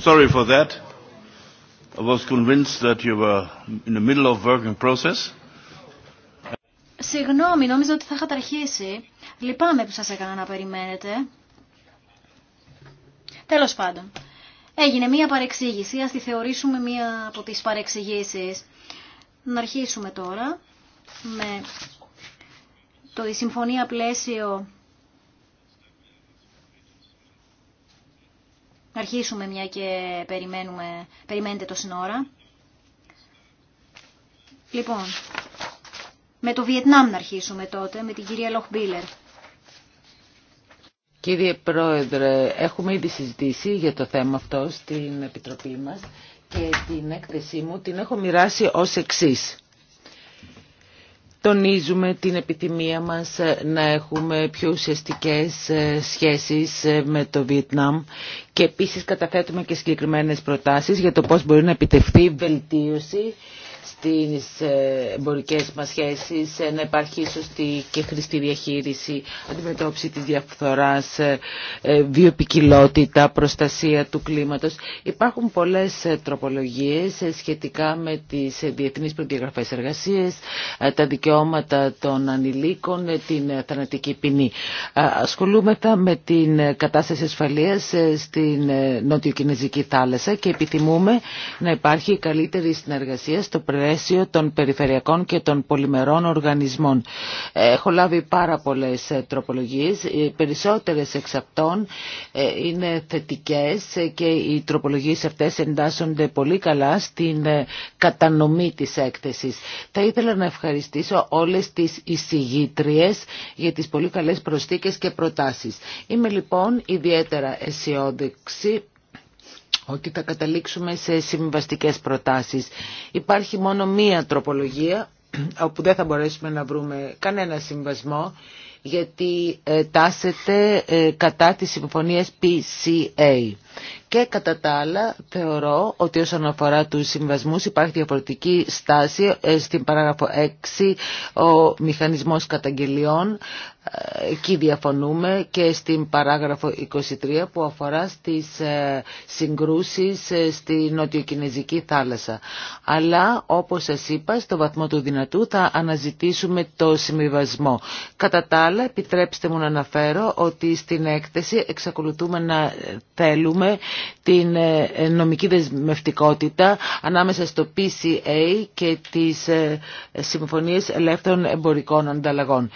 Sorry for that. I was convinced that you were in the middle of working process. Συγγνώμη, νόμιζα ότι θα είχατε αρχίσει. Λυπάμαι που σας έκανα να περιμένετε. Τέλος πάντων. Έγινε μία παρεξήγηση, ας τη θεωρήσουμε μία από τις παρεξηγήσεις. Να αρχίσουμε τώρα με το η συμφωνία πλαίσιο Να αρχίσουμε μια και περιμένουμε, περιμένετε το σύνορα. Λοιπόν, με το Βιετνάμ να αρχίσουμε τότε, με την κυρία Λοχμπίλερ. Κύριε Πρόεδρε, έχουμε ήδη συζητήσει για το θέμα αυτό στην Επιτροπή μας και την έκθεσή μου την έχω μοιράσει ως εξής τονίζουμε την επιθυμία μας ε, να έχουμε πιο ουσιαστικές ε, σχέσεις ε, με το Βιετνάμ και επίσης καταθέτουμε και συγκεκριμένες προτάσεις για το πώς μπορεί να επιτευχθεί βελτίωση στις ε, εμπορικές μας σχέσεις, ε, να υπάρχει σωστή και χρηστή διαχείριση, αντιμετώπιση της διαφθοράς, ε, βιοπικιλότητα, προστασία του κλίματος. Υπάρχουν πολλές τροπολογίες σχετικά με τις διεθνείς προδιαγραφές εργασίες, τα δικαιώματα των ανηλίκων, την θανατική ποινή. Ασχολούμεθα με την κατάσταση ασφαλείας στην νότιο-κινέζικη θάλασσα και επιθυμούμε να υπάρχει καλύτερη συνεργασία πλαίσιο των περιφερειακών και των πολυμερών οργανισμών. Έχω λάβει πάρα πολλές ε, τροπολογίες. Οι περισσότερες εξ αυτών ε, είναι θετικές και οι τροπολογίες αυτές εντάσσονται πολύ καλά στην ε, κατανομή της έκθεσης. Θα ήθελα να ευχαριστήσω όλες τις εισηγήτριες για τις πολύ καλές προσθήκες και προτάσεις. Είμαι λοιπόν ιδιαίτερα αισιόδοξη ότι και θα καταλήξουμε σε συμβαστικές προτάσεις. Υπάρχει μόνο μία τροπολογία όπου δεν θα μπορέσουμε να βρούμε κανένα συμβασμό γιατί ε, τάσεται ε, κατά της συμφωνίας PCA. Και κατά τα άλλα θεωρώ ότι όσον αφορά τους συμβασμούς υπάρχει διαφορετική στάση ε, στην παράγραφο 6 ο μηχανισμός καταγγελιών ε, εκεί διαφωνούμε και στην παράγραφο 23 που αφορά στις ε, συγκρούσεις στη νοτιοκινέζικη θάλασσα. Αλλά όπως σας είπα στο βαθμό του δυνατού θα αναζητήσουμε το συμβιβασμό. Κατά τα άλλα επιτρέψτε μου να αναφέρω ότι στην έκθεση εξακολουθούμε να θέλουμε την ε, νομική δεσμευτικότητα ανάμεσα στο PCA και τις ε, συμφωνίες ελεύθερων εμπορικών ανταλλαγών.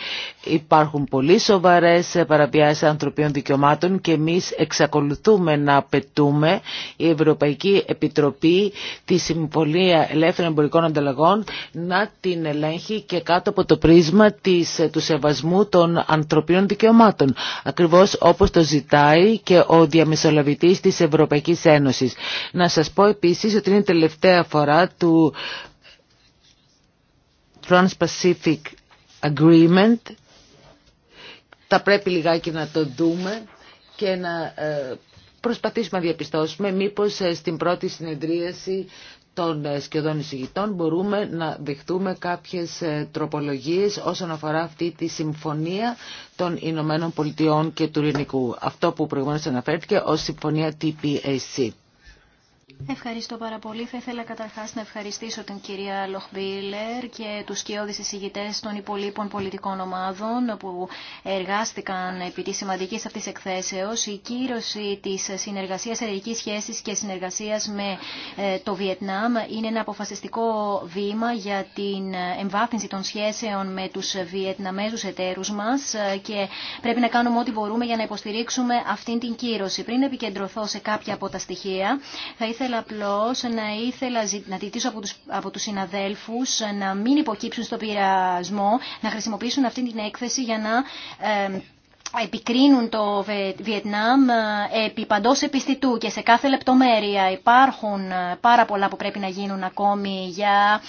Υπάρχουν πολύ σοβαρές παραβιάσεις ανθρωπίνων δικαιωμάτων και εμείς εξακολουθούμε να απαιτούμε η Ευρωπαϊκή Επιτροπή τη Συμφωνία Ελεύθερων Εμπορικών Ανταλλαγών να την ελέγχει και κάτω από το πρίσμα της, ε, του σεβασμού των ανθρωπίνων δικαιωμάτων. Ακριβώς όπως το ζητάει και ο διαμεσολαβητής Τη της Ευρωπαϊκής Ένωσης. Να σας πω επίσης ότι είναι η τελευταία φορά του Trans-Pacific Agreement. Θα πρέπει λιγάκι να το δούμε και να ε, προσπαθήσουμε να διαπιστώσουμε μήπως ε, στην πρώτη συνεδρίαση των ε, σχεδόν εισηγητών μπορούμε να δεχτούμε κάποιες ε, τροπολογίες όσον αφορά αυτή τη συμφωνία των Ηνωμένων Πολιτειών και του Ρηνικού. Αυτό που προηγουμένως αναφέρθηκε ως συμφωνία TPAC. Ευχαριστώ πάρα πολύ. Θα ήθελα καταρχάς να ευχαριστήσω την κυρία Λοχμπίλερ και τους σκιώδεις εισηγητές των υπολείπων πολιτικών ομάδων που εργάστηκαν επί της σημαντικής αυτής εκθέσεως. Η κύρωση της συνεργασίας ελληνικής σχέσης και συνεργασίας με ε, το Βιετνάμ είναι ένα αποφασιστικό βήμα για την εμβάθυνση των σχέσεων με τους Βιετναμέζους εταίρους μας ε, και πρέπει να κάνουμε ό,τι μπορούμε για να υποστηρίξουμε αυτήν την κύρωση. Πριν επικεντρωθώ σε κάποια από τα στοιχεία, θα ήθελα απλώς να ήθελα να ζητήσω από τους, από τους συναδέλφους να μην υποκύψουν στον πειρασμό, να χρησιμοποιήσουν αυτή την έκθεση για να ε, επικρίνουν το Βιετνάμ ε, επί παντός επιστητού και σε κάθε λεπτομέρεια υπάρχουν ε, πάρα πολλά που πρέπει να γίνουν ακόμη για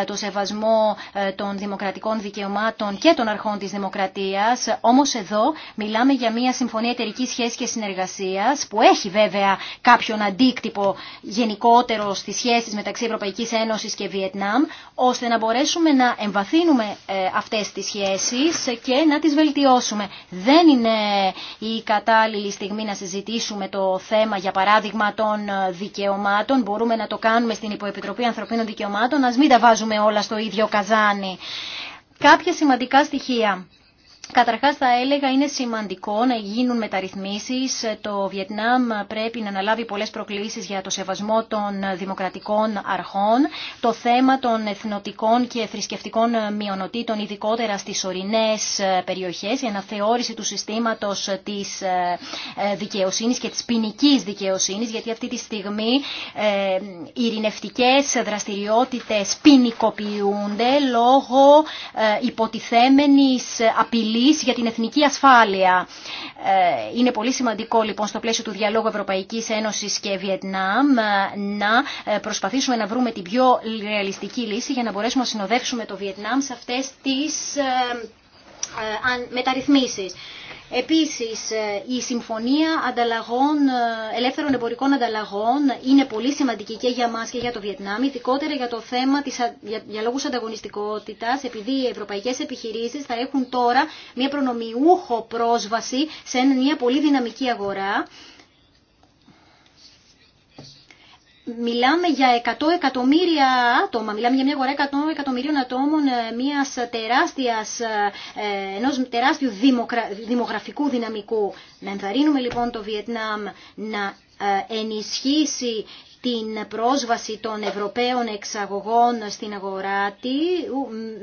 ε, το σεβασμό των δημοκρατικών δικαιωμάτων και των αρχών της δημοκρατίας. Όμως εδώ μιλάμε για μια συμφωνία εταιρική σχέσης και συνεργασίας που έχει βέβαια κάποιον αντίκτυπο γενικότερο στις σχέσεις μεταξύ Ευρωπαϊκής Ένωσης και Βιετνάμ ώστε να μπορέσουμε να εμβαθύνουμε αυτές τις σχέσεις και να τις βελτιώσουμε. Δεν είναι η κατάλληλη στιγμή να συζητήσουμε το θέμα, για παράδειγμα, των δικαιωμάτων. Μπορούμε να το κάνουμε στην Υποεπιτροπή Ανθρωπίνων Δικαιωμάτων, ας μην τα βάζουμε όλα στο ίδιο καζάνι. Κάποια σημαντικά στοιχεία. Καταρχά, θα έλεγα είναι σημαντικό να γίνουν μεταρρυθμίσεις. Το Βιετνάμ πρέπει να αναλάβει πολλές προκλήσεις για το σεβασμό των δημοκρατικών αρχών. Το θέμα των εθνοτικών και θρησκευτικών μειονοτήτων, ειδικότερα στις ορεινές περιοχές, η αναθεώρηση του συστήματος της ε, ε, δικαιοσύνης και της ποινική δικαιοσύνη, γιατί αυτή τη στιγμή οι ε, ειρηνευτικέ δραστηριότητε ποινικοποιούνται λόγω για την εθνική ασφάλεια. Ε, είναι πολύ σημαντικό λοιπόν στο πλαίσιο του διαλόγου Ευρωπαϊκής Ένωσης και Βιετνάμ ε, να ε, προσπαθήσουμε να βρούμε την πιο ρεαλιστική λύση για να μπορέσουμε να συνοδεύσουμε το Βιετνάμ σε αυτές τις μεταρρυθμίσεις. Επίσης, ε, η συμφωνία ανταλλαγών, ε, ελεύθερων εμπορικών ανταλλαγών είναι πολύ σημαντική και για μας και για το Βιετνάμ, ειδικότερα για το θέμα της, για, για λόγους ανταγωνιστικότητας, επειδή οι ευρωπαϊκές επιχειρήσεις θα έχουν τώρα μια προνομιούχο πρόσβαση σε μια πολύ δυναμική αγορά Μιλάμε για 100 εκατομμύρια άτομα, μιλάμε για μια αγορά 100 εκατομμυρίων ατόμων ε, μιας τεράστιας, ε, ενός τεράστιου δημογραφικού δυναμικού. Να ενθαρρύνουμε λοιπόν το Βιετνάμ να ε, ενισχύσει την πρόσβαση των Ευρωπαίων εξαγωγών στην αγορά τη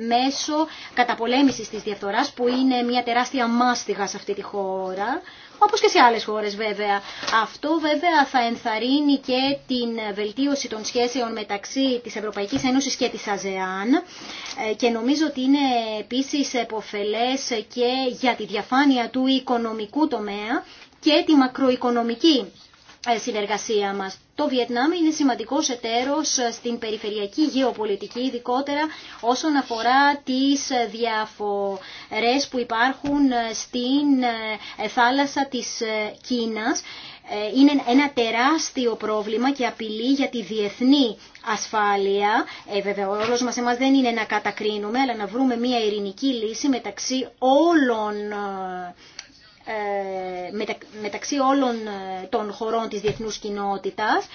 μέσω καταπολέμησης της διαφθοράς που είναι μια τεράστια μάστιγα σε αυτή τη χώρα όπως και σε άλλες χώρες βέβαια. Αυτό βέβαια θα ενθαρρύνει και την βελτίωση των σχέσεων μεταξύ της Ευρωπαϊκής Ένωσης και της ΑΖΕΑΝ ε, και νομίζω ότι είναι επίσης εποφελές και για τη διαφάνεια του οικονομικού τομέα και τη μακροοικονομική ε, συνεργασία μας. Το Βιετνάμ είναι σημαντικός εταίρος ε, στην περιφερειακή γεωπολιτική, ειδικότερα όσον αφορά τις διαφορές που υπάρχουν ε, στην θάλασσα της Κίνας. Είναι ένα τεράστιο πρόβλημα και απειλή για τη διεθνή ασφάλεια. βέβαια, ο ρόλος μας δεν είναι να κατακρίνουμε, αλλά να βρούμε μια ειρηνική λύση μεταξύ όλων ε, μεταξύ όλων ε, των χωρών της διεθνούς κοινότητας.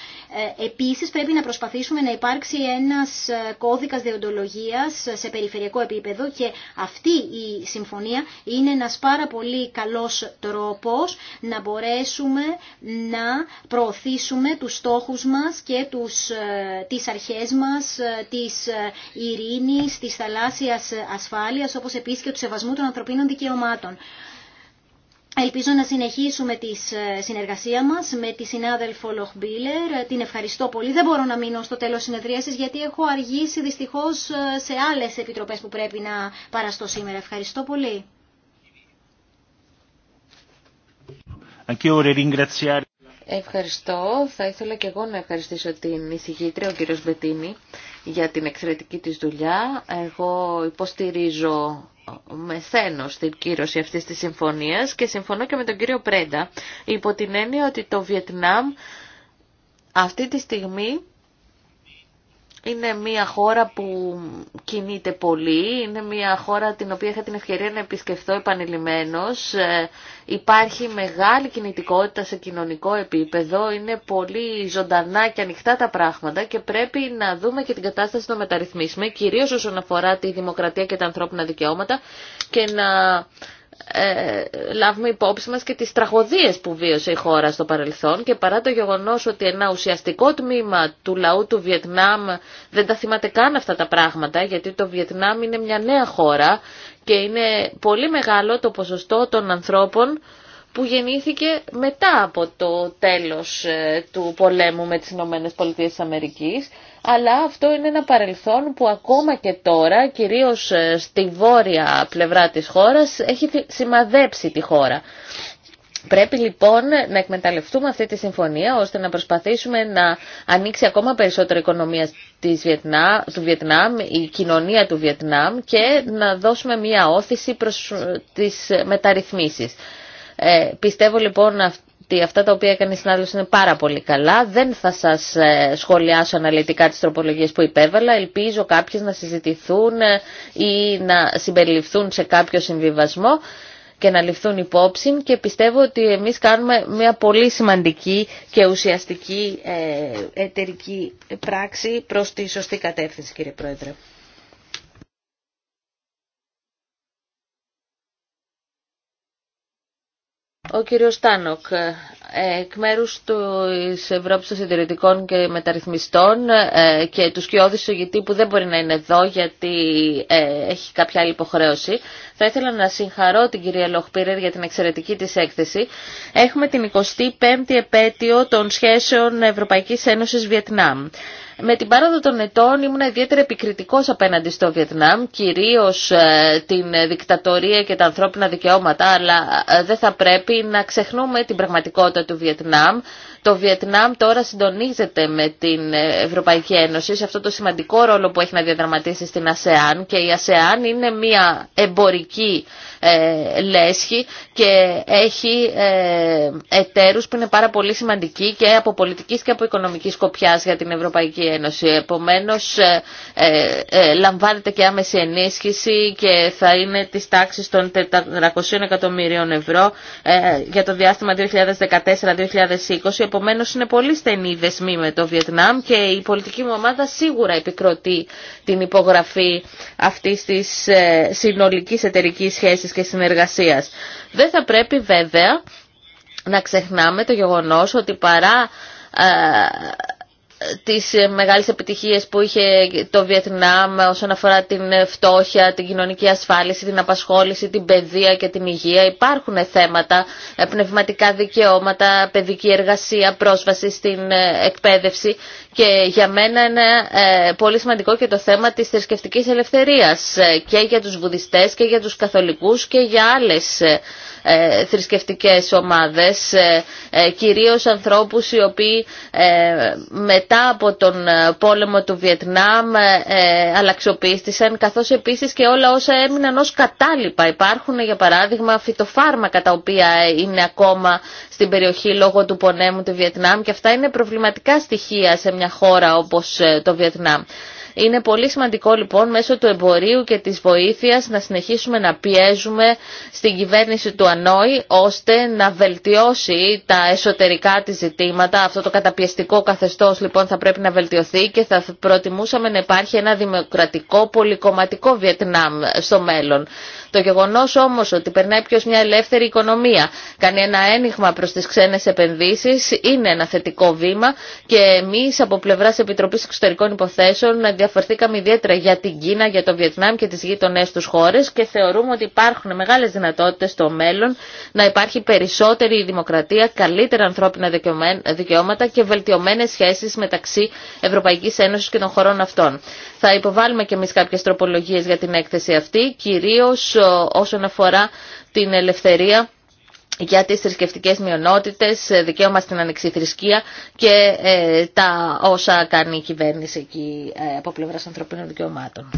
Ε, επίσης πρέπει να προσπαθήσουμε να υπάρξει ένας κώδικας διοντολογίας σε περιφερειακό επίπεδο και αυτή η συμφωνία είναι ένας πάρα πολύ καλός τρόπος να μπορέσουμε να προωθήσουμε τους στόχους μας και τους, τις αρχές μας της ειρήνης, της θαλάσσιας ασφάλειας όπως επίσης και του σεβασμού των ανθρωπίνων δικαιωμάτων. Ελπίζω να συνεχίσουμε τη ε, συνεργασία μας με τη συνάδελφο Λοχμπίλερ. Ε, την ευχαριστώ πολύ. Δεν μπορώ να μείνω στο τέλος συνεδρίασης γιατί έχω αργήσει δυστυχώς ε, σε άλλες επιτροπές που πρέπει να παραστώ σήμερα. Ευχαριστώ πολύ. Ευχαριστώ. Θα ήθελα και εγώ να ευχαριστήσω την εισηγήτρια, ο κύριος Μπετίνη, για την εξαιρετική της δουλειά. Εγώ υποστηρίζω μεθαίνω στην κύρωση αυτής της συμφωνίας και συμφωνώ και με τον κύριο Πρέντα υπό την έννοια ότι το Βιετνάμ αυτή τη στιγμή είναι μια χώρα που κινείται πολύ, είναι μια χώρα την οποία είχα την ευκαιρία να επισκεφθώ επανειλημμένος. Ε, υπάρχει μεγάλη κινητικότητα σε κοινωνικό επίπεδο, είναι πολύ ζωντανά και ανοιχτά τα πράγματα και πρέπει να δούμε και την κατάσταση να μεταρρυθμίσουμε, κυρίως όσον αφορά τη δημοκρατία και τα ανθρώπινα δικαιώματα και να ε, λάβουμε υπόψη μας και τις τραγωδίες που βίωσε η χώρα στο παρελθόν και παρά το γεγονός ότι ένα ουσιαστικό τμήμα του λαού του Βιετνάμ δεν τα θυμάται καν αυτά τα πράγματα γιατί το Βιετνάμ είναι μια νέα χώρα και είναι πολύ μεγάλο το ποσοστό των ανθρώπων που γεννήθηκε μετά από το τέλος ε, του πολέμου με τις Ηνωμένε Πολιτείες της Αμερικής, αλλά αυτό είναι ένα παρελθόν που ακόμα και τώρα, κυρίως ε, στη βόρεια πλευρά της χώρας, έχει σημαδέψει τη χώρα. Πρέπει λοιπόν να εκμεταλλευτούμε αυτή τη συμφωνία ώστε να προσπαθήσουμε να ανοίξει ακόμα περισσότερο η οικονομία της Βιετνά, του Βιετνάμ, η κοινωνία του Βιετνάμ και να δώσουμε μια όθηση προς ε, τις μεταρρυθμίσεις. Ε, πιστεύω λοιπόν ότι αυτά τα οποία έκανε η συνάδελφος είναι πάρα πολύ καλά. Δεν θα σας ε, σχολιάσω αναλυτικά τις τροπολογίες που υπέβαλα. Ελπίζω κάποιες να συζητηθούν ε, ή να συμπεριληφθούν σε κάποιο συμβιβασμό και να ληφθούν υπόψη και πιστεύω ότι εμείς κάνουμε μια πολύ σημαντική και ουσιαστική εταιρική πράξη προς τη σωστή κατεύθυνση κύριε Πρόεδρε. ο κύριο Τάνοκ, ε, εκ μέρου τη Ευρώπη των Συντηρητικών και Μεταρρυθμιστών ε, και του σκιώδης ηγητή που δεν μπορεί να είναι εδώ γιατί ε, έχει κάποια άλλη υποχρέωση, θα ήθελα να συγχαρώ την κυρία Λοχπίρερ για την εξαιρετική της έκθεση. Έχουμε την 25η επέτειο των σχέσεων Ευρωπαϊκής Ένωσης Βιετνάμ. Με την πάροδο των ετών ήμουν ιδιαίτερα επικριτικός απέναντι στο Βιετνάμ, κυρίως ε, την δικτατορία και τα ανθρώπινα δικαιώματα, αλλά ε, δεν θα πρέπει να ξεχνούμε την πραγματικότητα του Βιετνάμ, το Βιετνάμ τώρα συντονίζεται με την Ευρωπαϊκή Ένωση σε αυτό το σημαντικό ρόλο που έχει να διαδραματίσει στην ΑΣΕΑΝ και η ΑΣΕΑΝ είναι μια εμπορική ε, λέσχη και έχει ε, εταίρους που είναι πάρα πολύ σημαντικοί και από πολιτικής και από οικονομικής κοπιάς για την Ευρωπαϊκή Ένωση. Επομένως ε, λαμβάνεται και άμεση ενίσχυση και θα είναι της τάξης των 400 εκατομμυρίων ευρώ για το διάστημα 2014-2020 Επομένως είναι πολύ στενή η δεσμή με το Βιετνάμ και η πολιτική μου ομάδα σίγουρα επικροτεί την υπογραφή αυτής της ε, συνολικής εταιρικής σχέσης και συνεργασίας. Δεν θα πρέπει βέβαια να ξεχνάμε το γεγονός ότι παρά ε, τις ε, μεγάλες επιτυχίες που είχε το Βιετνάμ όσον αφορά την ε, φτώχεια, την κοινωνική ασφάλιση, την απασχόληση, την παιδεία και την υγεία. Υπάρχουν θέματα, ε, πνευματικά δικαιώματα, παιδική εργασία, πρόσβαση στην εκπαίδευση και για μένα είναι πολύ σημαντικό και το θέμα της θρησκευτική ελευθερίας και για τους βουδιστές και για τους καθολικούς και για άλλες ε, θρησκευτικές ομάδες, ε, ε, κυρίως ανθρώπους οι οποίοι μετά από τον πόλεμο του Βιετνάμ αλλαξοπίστησαν, καθώς επίσης και όλα όσα έμειναν ως κατάλοιπα. Υπάρχουν για παράδειγμα φυτοφάρμακα τα οποία είναι ακόμα στην περιοχή λόγω του πονέμου του Βιετνάμ και αυτά είναι προβληματικά στοιχεία σε μια χώρα όπως το Βιετνάμ. Είναι πολύ σημαντικό λοιπόν μέσω του εμπορίου και της βοήθειας να συνεχίσουμε να πιέζουμε στην κυβέρνηση του Ανόη ώστε να βελτιώσει τα εσωτερικά της ζητήματα. Αυτό το καταπιεστικό καθεστώς λοιπόν θα πρέπει να βελτιωθεί και θα προτιμούσαμε να υπάρχει ένα δημοκρατικό πολυκομματικό Βιετνάμ στο μέλλον. Το γεγονός όμως ότι περνάει ποιο μια ελεύθερη οικονομία, κάνει ένα ένιγμα προς τις ξένες επενδύσεις, είναι ένα θετικό βήμα και εμείς από πλευράς Επιτροπής Εξωτερικών Υποθέσεων διαφορθήκαμε ιδιαίτερα για την Κίνα, για το Βιετνάμ και τις γείτονές τους χώρες και θεωρούμε ότι υπάρχουν μεγάλες δυνατότητες στο μέλλον να υπάρχει περισσότερη δημοκρατία, καλύτερα ανθρώπινα δικαιώματα και βελτιωμένες σχέσεις μεταξύ Ευρωπαϊκής Ένωσης και των χωρών αυτών. Θα υποβάλουμε και εμείς κάποιες για την έκθεση αυτή, όσον αφορά την ελευθερία για τις θρησκευτικέ μειονότητες, δικαίωμα στην ανεξιθρησκεία και ε, τα όσα κάνει η κυβέρνηση εκεί ε, από πλευρά ανθρωπίνων δικαιωμάτων.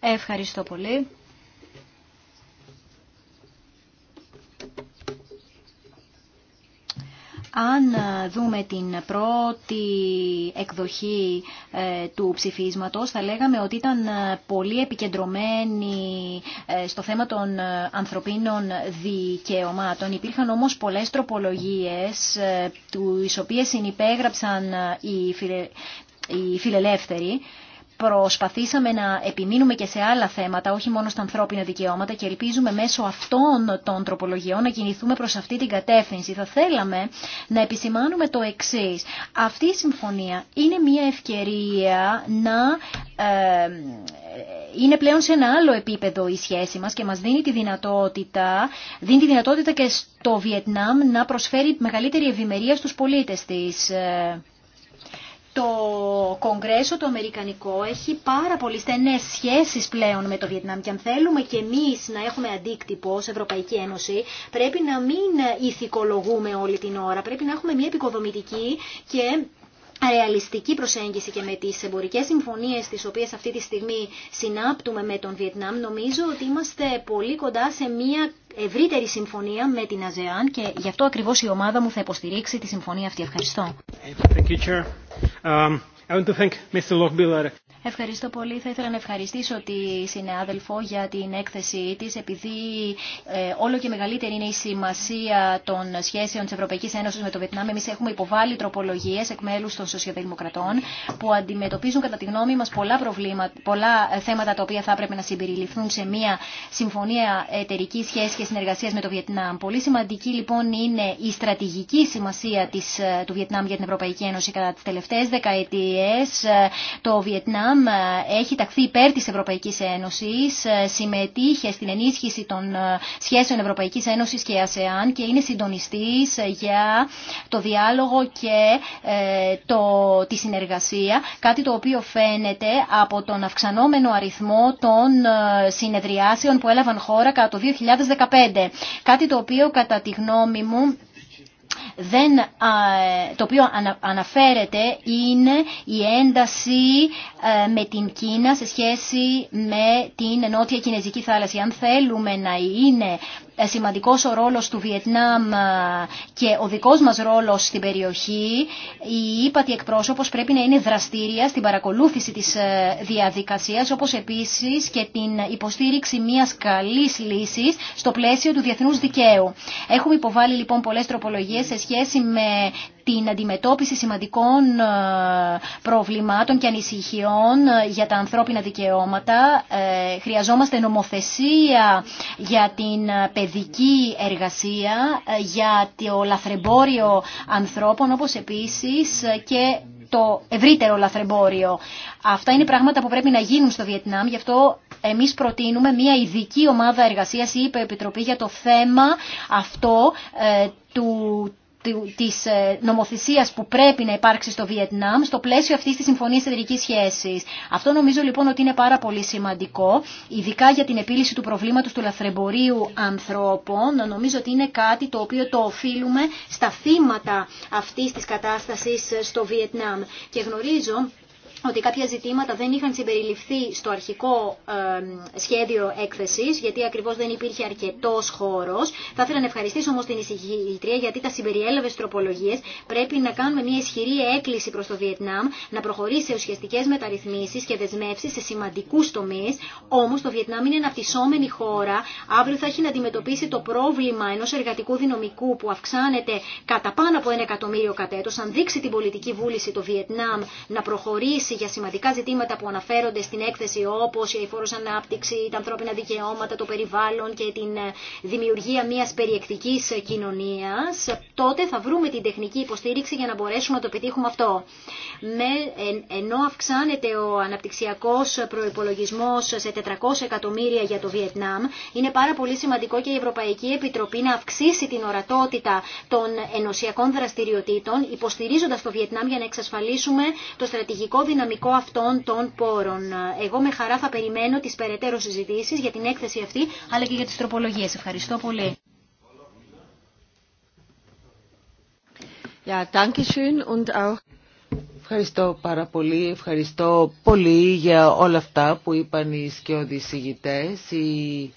Ευχαριστώ πολύ. Αν ε, δούμε την πρώτη εκδοχή ε, του ψηφίσματος, θα λέγαμε ότι ήταν ε, πολύ επικεντρωμένη στο θέμα των ανθρωπίνων δικαιωμάτων. Υπήρχαν όμως πολλές τροπολογίες, τις οποίες συνυπέγραψαν οι φιλελεύθεροι, Προσπαθήσαμε να επιμείνουμε και σε άλλα θέματα, όχι μόνο στα ανθρώπινα δικαιώματα και ελπίζουμε μέσω αυτών των τροπολογιών να κινηθούμε προς αυτή την κατεύθυνση. Θα θέλαμε να επισημάνουμε το εξή. Αυτή η συμφωνία είναι μια ευκαιρία να ε, είναι πλέον σε ένα άλλο επίπεδο η σχέση μας και μας δίνει τη δυνατότητα, δίνει τη δυνατότητα και στο Βιετνάμ να προσφέρει μεγαλύτερη ευημερία στους πολίτες της. Ε, το Κογκρέσο το Αμερικανικό έχει πάρα πολύ στενές σχέσεις πλέον με το Βιετνάμ και αν θέλουμε και εμείς να έχουμε αντίκτυπο ως Ευρωπαϊκή Ένωση πρέπει να μην ηθικολογούμε όλη την ώρα, πρέπει να έχουμε μια επικοδομητική και ρεαλιστική προσέγγιση και με τις εμπορικές συμφωνίες τις οποίες αυτή τη στιγμή συνάπτουμε με τον Βιετνάμ νομίζω ότι είμαστε πολύ κοντά σε μια ευρύτερη συμφωνία με την ΑΖΕΑΝ και γι' αυτό ακριβώς η ομάδα μου θα υποστηρίξει τη συμφωνία αυτή. Ευχαριστώ. Um, I want to thank Mr. Ευχαριστώ πολύ. Θα ήθελα να ευχαριστήσω τη συνάδελφο για την έκθεσή της, επειδή ε, όλο και μεγαλύτερη είναι η σημασία των σχέσεων της Ευρωπαϊκής Ένωσης με το Βιετνάμ. Εμείς έχουμε υποβάλει τροπολογίες εκ μέλους των σοσιαλδημοκρατών που αντιμετωπίζουν κατά τη γνώμη μας πολλά, πολλά ε, θέματα τα οποία θα έπρεπε να συμπεριληφθούν σε μια συμφωνία εταιρική σχέση και συνεργασίας με το Βιετνάμ. Πολύ σημαντική λοιπόν είναι η στρατηγική σημασία της, ε, του Βιετνάμ για την Ευρωπαϊκή Ένωση κατά τις τελευταίες δεκαετίες. Το Βιετνάμ ε, έχει ταχθεί υπέρ της Ευρωπαϊκής Ένωσης, ε, συμμετείχε στην ενίσχυση των ε, σχέσεων Ευρωπαϊκής Ένωσης και ΑΣΕΑΝ και είναι συντονιστής για το διάλογο και το, τη συνεργασία, κάτι το οποίο φαίνεται από τον αυξανόμενο αριθμό των συνεδριάσεων που έλαβαν χώρα κατά το 2015. Κάτι το οποίο κατά τη γνώμη μου δεν, το οποίο αναφέρεται είναι η ένταση ε, με την Κίνα σε σχέση με την Νότια Κινέζικη θάλασσα. Αν θέλουμε να είναι ε, σημαντικός ο ρόλος του Βιετνάμ ε, και ο δικός μας ρόλος στην περιοχή, η ύπατη εκπρόσωπος πρέπει να είναι δραστήρια στην παρακολούθηση της ε, διαδικασίας, όπως επίσης και την υποστήριξη μιας καλής λύσης στο πλαίσιο του διεθνούς δικαίου. Έχουμε υποβάλει λοιπόν πολλές τροπολογίες σε σχέση με την αντιμετώπιση σημαντικών ε, προβλημάτων και ανησυχιών ε, για τα ανθρώπινα δικαιώματα. Ε, χρειαζόμαστε νομοθεσία για την παιδική εργασία, για το λαθρεμπόριο ανθρώπων, όπως επίσης και το ευρύτερο λαθρεμπόριο. Αυτά είναι πράγματα που πρέπει να γίνουν στο Βιετνάμ, γι' αυτό εμείς προτείνουμε μια ειδική ομάδα εργασίας ή Επιτροπή, για το θέμα αυτό του της ε, νομοθεσίας που πρέπει να υπάρξει στο Βιετνάμ στο πλαίσιο αυτής της Συμφωνίας Εταιρικής Σχέσης. Αυτό νομίζω λοιπόν ότι είναι πάρα πολύ σημαντικό, ειδικά για την επίλυση του προβλήματος του λαθρεμπορίου ανθρώπων. Νομίζω ότι είναι κάτι το οποίο το οφείλουμε στα θύματα αυτής της κατάστασης ε, στο Βιετνάμ. Και γνωρίζω ότι κάποια ζητήματα δεν είχαν συμπεριληφθεί στο αρχικό ε, σχέδιο έκθεσης, γιατί ακριβώς δεν υπήρχε αρκετός χώρος. Θα ήθελα να ευχαριστήσω όμως την εισηγήτρια, γιατί τα συμπεριέλαβε τροπολογίες. Πρέπει να κάνουμε μια ισχυρή έκκληση προς το Βιετνάμ, να προχωρήσει σε ουσιαστικές μεταρρυθμίσεις και δεσμεύσεις σε σημαντικούς τομείς. Όμως το Βιετνάμ είναι αναπτυσσόμενη χώρα. Αύριο θα έχει να αντιμετωπίσει το πρόβλημα ενός εργατικού δυναμικού που αυξάνεται κατά πάνω από ένα εκατομμύριο Αν δείξει την πολιτική βούληση το Βιετνάμ να προχωρήσει για σημαντικά ζητήματα που αναφέρονται στην έκθεση όπως η φόρο ανάπτυξη, τα ανθρώπινα δικαιώματα, το περιβάλλον και την ε, δημιουργία μιας περιεκτικής κοινωνίας, τότε θα βρούμε την τεχνική υποστήριξη για να μπορέσουμε να το πετύχουμε αυτό. Με, ενώ αυξάνεται ο αναπτυξιακός προϋπολογισμός σε 400 εκατομμύρια για το Βιετνάμ, είναι πάρα πολύ σημαντικό και η Ευρωπαϊκή Επιτροπή να αυξήσει την ορατότητα των ενωσιακών δραστηριοτήτων, υποστηρίζοντας το Βιετνάμ για να εξασφαλίσουμε το στρατηγικό δυναμικό δυναμικό αυτών των πόρων. Εγώ με χαρά θα περιμένω τις περαιτέρω συζητήσεις για την έκθεση αυτή, αλλά και για τις τροπολογίες. Ευχαριστώ πολύ. Ευχαριστώ πάρα πολύ. Ευχαριστώ πολύ για όλα αυτά που είπαν οι σκιώδεις ηγητές, οι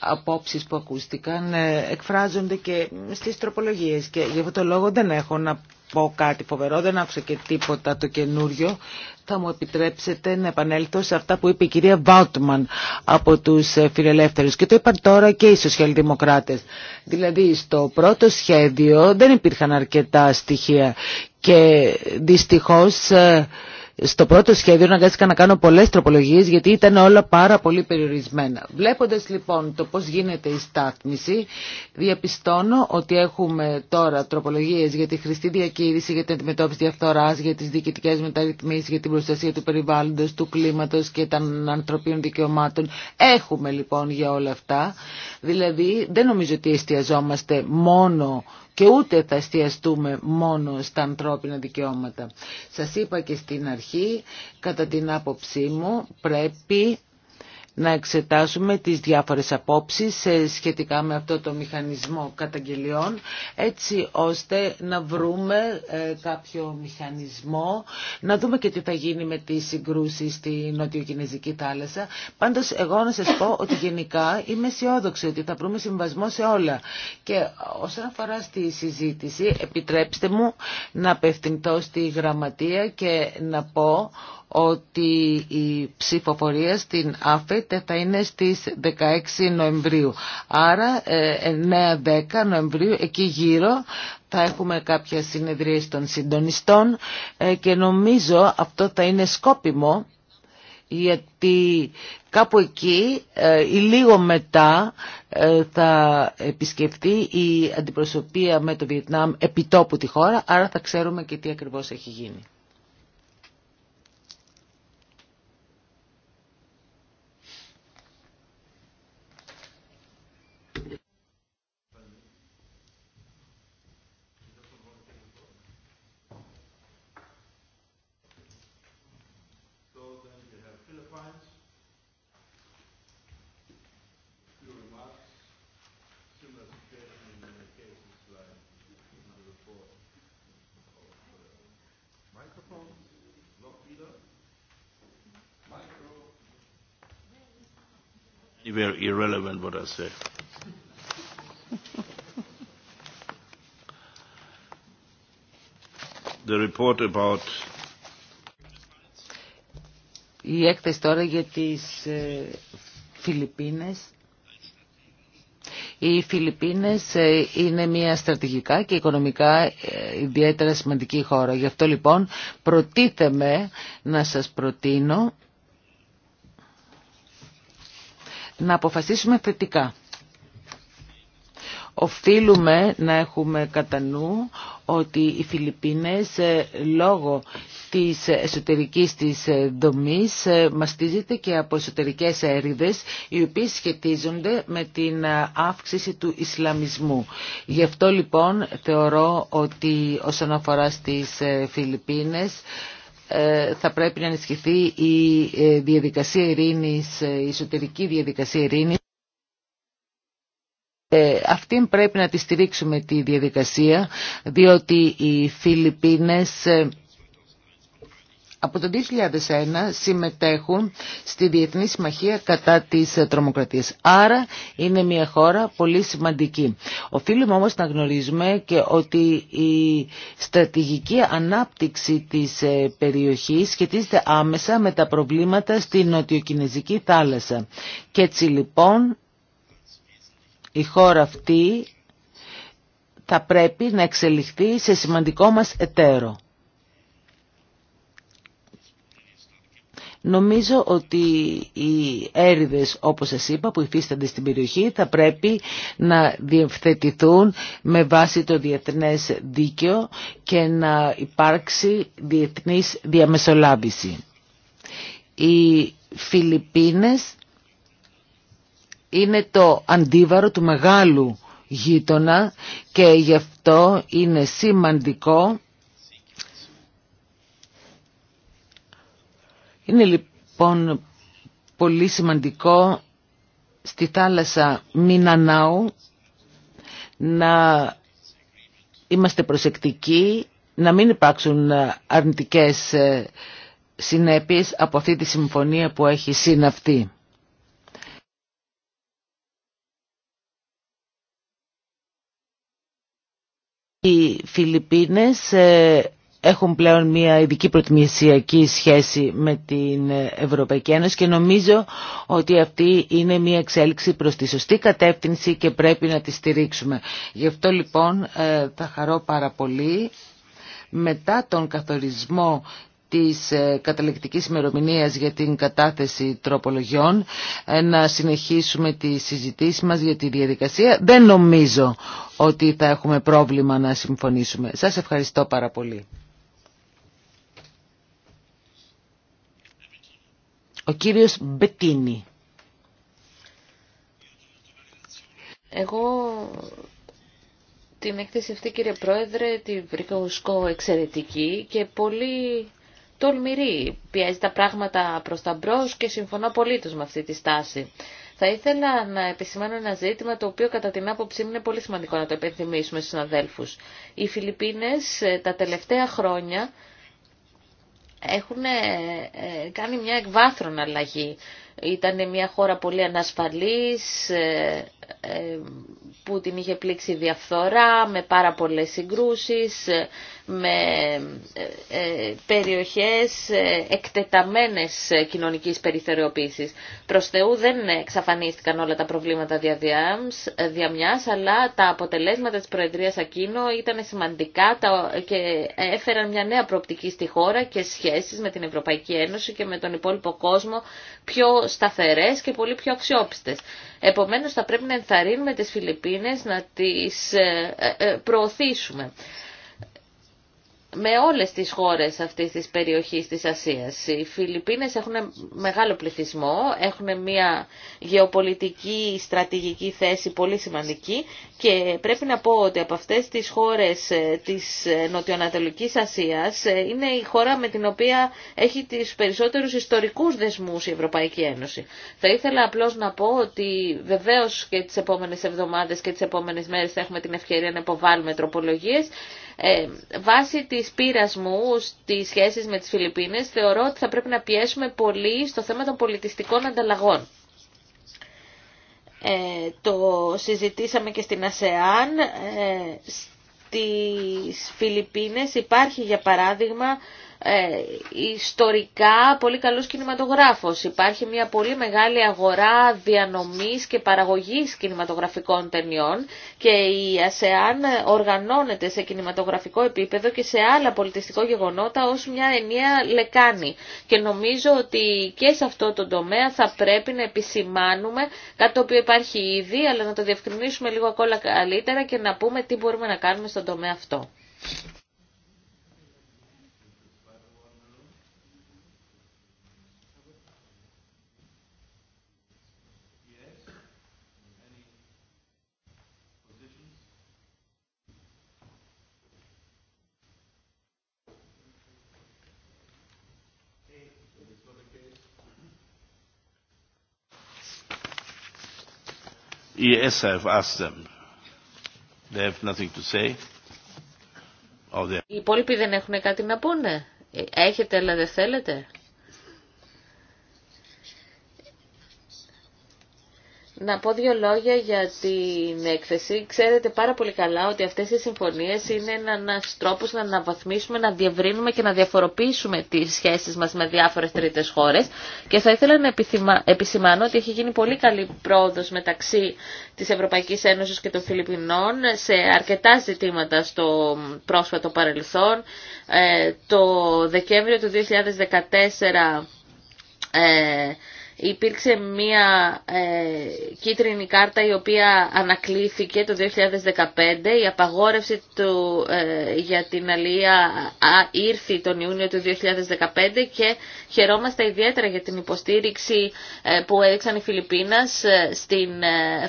απόψεις που ακούστηκαν ε, εκφράζονται και στις τροπολογίες και γι' αυτό το λόγο δεν έχω να πω κάτι φοβερό, δεν άφησα και τίποτα το καινούριο. Θα μου επιτρέψετε να επανέλθω σε αυτά που είπε η κυρία Βάουτμαν από τους ε, φιλελεύθερου και το είπαν τώρα και οι σοσιαλδημοκράτες. Δηλαδή στο πρώτο σχέδιο δεν υπήρχαν αρκετά στοιχεία και δυστυχώς ε, στο πρώτο σχέδιο αναγκάστηκα να κάνω πολλές τροπολογίες γιατί ήταν όλα πάρα πολύ περιορισμένα. Βλέποντας λοιπόν το πώς γίνεται η στάθμιση, διαπιστώνω ότι έχουμε τώρα τροπολογίες για τη χρηστή διακήρυξη, για την αντιμετώπιση διαφθοράς, για τις διοικητικές μεταρρυθμίσεις, για την προστασία του περιβάλλοντος, του κλίματος και των ανθρωπίνων δικαιωμάτων. Έχουμε λοιπόν για όλα αυτά. Δηλαδή δεν νομίζω ότι εστιαζόμαστε μόνο και ούτε θα εστιαστούμε μόνο στα ανθρώπινα δικαιώματα. Σας είπα και στην αρχή, κατά την άποψή μου πρέπει να εξετάσουμε τις διάφορες απόψεις ε, σχετικά με αυτό το μηχανισμό καταγγελιών έτσι ώστε να βρούμε ε, κάποιο μηχανισμό, να δούμε και τι θα γίνει με τις συγκρούσεις στη Νοτιοκινέζικη θάλασσα. Πάντως εγώ να σας πω ότι γενικά είμαι αισιόδοξη ότι θα βρούμε συμβασμό σε όλα. Και όσον αφορά στη συζήτηση επιτρέψτε μου να απευθυνθώ στη γραμματεία και να πω ότι η ψηφοφορία στην ΑΦΕΤ θα είναι στις 16 Νοεμβρίου. Άρα 9-10 ε, Νοεμβρίου εκεί γύρω θα έχουμε κάποια συνεδρίες των συντονιστών ε, και νομίζω αυτό θα είναι σκόπιμο γιατί κάπου εκεί ε, ή λίγο μετά θα επισκεφτεί η αντιπροσωπεία με το Βιετνάμ επιτόπου τη χώρα, άρα θα ξέρουμε και τι ακριβώς έχει γίνει. η έκθεση τώρα για τις ε, Φιλιππίνες. Οι Φιλιππίνες ε, είναι μια στρατηγικά και οικονομικά ε, ιδιαίτερα σημαντική χώρα. Γι' αυτό λοιπόν προτίθεμαι να σας προτείνω να αποφασίσουμε θετικά. Οφείλουμε να έχουμε κατά νου ότι οι Φιλιππίνες ε, λόγω της εσωτερικής της ε, δομής ε, μαστίζεται και από εσωτερικές έρηδες οι οποίες σχετίζονται με την αύξηση του Ισλαμισμού. Γι' αυτό λοιπόν θεωρώ ότι όσον αφορά στις Φιλιππίνες ε, θα πρέπει να ενισχυθεί η ε, διαδικασία ειρήνης, ε, η εσωτερική διαδικασία ειρήνης. αυτήν πρέπει να τη στηρίξουμε τη διαδικασία, διότι οι Φιλιππίνες από το 2001 συμμετέχουν στη Διεθνή Συμμαχία κατά της ε, τρομοκρατίας. Άρα είναι μια χώρα πολύ σημαντική. Οφείλουμε όμως να γνωρίζουμε και ότι η στρατηγική ανάπτυξη της ε, περιοχής σχετίζεται άμεσα με τα προβλήματα στη νοτιοκινέζικη θάλασσα. Και έτσι λοιπόν η χώρα αυτή θα πρέπει να εξελιχθεί σε σημαντικό μας εταίρο. Νομίζω ότι οι έρηδες όπως σας είπα που υφίστανται στην περιοχή θα πρέπει να διευθετηθούν με βάση το διεθνές δίκαιο και να υπάρξει διεθνής διαμεσολάβηση. Οι Φιλιππίνες είναι το αντίβαρο του μεγάλου γείτονα και γι' αυτό είναι σημαντικό Είναι λοιπόν πολύ σημαντικό στη θάλασσα Μινανάου να είμαστε προσεκτικοί, να μην υπάρξουν αρνητικές ε, συνέπειες από αυτή τη συμφωνία που έχει συναυτεί. Οι Φιλιππίνες ε, έχουν πλέον μια ειδική προτιμησιακή σχέση με την Ευρωπαϊκή Ένωση και νομίζω ότι αυτή είναι μια εξέλιξη προς τη σωστή κατεύθυνση και πρέπει να τη στηρίξουμε. Γι' αυτό λοιπόν ε, θα χαρώ πάρα πολύ μετά τον καθορισμό της ε, καταληκτικής ημερομηνία για την κατάθεση τροπολογιών ε, να συνεχίσουμε τη συζητήση μας για τη διαδικασία. Δεν νομίζω ότι θα έχουμε πρόβλημα να συμφωνήσουμε. Σας ευχαριστώ πάρα πολύ. Ο κύριος Μπετίνη. Εγώ την έκθεση αυτή κύριε Πρόεδρε τη ουσκό εξαιρετική και πολύ τολμηρή. Πιέζει τα πράγματα προς τα μπρος και συμφωνώ πολύ με αυτή τη στάση. Θα ήθελα να επισημάνω ένα ζήτημα το οποίο κατά την άποψή μου είναι πολύ σημαντικό να το επενθυμίσουμε στους αδέλφους. Οι Φιλιππίνες ε, τα τελευταία χρόνια έχουν ε, κάνει μια εκβάθρον αλλαγή. Ήταν μια χώρα πολύ ανασφαλής, ε, ε, που την είχε πλήξει διαφθορά, με πάρα πολλές συγκρούσεις, με ε, ε, περιοχές ε, εκτεταμένες κοινωνικής περιθωριοποίησης. Προς Θεού δεν εξαφανίστηκαν όλα τα προβλήματα διαμιάς, αλλά τα αποτελέσματα της Προεδρίας Ακίνο ήταν σημαντικά και έφεραν μια νέα προοπτική στη χώρα και σχέσεις με την Ευρωπαϊκή Ένωση και με τον υπόλοιπο κόσμο πιο σταθερές και πολύ πιο αξιόπιστες. Επομένως θα πρέπει να ενθαρρύνουμε τις Φιλιππίνες να τις προωθήσουμε με όλες τις χώρες αυτής της περιοχής της Ασίας. Οι Φιλιππίνες έχουν μεγάλο πληθυσμό, έχουν μια γεωπολιτική στρατηγική θέση πολύ σημαντική και πρέπει να πω ότι από αυτές τις χώρες ε, της ε, Νοτιοανατολικής Ασίας ε, είναι η χώρα με την οποία έχει τις περισσότερους ιστορικούς δεσμούς η Ευρωπαϊκή Ένωση. Θα ήθελα απλώς να πω ότι βεβαίως και τις επόμενες εβδομάδες και τις επόμενες μέρες θα έχουμε την ευκαιρία να υποβάλουμε τροπολογίες ε, βάσει της πείρας μου στις σχέσεις με τις Φιλιππίνες θεωρώ ότι θα πρέπει να πιέσουμε πολύ στο θέμα των πολιτιστικών ανταλλαγών. Ε, το συζητήσαμε και στην ΑΣΕΑΝ. Ε, στις Φιλιππίνες υπάρχει για παράδειγμα ε, ιστορικά πολύ καλός κινηματογράφος. Υπάρχει μια πολύ μεγάλη αγορά διανομής και παραγωγής κινηματογραφικών ταινιών και η ΑΣΕΑΝ οργανώνεται σε κινηματογραφικό επίπεδο και σε άλλα πολιτιστικό γεγονότα ως μια ενιαία λεκάνη. Και νομίζω ότι και σε αυτό το τομέα θα πρέπει να επισημάνουμε κάτι το οποίο υπάρχει ήδη, αλλά να το διευκρινίσουμε λίγο ακόμα καλύτερα και να πούμε τι μπορούμε να κάνουμε στον τομέα αυτό. ES have asked them. They have nothing to say. Oh, they... Οι υπόλοιποι δεν έχουν κάτι να πούνε. Ε, έχετε αλλά δεν θέλετε. να πω δύο λόγια για την έκθεση. Ξέρετε πάρα πολύ καλά ότι αυτές οι συμφωνίες είναι ένας τρόπος να αναβαθμίσουμε, να διευρύνουμε και να διαφοροποιήσουμε τις σχέσεις μας με διάφορες τρίτες χώρες και θα ήθελα να επισημάνω ότι έχει γίνει πολύ καλή πρόοδος μεταξύ της Ευρωπαϊκής Ένωσης και των Φιλιππινών σε αρκετά ζητήματα στο πρόσφατο παρελθόν. Ε, το Δεκέμβριο του 2014 υπήρξε μία ε, κίτρινη κάρτα η οποία ανακλήθηκε το 2015, η απαγόρευση του, ε, για την αλία ήρθε τον Ιούνιο του 2015 και χαιρόμαστε ιδιαίτερα για την υποστήριξη ε, που έδειξαν οι Φιλιππίνες στην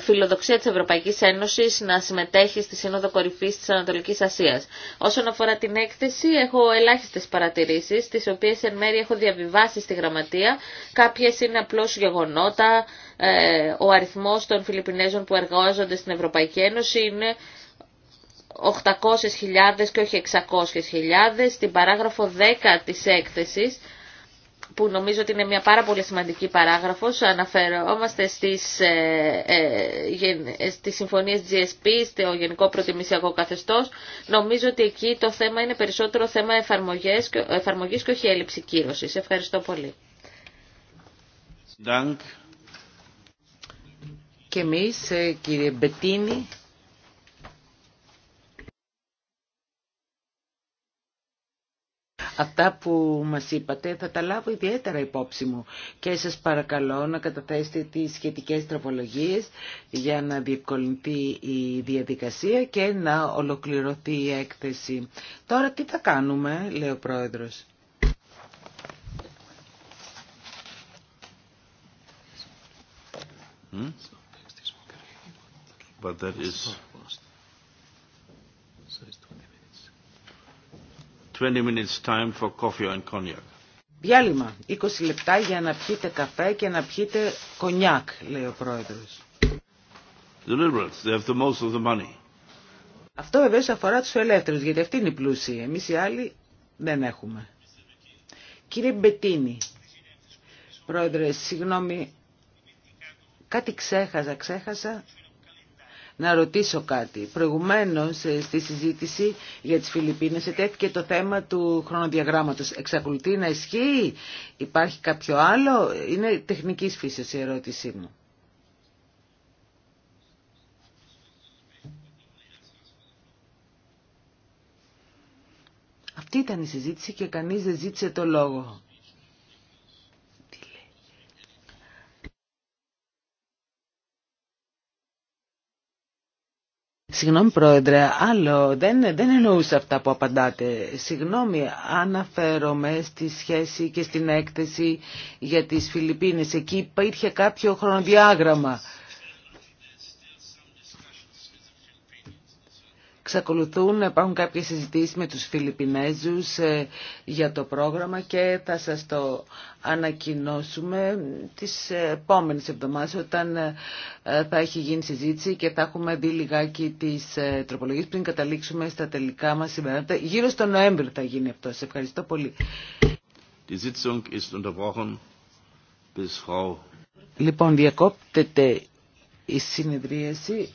φιλοδοξία της Ευρωπαϊκής Ένωσης να συμμετέχει στη Σύνοδο Κορυφής της Ανατολικής Ασίας. Όσον αφορά την έκθεση, έχω ελάχιστες παρατηρήσεις, τις οποίες εν μέρει έχω διαβιβάσει στη γραμματεία. Κάποιες είναι απλώς καθεστώς γεγονότα, ε, ο αριθμός των Φιλιππινέζων που εργάζονται στην Ευρωπαϊκή Ένωση είναι 800.000 και όχι 600.000. Στην παράγραφο 10 της έκθεσης, που νομίζω ότι είναι μια πάρα πολύ σημαντική παράγραφος, αναφερόμαστε στις, ε, ε, ε συμφωνίες GSP, στο Γενικό Προτιμησιακό Καθεστώς. Νομίζω ότι εκεί το θέμα είναι περισσότερο θέμα εφαρμογής και όχι έλλειψη κύρωσης. Ευχαριστώ πολύ. Και εμείς, ε, κύριε Μπετίνη. Αυτά που μας είπατε θα τα λάβω ιδιαίτερα υπόψη μου και σας παρακαλώ να καταθέσετε τις σχετικές τροπολογίες για να διευκολυνθεί η διαδικασία και να ολοκληρωθεί η έκθεση. Τώρα τι θα κάνουμε, λέει ο Πρόεδρος. Hmm? But 20 Διάλειμμα 20 λεπτά για να πιείτε καφέ και να πιείτε κονιάκ, λέει ο πρόεδρος. The liberals, they have the most Αυτό βεβαίως αφορά τους ελεύθερους, γιατί αυτοί είναι οι πλούσιοι. Εμείς οι άλλοι δεν έχουμε. Κύριε Μπετίνη, πρόεδρε, συγγνώμη, Κάτι ξέχασα, ξέχασα να ρωτήσω κάτι. Προηγουμένως ε, στη συζήτηση για τις Φιλιππίνες ετέθηκε το θέμα του χρονοδιαγράμματος. Εξακολουθεί να ισχύει, υπάρχει κάποιο άλλο, είναι τεχνικής φύσης η ερώτησή μου. Αυτή ήταν η συζήτηση και κανείς δεν ζήτησε το λόγο. Συγγνώμη πρόεδρε, άλλο δεν, δεν εννοούσα αυτά που απαντάτε. Συγγνώμη, αναφέρομαι στη σχέση και στην έκθεση για τις Φιλιππίνες. Εκεί υπήρχε κάποιο χρονοδιάγραμμα. Ξακολουθούν υπάρχουν κάποιες συζητήσεις με τους Φιλιππινέζους ε, για το πρόγραμμα και θα σας το ανακοινώσουμε τις επόμενες εβδομάδες όταν ε, θα έχει γίνει συζήτηση και θα έχουμε δει λιγάκι τις ε, τροπολογίες πριν καταλήξουμε στα τελικά μας συμπεράσματα. Γύρω στο Νοέμβριο θα γίνει αυτό. Σε ευχαριστώ πολύ. Λοιπόν, διακόπτεται η συνεδρίαση.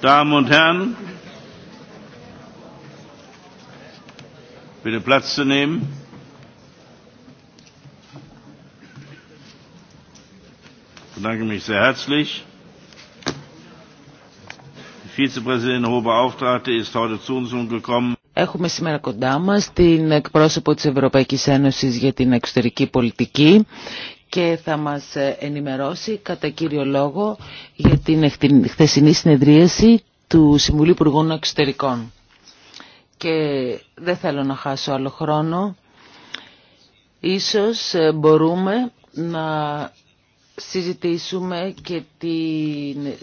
Damen und Herren, bitte Platz zu nehmen. Ich bedanke mich sehr herzlich. Die Vizepräsidentin Hohe Beauftragte ist heute zu uns gekommen. Έχουμε σήμερα κοντά μας την εκπρόσωπο της Ευρωπαϊκής Ένωσης για την εξωτερική πολιτική και θα μας ενημερώσει κατά κύριο λόγο για την χθεσινή συνεδρίαση του Συμβουλίου Υπουργών Εξωτερικών. Και δεν θέλω να χάσω άλλο χρόνο. Ίσως ε, μπορούμε να συζητήσουμε και τη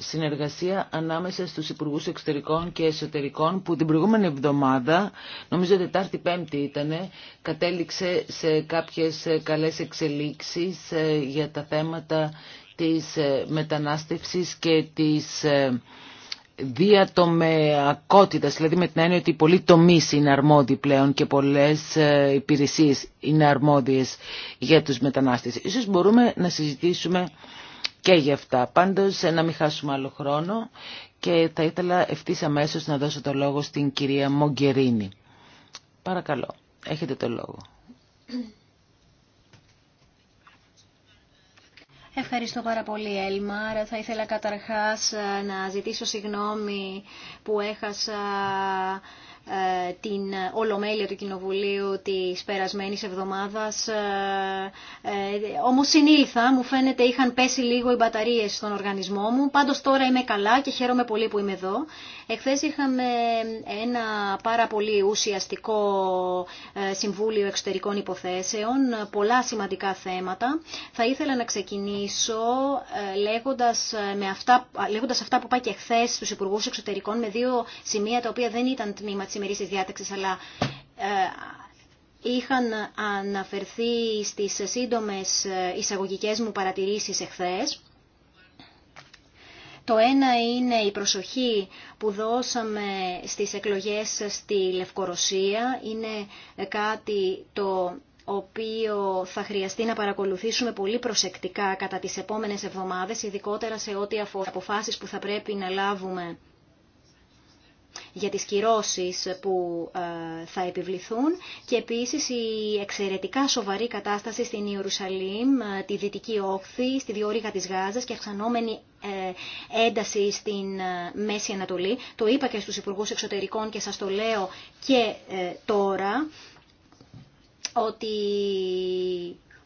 συνεργασία ανάμεσα στους Υπουργούς Εξωτερικών και Εσωτερικών που την προηγούμενη εβδομάδα, νομίζω Τετάρτη Πέμπτη ήτανε, κατέληξε σε κάποιες καλές εξελίξεις ε, για τα θέματα της ε, μετανάστευσης και της ε, διατομεακότητας, δηλαδή με την έννοια ότι πολλοί τομεί είναι αρμόδιοι πλέον και πολλές ε, υπηρεσίες είναι αρμόδιες για τους μετανάστες. Ίσως μπορούμε να συζητήσουμε και για αυτά. Πάντως ε, να μην χάσουμε άλλο χρόνο και θα ήθελα ευθύ αμέσω να δώσω το λόγο στην κυρία Μογκερίνη. Παρακαλώ, έχετε το λόγο. Ευχαριστώ πάρα πολύ, Έλμαρ. Θα ήθελα καταρχάς να ζητήσω συγγνώμη που έχασα ε, την ολομέλεια του Κοινοβουλίου της περασμένης εβδομάδας. Ε, ε, όμως συνήλθα, μου φαίνεται είχαν πέσει λίγο οι μπαταρίες στον οργανισμό μου. Πάντως τώρα είμαι καλά και χαίρομαι πολύ που είμαι εδώ. Εχθές είχαμε ένα πάρα πολύ ουσιαστικό Συμβούλιο Εξωτερικών Υποθέσεων, πολλά σημαντικά θέματα. Θα ήθελα να ξεκινήσω λέγοντας, με αυτά, λέγοντας αυτά που πάει και χθε στους Υπουργούς Εξωτερικών με δύο σημεία τα οποία δεν ήταν τμήμα της ημερήσιας διάταξης, αλλά ε, είχαν αναφερθεί στις σύντομες ε, εισαγωγικές μου παρατηρήσεις εχθές. Το ένα είναι η προσοχή που δώσαμε στις εκλογές στη Λευκορωσία. Είναι κάτι το οποίο θα χρειαστεί να παρακολουθήσουμε πολύ προσεκτικά κατά τις επόμενες εβδομάδες, ειδικότερα σε ό,τι αφορά αποφάσεις που θα πρέπει να λάβουμε για τις κυρώσεις που ε, θα επιβληθούν και επίσης η εξαιρετικά σοβαρή κατάσταση στην Ιερουσαλήμ, ε, τη Δυτική Όχθη, στη διόρυγα της Γάζας και αυξανόμενη ε, ένταση στην Μέση Ανατολή. Το είπα και στους Υπουργούς Εξωτερικών και σας το λέω και τώρα ότι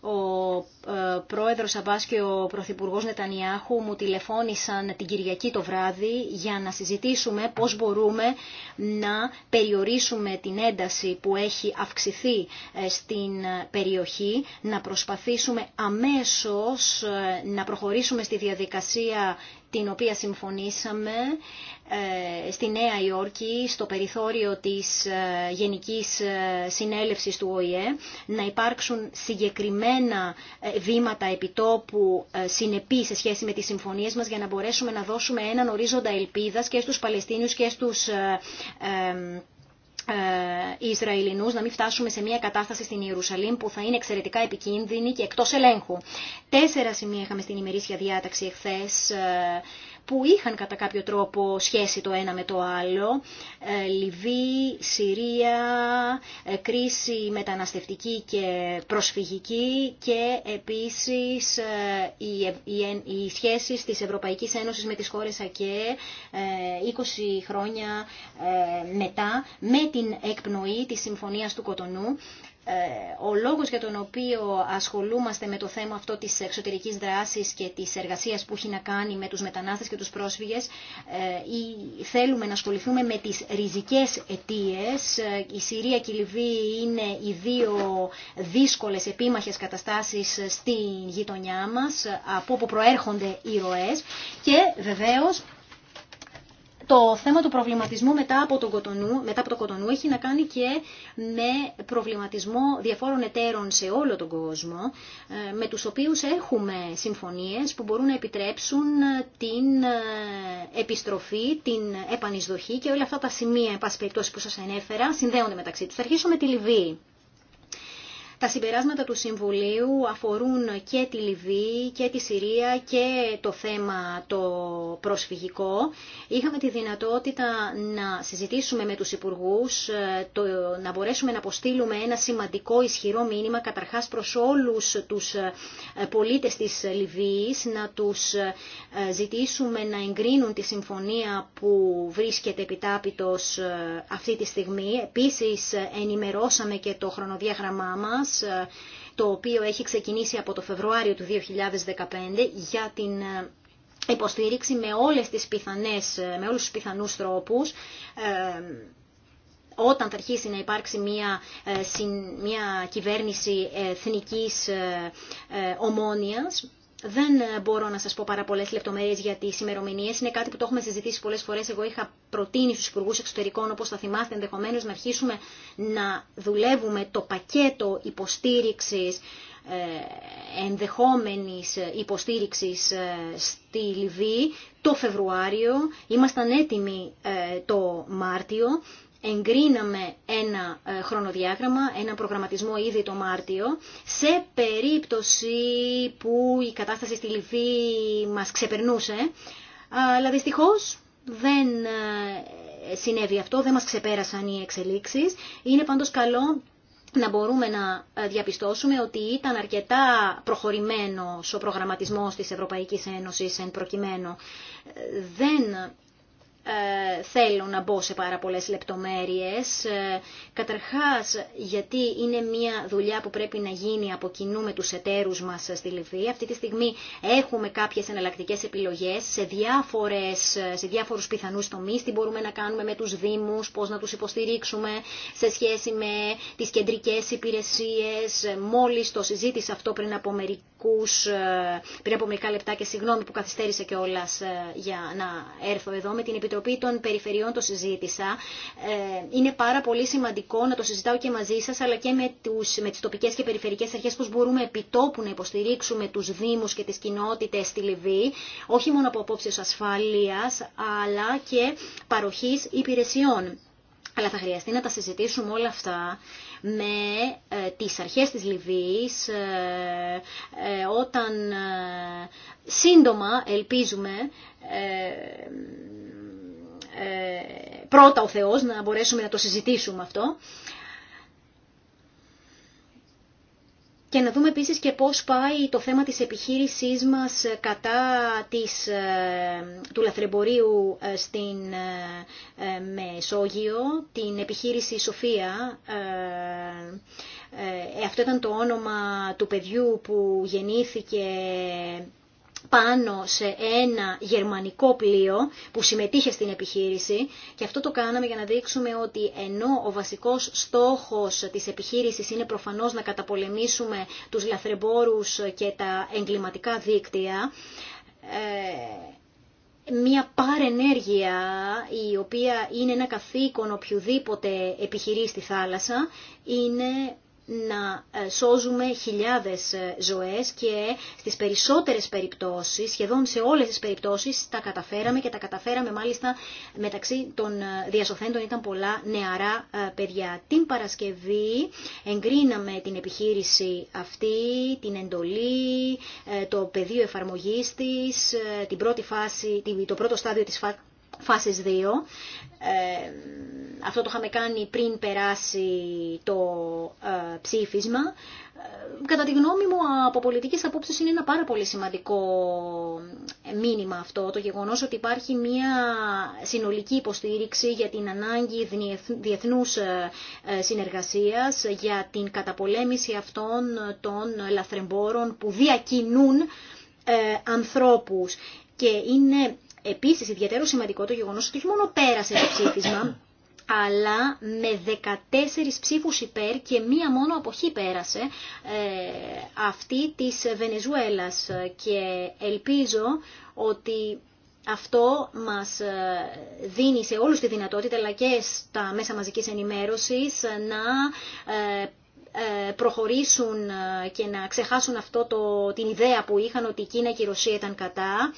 ο ε, πρόεδρος Αμπάς και ο πρωθυπουργός Νετανιάχου μου τηλεφώνησαν την Κυριακή το βράδυ για να συζητήσουμε πώς μπορούμε να περιορίσουμε την ένταση που έχει αυξηθεί ε, στην περιοχή, να προσπαθήσουμε αμέσως ε, να προχωρήσουμε στη διαδικασία την οποία συμφωνήσαμε ε, στη Νέα Υόρκη, στο περιθώριο της ε, Γενικής ε, Συνέλευσης του ΟΗΕ, να υπάρξουν συγκεκριμένα βήματα επιτόπου συνεπή σε σχέση με τις συμφωνίες μας για να μπορέσουμε να δώσουμε έναν ορίζοντα ελπίδας και στους Παλαιστίνιους και στους ε, οι Ισραηλινούς να μην φτάσουμε σε μια κατάσταση στην Ιερουσαλήμ που θα είναι εξαιρετικά επικίνδυνη και εκτός ελέγχου. Τέσσερα σημεία είχαμε στην ημερήσια διάταξη εχθές ε, που είχαν κατά κάποιο τρόπο σχέση το ένα με το άλλο. Ε, Λιβύη, Συρία, ε, κρίση μεταναστευτική και προσφυγική και επίσης οι ε, σχέσεις της Ευρωπαϊκής Ένωσης με τις χώρες ΑΚΕ 20 χρόνια μετά με την εκπνοή της Συμφωνίας του Κοτονού ε, ο λόγος για τον οποίο ασχολούμαστε με το θέμα αυτό της εξωτερικής δράσης και της εργασίας που έχει να κάνει με τους μετανάστες και τους πρόσφυγες ε, θέλουμε να ασχοληθούμε με τις ριζικές αιτίες. Ε, η Συρία και η Λιβύη είναι οι δύο δύσκολες επίμαχες καταστάσεις στην γειτονιά μας από όπου προέρχονται οι ροές και βεβαίως το θέμα του προβληματισμού μετά από, τον κοτονού, μετά από το κοτονού έχει να κάνει και με προβληματισμό διαφόρων εταίρων σε όλο τον κόσμο, ε, με τους οποίους έχουμε συμφωνίες που μπορούν να επιτρέψουν ε, την ε, επιστροφή, την επανεισδοχή και όλα αυτά τα σημεία, εν πάση περιπτώσει που σας ανέφερα, συνδέονται μεταξύ τους. Θα αρχίσω με τη Λιβύη. Τα συμπεράσματα του Συμβουλίου αφορούν και τη Λιβύη και τη Συρία και το θέμα το προσφυγικό. Είχαμε τη δυνατότητα να συζητήσουμε με τους υπουργούς, ε, να μπορέσουμε να αποστείλουμε ένα σημαντικό ισχυρό μήνυμα καταρχάς προς όλους τους ε, πολίτες της Λιβύης, να τους ε, ζητήσουμε να εγκρίνουν τη συμφωνία που βρίσκεται επιτάπητος αυτή τη στιγμή. Επίσης ενημερώσαμε και το χρονοδιάγραμμά μας ε, το οποίο έχει ξεκινήσει από το Φεβρουάριο του 2015 για την ε, υποστήριξη με, όλες τις πιθανές, ε, με όλους τους πιθανούς τρόπους όταν θα αρχίσει να υπάρξει μια, μια κυβέρνηση εθνικής ομόνιας δεν ε, μπορώ να σας πω πάρα πολλέ λεπτομέρειε για τι ημερομηνίε, Είναι κάτι που το έχουμε συζητήσει πολλές φορές. Εγώ είχα προτείνει στου υπουργού Εξωτερικών, όπως θα θυμάστε, ενδεχομένως να αρχίσουμε να δουλεύουμε το πακέτο υποστήριξη ενδεχομένη υποστήριξης ε, ε, στη Λιβύη το Φεβρουάριο. Ήμασταν έτοιμοι το Μάρτιο εγκρίναμε ένα ε, χρονοδιάγραμμα, ένα προγραμματισμό ήδη το Μάρτιο, σε περίπτωση που η κατάσταση στη Λιβύη μας ξεπερνούσε, αλλά δυστυχώς δεν ε, συνέβη αυτό, δεν μας ξεπέρασαν οι εξελίξεις. Είναι πάντως καλό να μπορούμε να ε, διαπιστώσουμε ότι ήταν αρκετά προχωρημένος ο προγραμματισμός της Ευρωπαϊκής Ένωσης εν προκειμένου. Δεν ε, θέλω να μπω σε πάρα πολλές λεπτομέρειες. Ε, καταρχάς, γιατί είναι μια δουλειά που πρέπει να γίνει από κοινού με τους εταίρους μας στη Λιβύη. Αυτή τη στιγμή έχουμε κάποιες εναλλακτικέ επιλογές σε, διάφορες, σε διάφορους πιθανούς τομείς. Τι μπορούμε να κάνουμε με τους Δήμους, πώς να τους υποστηρίξουμε σε σχέση με τις κεντρικές υπηρεσίες. Μόλις το συζήτησα αυτό πριν από μερικούς, ε, πριν από μερικά λεπτά και συγγνώμη που καθυστέρησε κιόλα για να έρθω εδώ με την Επιτροπή Επιτροπή των Περιφερειών το συζήτησα. Ε, είναι πάρα πολύ σημαντικό να το συζητάω και μαζί σας, αλλά και με, τους, με τις τοπικές και περιφερειακές αρχές, πώ μπορούμε επιτόπου να υποστηρίξουμε τους Δήμους και τις κοινότητες στη Λιβύη, όχι μόνο από απόψεω ασφάλειας, αλλά και παροχή υπηρεσιών. Αλλά θα χρειαστεί να τα συζητήσουμε όλα αυτά με ε, τις αρχές της Λιβύης ε, όταν σύντομα ελπίζουμε ε, πρώτα ο Θεός, να μπορέσουμε να το συζητήσουμε αυτό. Και να δούμε επίσης και πώς πάει το θέμα της επιχείρησής μας κατά της, ε, του λαθρεμπορίου ε, στην Μεσόγειο, την επιχείρηση Σοφία. αυτό ήταν το όνομα του παιδιού που γεννήθηκε πάνω σε ένα γερμανικό πλοίο που συμμετείχε στην επιχείρηση και αυτό το κάναμε για να δείξουμε ότι ενώ ο βασικός στόχος της επιχείρησης είναι προφανώς να καταπολεμήσουμε τους λαθρεμπόρους και τα εγκληματικά δίκτυα, ε, μια παρενέργεια η οποία είναι ένα καθήκον οποιοδήποτε επιχειρεί στη θάλασσα είναι να ε, σώζουμε χιλιάδες ε, ζωές και στις περισσότερες περιπτώσεις, σχεδόν σε όλες τις περιπτώσεις, τα καταφέραμε και τα καταφέραμε μάλιστα μεταξύ των ε, διασωθέντων ήταν πολλά νεαρά παιδιά. Την Παρασκευή εγκρίναμε την επιχείρηση αυτή, την εντολή, το πεδίο εφαρμογής της, την πρώτη φάση, το πρώτο στάδιο της φάσεις 2. Ε, αυτό το είχαμε κάνει πριν περάσει το ε, ψήφισμα. Ε, κατά τη γνώμη μου, από πολιτικής απόψεις, είναι ένα πάρα πολύ σημαντικό ε, μήνυμα αυτό, το γεγονός ότι υπάρχει μια συνολική υποστήριξη για την ανάγκη διεθνούς συνεργασίας, για την καταπολέμηση αυτών των λαθρεμπόρων που διακινούν ανθρώπους. Και είναι επίσης ιδιαίτερο σημαντικό το γεγονός ότι όχι μόνο πέρασε το ψήφισμα, αλλά με 14 ψήφους υπέρ και μία μόνο αποχή πέρασε ε, αυτή της Βενεζουέλας και ελπίζω ότι αυτό μας ε, δίνει σε όλους τη δυνατότητα αλλά και στα μέσα μαζικής ενημέρωσης να ε, προχωρήσουν και να ξεχάσουν αυτό το, την ιδέα που είχαν ότι η Κίνα και η Ρωσία ήταν κατά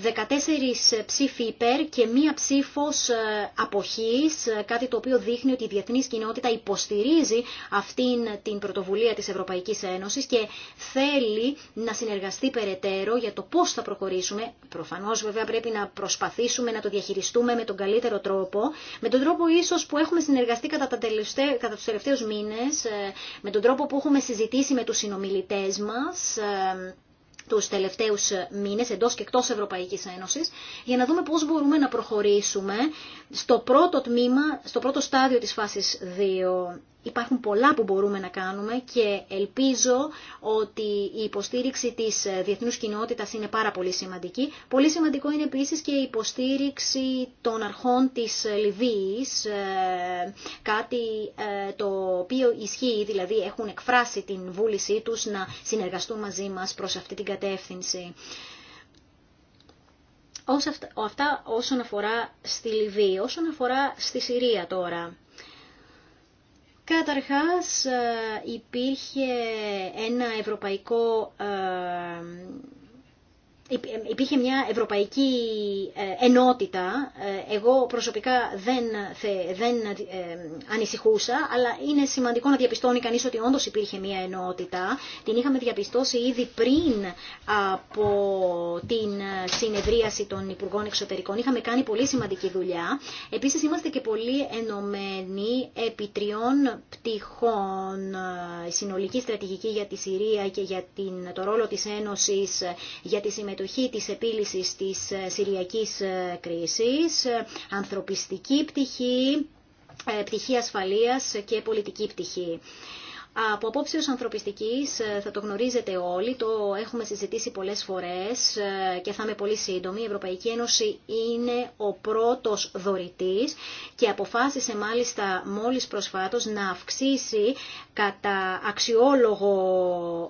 14 ψήφοι υπέρ και μία ψήφος ε, αποχής, ε, κάτι το οποίο δείχνει ότι η διεθνής κοινότητα υποστηρίζει αυτήν την πρωτοβουλία της Ευρωπαϊκής Ένωσης και θέλει να συνεργαστεί περαιτέρω για το πώς θα προχωρήσουμε. Προφανώς βέβαια πρέπει να προσπαθήσουμε να το διαχειριστούμε με τον καλύτερο τρόπο, με τον τρόπο ίσως που έχουμε συνεργαστεί κατά, τα τελευταί, κατά τους τελευταίους μήνες, ε, με τον τρόπο που έχουμε συζητήσει με τους συνομιλητές μας, τους τελευταίους μήνες εντός και εκτός Ευρωπαϊκής Ένωσης για να δούμε πώς μπορούμε να προχωρήσουμε στο πρώτο τμήμα, στο πρώτο στάδιο της φάσης 2 υπάρχουν πολλά που μπορούμε να κάνουμε και ελπίζω ότι η υποστήριξη της διεθνούς κοινότητας είναι πάρα πολύ σημαντική. Πολύ σημαντικό είναι επίσης και η υποστήριξη των αρχών της Λιβύης, ε, κάτι ε, το οποίο ισχύει, δηλαδή έχουν εκφράσει την βούλησή τους να συνεργαστούν μαζί μας προς αυτή την κατεύθυνση. Αυτά όσον αφορά στη Λιβύη, όσον αφορά στη Συρία τώρα. Καταρχάς ε, υπήρχε ένα ευρωπαϊκό ε, ε, υπήρχε μια ευρωπαϊκή ε, ενότητα. Ε, εγώ προσωπικά δεν, ανησυχούσα, αλλά είναι σημαντικό να διαπιστώνει κανείς ότι όντως υπήρχε μια ενότητα. Την είχαμε διαπιστώσει ήδη πριν από την συνεδρίαση των Υπουργών Εξωτερικών. Είχαμε κάνει πολύ σημαντική δουλειά. Επίσης είμαστε και πολύ ενωμένοι επί τριών πτυχών συνολική στρατηγική για τη Συρία και για την, το ρόλο της Ένωσης για τη συμμετοχή συμμετοχή της επίλυσης της ε, Συριακής ε, κρίσης, ε, ανθρωπιστική πτυχή, πτυχή ασφαλείας και πολιτική πτυχή. Από απόψεως ανθρωπιστικής ε, θα το γνωρίζετε όλοι, το έχουμε συζητήσει πολλές φορές ε, και θα είμαι πολύ σύντομη. Η Ευρωπαϊκή Ένωση είναι ο πρώτος δωρητής και αποφάσισε μάλιστα μόλις προσφάτως να αυξήσει κατά αξιόλογο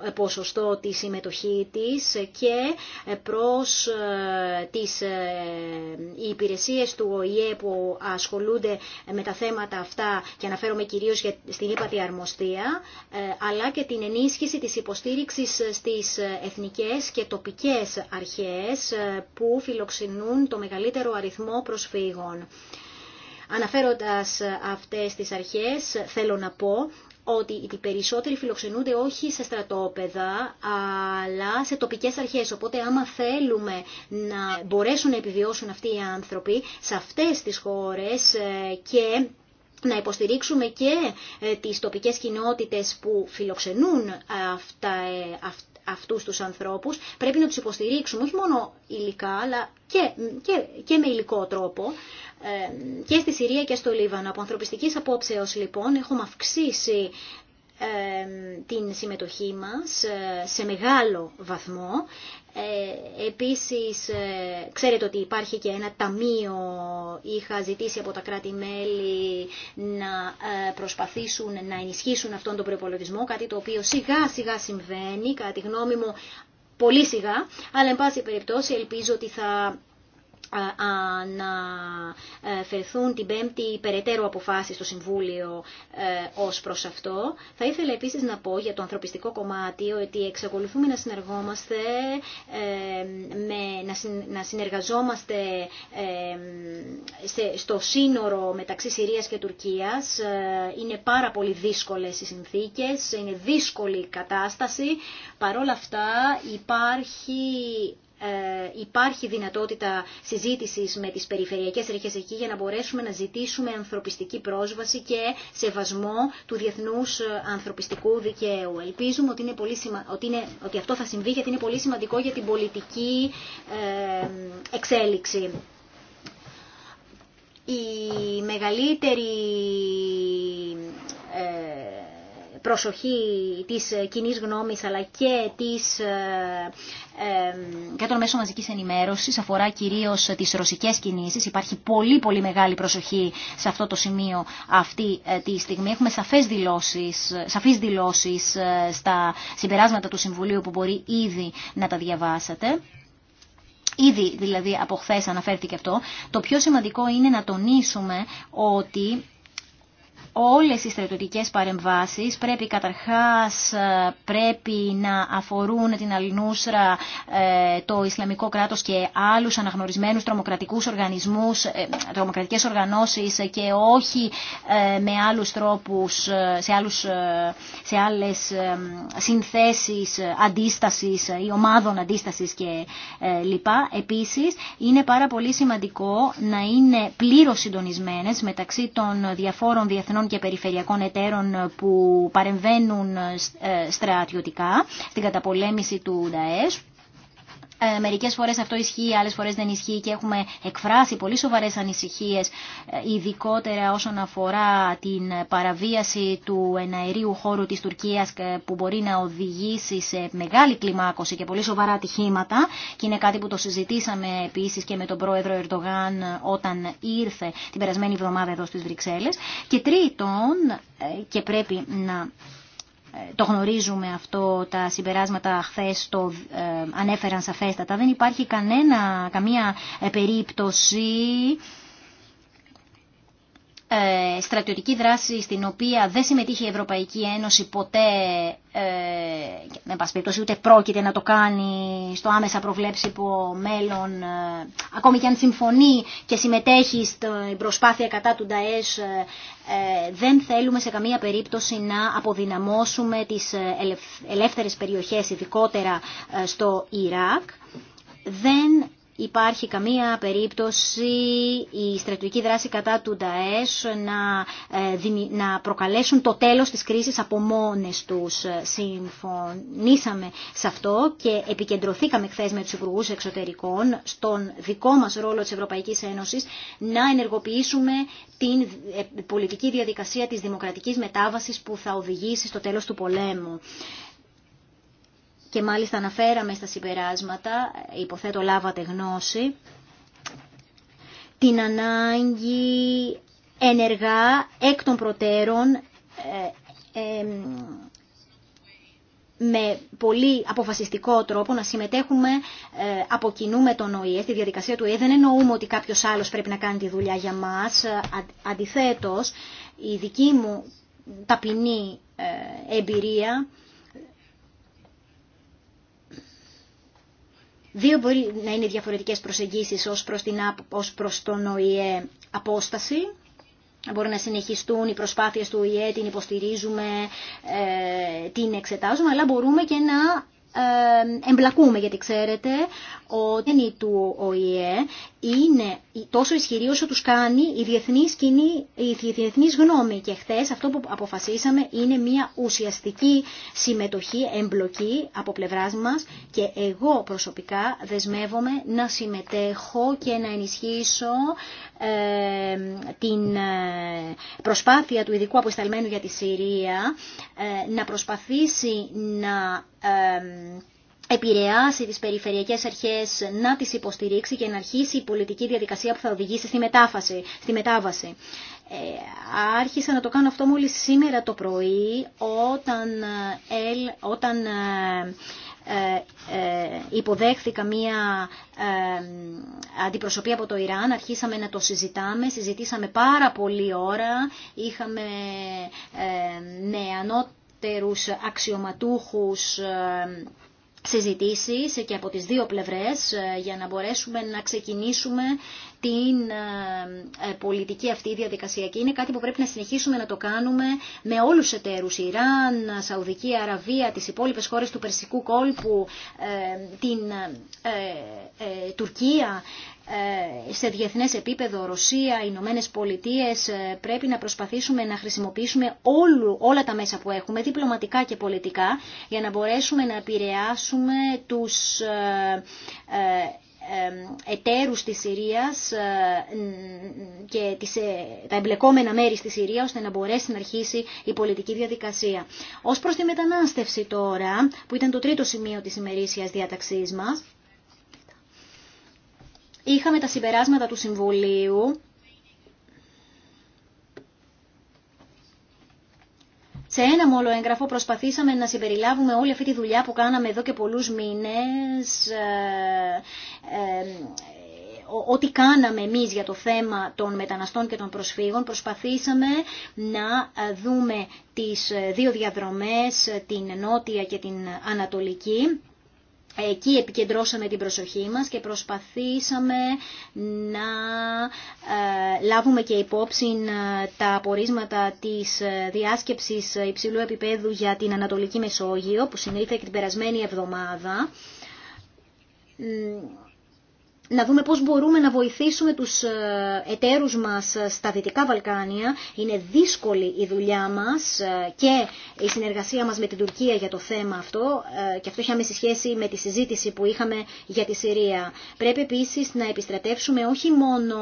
ε, ποσοστό τη συμμετοχή της και προς τις υπηρεσίες του ΟΗΕ που ασχολούνται με τα θέματα αυτά και αναφέρομαι κυρίως στην ύπατη αρμοστία ε, αλλά και την ενίσχυση της υποστήριξης στις εθνικές και τοπικές αρχές ε, που φιλοξενούν το μεγαλύτερο αριθμό προσφύγων. Αναφέροντας ε, αυτές τις αρχές, θέλω να πω ότι οι περισσότεροι φιλοξενούνται όχι σε στρατόπεδα, αλλά σε τοπικές αρχές. Οπότε άμα θέλουμε να μπορέσουν να επιβιώσουν αυτοί οι άνθρωποι σε αυτές τις χώρες και να υποστηρίξουμε και ε, τις τοπικές κοινότητες που φιλοξενούν ε, αυτά, ε, αυτούς τους ανθρώπους. Πρέπει να τους υποστηρίξουμε όχι μόνο υλικά αλλά και, και, και με υλικό τρόπο και στη Συρία και στο Λίβανο. Από ανθρωπιστικής απόψεως λοιπόν έχουμε αυξήσει την συμμετοχή μας ε, σε μεγάλο βαθμό. Ε, επίσης, ε, ξέρετε ότι υπάρχει και ένα ταμείο, είχα ζητήσει από τα κράτη-μέλη να προσπαθήσουν να ενισχύσουν αυτόν τον προπολογισμό, κάτι το οποίο σιγά-σιγά συμβαίνει, κατά τη γνώμη μου πολύ σιγά, αλλά εν πάση περιπτώσει ελπίζω ότι θα φερθούν την πέμπτη περαιτέρω αποφάση στο Συμβούλιο ε, ως προς αυτό. Θα ήθελα επίσης να πω για το ανθρωπιστικό κομμάτι ότι εξακολουθούμε να συνεργόμαστε, ε, με, να συνεργαζόμαστε ε, στο σύνορο μεταξύ Συρίας και Τουρκίας. Είναι πάρα πολύ δύσκολες οι συνθήκες, είναι δύσκολη η κατάσταση. Παρόλα αυτά υπάρχει ε, υπάρχει δυνατότητα συζήτησης με τις περιφερειακές αρχές εκεί για να μπορέσουμε να ζητήσουμε ανθρωπιστική πρόσβαση και σεβασμό του διεθνούς ε, ανθρωπιστικού δικαίου. Ελπίζουμε ότι, είναι πολύ σημα... ότι, είναι... ότι αυτό θα συμβεί γιατί είναι πολύ σημαντικό για την πολιτική ε, εξέλιξη. Η μεγαλύτερη προσοχή της κοινή γνώμης αλλά και, της, ε, ε, και των μέσων μαζικής ενημέρωσης αφορά κυρίως τις ρωσικές κινήσεις. Υπάρχει πολύ πολύ μεγάλη προσοχή σε αυτό το σημείο αυτή ε, τη στιγμή. Έχουμε σαφές δηλώσεις, σαφείς δηλώσεις στα συμπεράσματα του Συμβουλίου που μπορεί ήδη να τα διαβάσετε. Ήδη δηλαδή από χθε αναφέρθηκε αυτό. Το πιο σημαντικό είναι να τονίσουμε ότι όλες οι στρατιωτικές παρεμβάσεις πρέπει καταρχάς ε, πρέπει να αφορούν την Αλνούσρα, ε, το Ισλαμικό κράτος και άλλους αναγνωρισμένους τρομοκρατικούς οργανισμούς, ε, τρομοκρατικές οργανώσεις και όχι με άλλους τρόπους, σε, άλλους, σε άλλες συνθέσεις αντίστασης ή ομάδων αντίστασης και λοιπά. Επίσης είναι πάρα πολύ σημαντικό να είναι πλήρως συντονισμένες μεταξύ των διαφόρων διεθνών και περιφερειακών εταίρων που παρεμβαίνουν ε, στρατιωτικά στην καταπολέμηση του ΝΤΑΕΣ ε, μερικές φορές αυτό ισχύει, άλλες φορές δεν ισχύει και έχουμε εκφράσει πολύ σοβαρές ανησυχίες, ε, ειδικότερα όσον αφορά την παραβίαση του εναερίου χώρου της Τουρκίας ε, που μπορεί να οδηγήσει σε μεγάλη κλιμάκωση και πολύ σοβαρά ατυχήματα και είναι κάτι που το συζητήσαμε επίσης και με τον πρόεδρο Ερντογάν όταν ήρθε την περασμένη εβδομάδα εδώ στι Βρυξέλλες. Και τρίτον, ε, και πρέπει να ε, το γνωρίζουμε αυτό, τα συμπεράσματα χθε το ε, ανέφεραν σαφέστατα. Δεν υπάρχει κανένα, καμία ε, περίπτωση ε, στρατιωτική δράση στην οποία δεν συμμετείχε η Ευρωπαϊκή Ένωση ποτέ, ε, με πάση ούτε πρόκειται να το κάνει στο άμεσα προβλέψιμο μέλλον, ε, ακόμη και αν συμφωνεί και συμμετέχει στην προσπάθεια κατά του Νταές, δεν θέλουμε σε καμία περίπτωση να αποδυναμώσουμε τις ελεύθερες περιοχές, ειδικότερα στο Ιράκ. Δεν υπάρχει καμία περίπτωση η στρατιωτική δράση κατά του ΝΤΑΕΣ να, ε, να προκαλέσουν το τέλος της κρίσης από μόνες τους. Συμφωνήσαμε σε αυτό και επικεντρωθήκαμε χθε με τους Υπουργούς Εξωτερικών στον δικό μας ρόλο της Ευρωπαϊκής Ένωσης να ενεργοποιήσουμε την ε, πολιτική διαδικασία της δημοκρατικής μετάβασης που θα οδηγήσει στο τέλος του πολέμου και μάλιστα αναφέραμε στα συμπεράσματα, υποθέτω λάβατε γνώση, την ανάγκη ενεργά εκ των προτέρων ε, ε, με πολύ αποφασιστικό τρόπο να συμμετέχουμε ε, από κοινού με τον ΟΗΕ στη διαδικασία του ΟΗΕ. Δεν εννοούμε ότι κάποιος άλλος πρέπει να κάνει τη δουλειά για μας. Ε, αντιθέτως, η δική μου ταπεινή ε, εμπειρία Δύο μπορεί να είναι διαφορετικές προσεγγίσεις ως προς, την, προς τον ΟΗΕ απόσταση. Μπορεί να συνεχιστούν οι προσπάθειες του ΟΗΕ, την υποστηρίζουμε, ε, την εξετάζουμε, αλλά μπορούμε και να ε, εμπλακούμε, γιατί ξέρετε, ότι του ΟΗΕ είναι τόσο ισχυρή όσο τους κάνει η διεθνή, σκηνή, η διεθνής γνώμη. Και χθε αυτό που αποφασίσαμε είναι μια ουσιαστική συμμετοχή, εμπλοκή από πλευρά μας και εγώ προσωπικά δεσμεύομαι να συμμετέχω και να ενισχύσω την ε, προσπάθεια του ειδικού αποσταλμένου για τη Συρία ε, να προσπαθήσει να επηρεάσει τις περιφερειακές αρχές να τις υποστηρίξει και να αρχίσει η πολιτική διαδικασία που θα οδηγήσει στη, μετάφαση, στη μετάβαση. Ε, άρχισα να το κάνω αυτό μόλις σήμερα το πρωί όταν, ε, όταν ε, ε, υποδέχθηκα μία αντιπροσωπή από το Ιράν, αρχίσαμε να το συζητάμε, συζητήσαμε πάρα πολλή ώρα, είχαμε νεανότερους αξιωματούχους συζητήσεις και από τις δύο πλευρές ε, για να μπορέσουμε να ξεκινήσουμε την ε, ε, πολιτική αυτή διαδικασία και είναι κάτι που πρέπει να συνεχίσουμε να το κάνουμε με όλους τους εταίρους, Ιράν, Σαουδική Αραβία, τις υπόλοιπες χώρες του Περσικού κόλπου, την Τουρκία ε, σε διεθνές επίπεδο, Ρωσία, Ηνωμένε Πολιτείε, ε, πρέπει να προσπαθήσουμε να χρησιμοποιήσουμε όλου, όλα τα μέσα που έχουμε, διπλωματικά και πολιτικά, για να μπορέσουμε να επηρεάσουμε τους ε, εταίρους της Συρίας και τις, τα εμπλεκόμενα μέρη στη Συρία ώστε να μπορέσει να αρχίσει η πολιτική διαδικασία. Ως προς τη μετανάστευση τώρα, που ήταν το τρίτο σημείο της ημερήσιας διάταξής μας, είχαμε τα συμπεράσματα του Συμβουλίου Σε ένα μόνο έγγραφο προσπαθήσαμε να συμπεριλάβουμε όλη αυτή τη δουλειά που κάναμε εδώ και πολλούς μήνες, ε, ε, ό,τι κάναμε εμείς για το θέμα των μεταναστών και των προσφύγων, προσπαθήσαμε να ε, δούμε τις δύο διαδρομές, την νότια και την ανατολική, Εκεί επικεντρώσαμε την προσοχή μας και προσπαθήσαμε να ε, λάβουμε και υπόψη ε, τα απορίσματα της ε, διάσκεψης υψηλού επίπεδου για την Ανατολική Μεσόγειο που συνήλθε και την περασμένη εβδομάδα να δούμε πώς μπορούμε να βοηθήσουμε τους ε, εταίρους μας ε, στα Δυτικά Βαλκάνια. Είναι δύσκολη η δουλειά μας ε, και η συνεργασία μας με την Τουρκία για το θέμα αυτό και αυτό έχει άμεση σχέση με τη συζήτηση που είχαμε για τη Συρία. Πρέπει επίσης να επιστρατεύσουμε όχι μόνο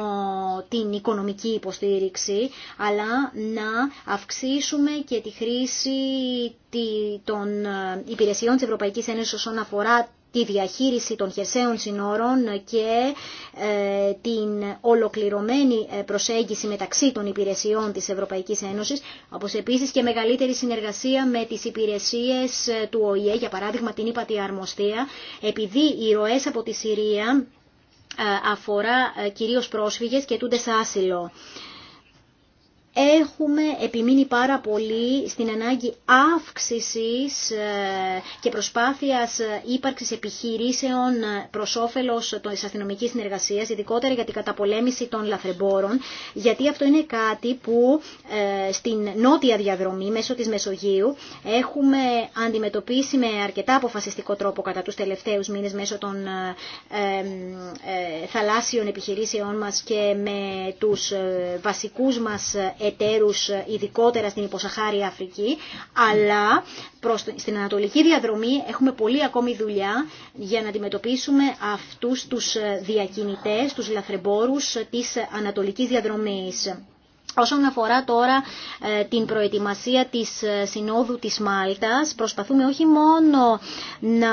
την οικονομική υποστήριξη αλλά να αυξήσουμε και τη χρήση των υπηρεσιών της Ευρωπαϊκής Ένωσης όσον αφορά τη διαχείριση των χερσαίων συνόρων και ε, την ολοκληρωμένη ε, προσέγγιση μεταξύ των υπηρεσιών της Ευρωπαϊκής Ένωσης, όπως επίσης και μεγαλύτερη συνεργασία με τις υπηρεσίες ε, του ΟΗΕ, για παράδειγμα την ΥΠΑΤΗ Αρμοστία, επειδή οι ροές από τη Συρία αφορά κυρίως πρόσφυγες και τούντες άσυλο έχουμε επιμείνει πάρα πολύ στην ανάγκη αύξησης ε, και προσπάθειας ε, ύπαρξης επιχειρήσεων ε, προς όφελος της αστυνομικής συνεργασίας, ειδικότερα για την καταπολέμηση των λαθρεμπόρων, γιατί αυτό είναι κάτι που στην νότια διαδρομή μέσω της Μεσογείου έχουμε αντιμετωπίσει με αρκετά αποφασιστικό τρόπο κατά τους τελευταίους μήνες μέσω των θαλάσσιων επιχειρήσεών μας και με τους βασικούς μας εταίρους ε, ειδικότερα στην υποσαχάρια Αφρική, αλλά προς, στην ανατολική διαδρομή έχουμε πολύ ακόμη δουλειά για να αντιμετωπίσουμε αυτούς τους ε, διακινητές, τους λαθρεμπόρους ε, της ανατολικής διαδρομής. Όσον αφορά τώρα ε, την προετοιμασία της ε, Συνόδου της Μάλτας, προσπαθούμε όχι μόνο να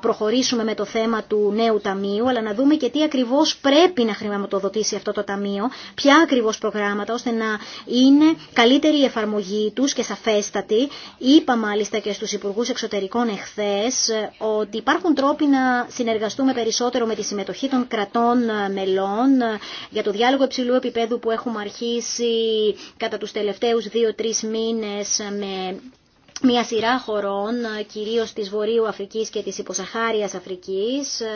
προχωρήσουμε με το θέμα του νέου ταμείου, αλλά να δούμε και τι ακριβώς πρέπει να χρηματοδοτήσει αυτό το ταμείο, ποια ακριβώς προγράμματα, ώστε να είναι καλύτερη η εφαρμογή τους και σαφέστατη. Είπα μάλιστα και στους υπουργού Εξωτερικών εχθές ε, ότι υπάρχουν τρόποι να συνεργαστούμε περισσότερο με τη συμμετοχή των κρατών μελών για το διάλογο υψηλού επίπεδου που έχουμε αρχίσει κατά τους τελευταίους δύο-τρεις μήνες με μια σειρά χωρών, κυρίως της Βορείου Αφρικής και της Υποσαχάριας Αφρικής. Ε,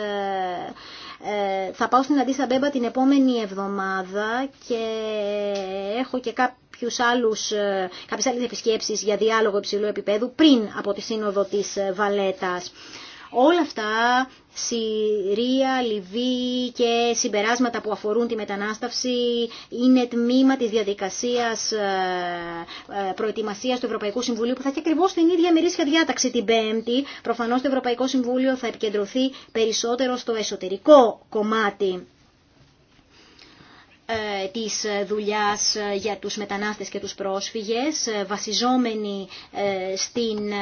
ε, θα πάω στην Αντίσα Μπέμπα την επόμενη εβδομάδα και έχω και κάποιους άλλους, ε, κάποιες άλλες επισκέψεις για διάλογο υψηλού επίπεδου πριν από τη σύνοδο της Βαλέτας. Όλα αυτά, Συρία, Λιβύη και συμπεράσματα που αφορούν τη μετανάστευση είναι τμήμα της διαδικασίας ε, ε, προετοιμασίας του Ευρωπαϊκού Συμβουλίου που θα έχει ακριβώ την ίδια μερίσια διάταξη την Πέμπτη. Προφανώς το Ευρωπαϊκό Συμβούλιο θα επικεντρωθεί περισσότερο στο εσωτερικό κομμάτι ε, της δουλειάς ε, για τους μετανάστες και τους πρόσφυγες, ε, βασιζόμενοι στην,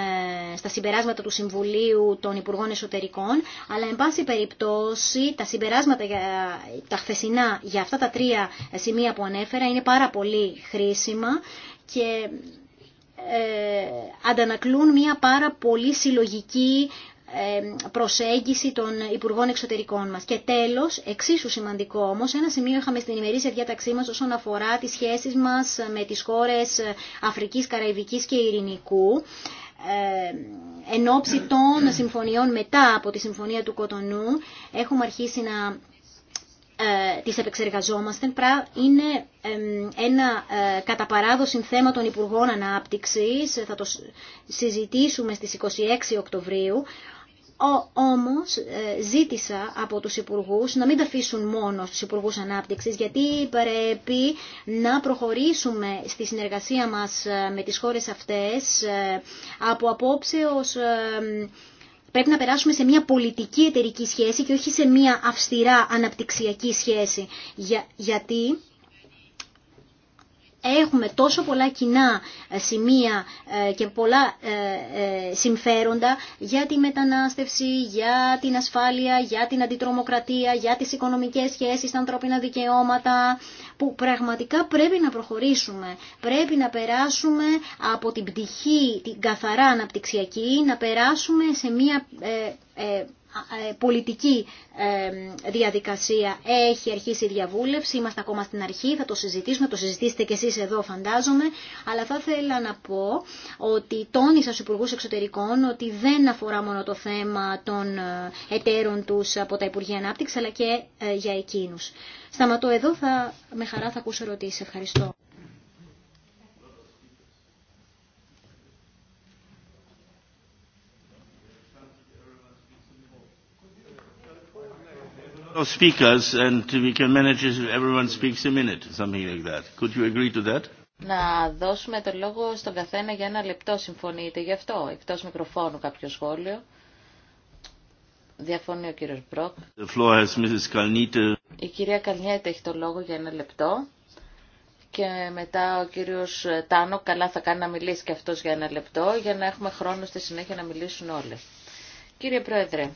στα συμπεράσματα του Συμβουλίου των Υπουργών Εσωτερικών, αλλά εν πάση περιπτώσει τα συμπεράσματα για, τα χθεσινά για αυτά τα τρία σημεία που ανέφερα είναι πάρα πολύ χρήσιμα και ε, αντανακλούν μια πάρα πολύ συλλογική προσέγγιση των Υπουργών Εξωτερικών μας. Και τέλος, εξίσου σημαντικό όμως, ένα σημείο είχαμε στην ημερήσια διάταξή μας όσον αφορά τις σχέσεις μας με τις χώρες Αφρικής, Καραϊβικής και Ειρηνικού εν ώψη των συμφωνιών μετά από τη Συμφωνία του Κοτονού έχουμε αρχίσει να ε, τις επεξεργαζόμαστε. Είναι ένα ε, κατά παράδοση θέμα των Υπουργών Ανάπτυξης. Θα το συζητήσουμε στις 26 Οκτωβρίου όμως ε, ζήτησα από τους υπουργούς να μην τα αφήσουν μόνο στους υπουργούς ανάπτυξης γιατί πρέπει να προχωρήσουμε στη συνεργασία μας ε, με τις χώρες αυτές ε, από απόψε πρέπει να περάσουμε σε μια πολιτική εταιρική σχέση και όχι σε μια αυστηρά αναπτυξιακή σχέση. γιατί έχουμε τόσο πολλά κοινά ε, σημεία ε, και πολλά ε, συμφέροντα για τη μετανάστευση, για την ασφάλεια, για την αντιτρομοκρατία, για τις οικονομικές σχέσεις, τα ανθρώπινα δικαιώματα, που πραγματικά πρέπει να προχωρήσουμε. Πρέπει να περάσουμε από την πτυχή, την καθαρά αναπτυξιακή, να περάσουμε σε μια ε, πολιτική ε, διαδικασία έχει αρχίσει η διαβούλευση, είμαστε ακόμα στην αρχή, θα το συζητήσουμε, το συζητήσετε και εσείς εδώ φαντάζομαι, αλλά θα ήθελα να πω ότι τόνισα στους Υπουργούς Εξωτερικών ότι δεν αφορά μόνο το θέμα των ε, εταίρων τους από τα Υπουργεία Ανάπτυξη, αλλά και για εκείνους. Σταματώ εδώ, θα, με χαρά θα ακούσω ερωτήσεις. Ευχαριστώ. Να δώσουμε το λόγο στον καθένα για ένα λεπτό, συμφωνείτε γι' αυτό, εκτός μικροφώνου κάποιο σχόλιο. Διαφωνεί ο κύριος Μπροκ. Η κυρία Καλνιέτα έχει το λόγο για ένα λεπτό και μετά ο κύριος Τάνο καλά θα κάνει να μιλήσει και αυτός για ένα λεπτό για να έχουμε χρόνο στη συνέχεια να μιλήσουν όλοι. Κύριε Πρόεδρε,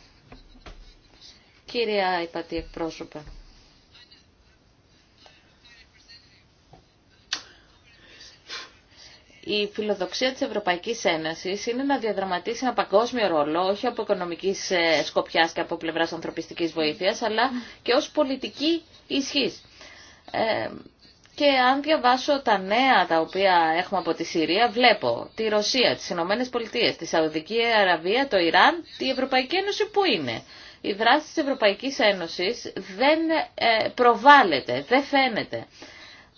κυρία Υπατή εκπρόσωπε. Η φιλοδοξία της Ευρωπαϊκής Ένωσης είναι να διαδραματίσει ένα παγκόσμιο ρόλο, όχι από οικονομικής ε, σκοπιάς και από πλευράς ανθρωπιστικής βοήθειας, αλλά και ως πολιτική ισχύς. Ε, και αν διαβάσω τα νέα τα οποία έχουμε από τη Συρία, βλέπω τη Ρωσία, τις Ηνωμένε Πολιτείες, τη Σαουδική Αραβία, το Ιράν, τη Ευρωπαϊκή Ένωση που είναι η δράση της Ευρωπαϊκής Ένωσης δεν ε, προβάλλεται, δεν φαίνεται.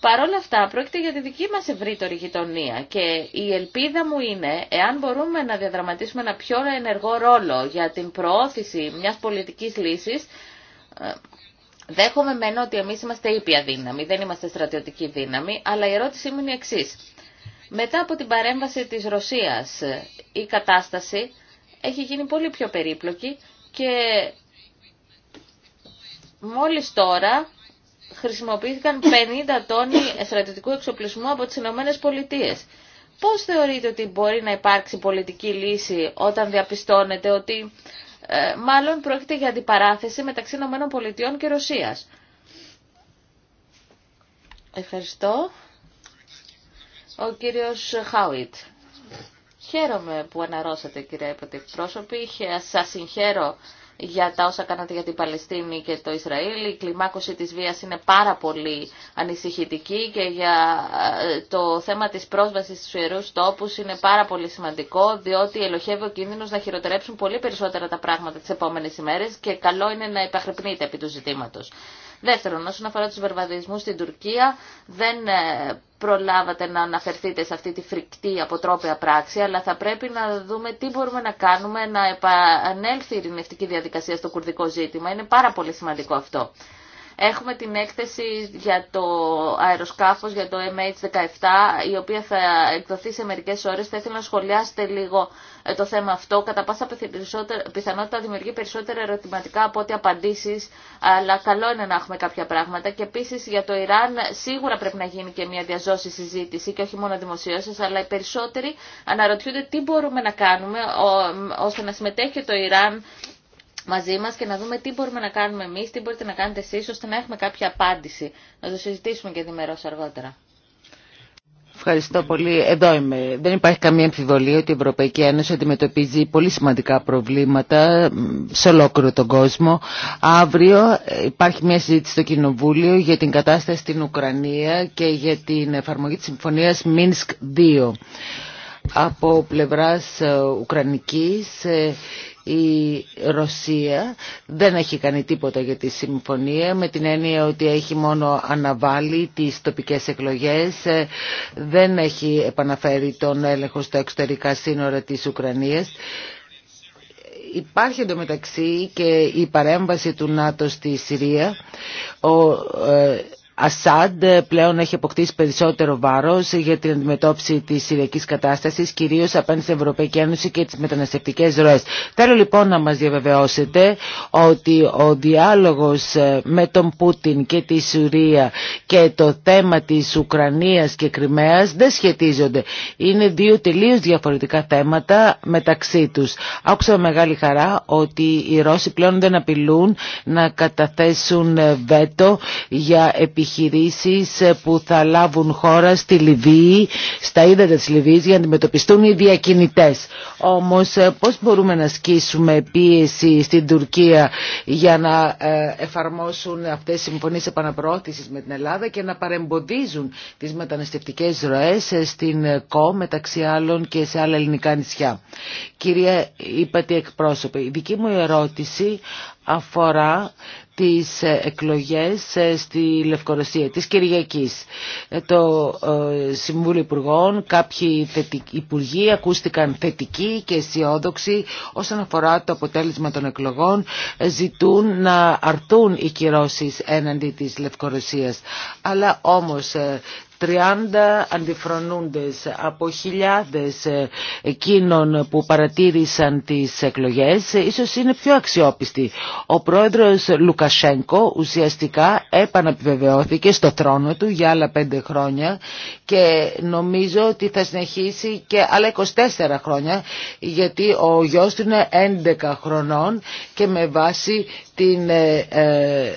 Παρ' όλα αυτά πρόκειται για τη δική μας ευρύτερη γειτονία και η ελπίδα μου είναι εάν μπορούμε να διαδραματίσουμε ένα πιο ενεργό ρόλο για την προώθηση μιας πολιτικής λύσης ε, Δέχομαι μεν ότι εμείς είμαστε ήπια δύναμη, δεν είμαστε στρατιωτική δύναμη, αλλά η ερώτησή μου είναι η εξής. Μετά από την παρέμβαση της Ρωσίας η κατάσταση έχει γίνει πολύ πιο περίπλοκη και μόλις τώρα χρησιμοποιήθηκαν 50 τόνοι στρατιωτικού εξοπλισμού από τις Ηνωμένε Πολιτείε. Πώς θεωρείτε ότι μπορεί να υπάρξει πολιτική λύση όταν διαπιστώνετε ότι ε, μάλλον πρόκειται για αντιπαράθεση μεταξύ Ηνωμένων Πολιτειών και Ρωσίας. Ευχαριστώ. Ο κύριος Χάουιτ. Χαίρομαι που αναρώσατε κύριε Πρόσωπη. σα συγχαίρω για τα όσα κάνατε για την Παλαιστίνη και το Ισραήλ. Η κλιμάκωση της βίας είναι πάρα πολύ ανησυχητική και για ε, το θέμα της πρόσβασης στους ιερούς τόπους είναι πάρα πολύ σημαντικό διότι ελοχεύει ο κίνδυνος να χειροτερέψουν πολύ περισσότερα τα πράγματα τις επόμενες ημέρες και καλό είναι να υπαχρεπνείτε επί του ζητήματος. Δεύτερον, όσον αφορά τους βερβαδισμούς στην Τουρκία, δεν ε, προλάβατε να αναφερθείτε σε αυτή τη φρικτή αποτρόπια πράξη, αλλά θα πρέπει να δούμε τι μπορούμε να κάνουμε να επανέλθει η ειρηνευτική διαδικασία στο κουρδικό ζήτημα. Είναι πάρα πολύ σημαντικό αυτό. Έχουμε την έκθεση για το αεροσκάφος, για το MH17, η οποία θα εκδοθεί σε μερικές ώρες. Θα ήθελα να σχολιάσετε λίγο ε, το θέμα αυτό. Κατά πάσα πιθανότητα δημιουργεί περισσότερα ερωτηματικά από ό,τι απαντήσεις, αλλά καλό είναι να έχουμε κάποια πράγματα. Και επίσης για το Ιράν σίγουρα πρέπει να γίνει και μια διαζώση συζήτηση και όχι μόνο δημοσίωσης, αλλά οι περισσότεροι αναρωτιούνται τι μπορούμε να κάνουμε ώστε να συμμετέχει το Ιράν μαζί μα και να δούμε τι μπορούμε να κάνουμε εμεί, τι μπορείτε να κάνετε εσεί ώστε να έχουμε κάποια απάντηση. Να το συζητήσουμε και διμερώς αργότερα. Ευχαριστώ πολύ. Εδώ είμαι. Δεν υπάρχει καμία αμφιβολία ότι η Ευρωπαϊκή Ένωση αντιμετωπίζει πολύ σημαντικά προβλήματα σε ολόκληρο τον κόσμο. Αύριο υπάρχει μια συζήτηση στο Κοινοβούλιο για την κατάσταση στην Ουκρανία και για την εφαρμογή της Συμφωνίας Μίνσκ 2. Από πλευράς ε, Ουκρανικής ε, η Ρωσία δεν έχει κάνει τίποτα για τη συμφωνία με την έννοια ότι έχει μόνο αναβάλει τις τοπικές εκλογές ε, δεν έχει επαναφέρει τον έλεγχο στα εξωτερικά σύνορα της Ουκρανίας Υπάρχει εντωμεταξύ και η παρέμβαση του ΝΑΤΟ στη Συρία. Ο ε, Ασάντ ε, πλέον έχει αποκτήσει περισσότερο βάρος για την αντιμετώπιση της Συριακής κατάστασης, κυρίως απέναντι στην Ευρωπαϊκή Ένωση και τις μεταναστευτικές ροές. Θέλω λοιπόν να μας διαβεβαιώσετε ότι ο διάλογος ε, με τον Πούτιν και τη Συρία και το θέμα της Ουκρανίας και Κρυμαίας δεν σχετίζονται. Είναι δύο τελείως διαφορετικά θέματα μεταξύ τους. Άκουσα μεγάλη χαρά ότι οι Ρώσοι πλέον δεν απειλούν να καταθέσουν ε, βέτο για επιχείρηση επιχειρήσεις ε, που θα λάβουν χώρα στη Λιβύη, στα ύδατα της Λιβύης για να αντιμετωπιστούν οι διακινητές. Όμως ε, πώς μπορούμε να ασκήσουμε πίεση στην Τουρκία για να ε, εφαρμόσουν αυτές τις συμφωνίες επαναπροώθησης με την Ελλάδα και να παρεμποδίζουν τις μεταναστευτικές ροές στην ΚΟ μεταξύ άλλων και σε άλλα ελληνικά νησιά. Κυρία, είπατε εκπρόσωπε, η δική μου ερώτηση αφορά τις εκλογές ε, στη Λευκορωσία της Κυριακής. Ε, το ε, Συμβούλιο Υπουργών, κάποιοι υπουργοί ακούστηκαν θετικοί και αισιόδοξοι όσον αφορά το αποτέλεσμα των εκλογών, ζητούν να αρθούν οι κυρώσεις έναντι της Λευκορωσίας. Αλλά όμως 30 αντιφρονούντες από χιλιάδες ε, εκείνων που παρατήρησαν τις εκλογές ίσως είναι πιο αξιόπιστοι. Ο πρόεδρος Λουκασένκο ουσιαστικά επαναπιβεβαιώθηκε στο θρόνο του για άλλα πέντε χρόνια και νομίζω ότι θα συνεχίσει και άλλα 24 χρόνια γιατί ο γιος του είναι 11 χρονών και με βάση την ε, ε,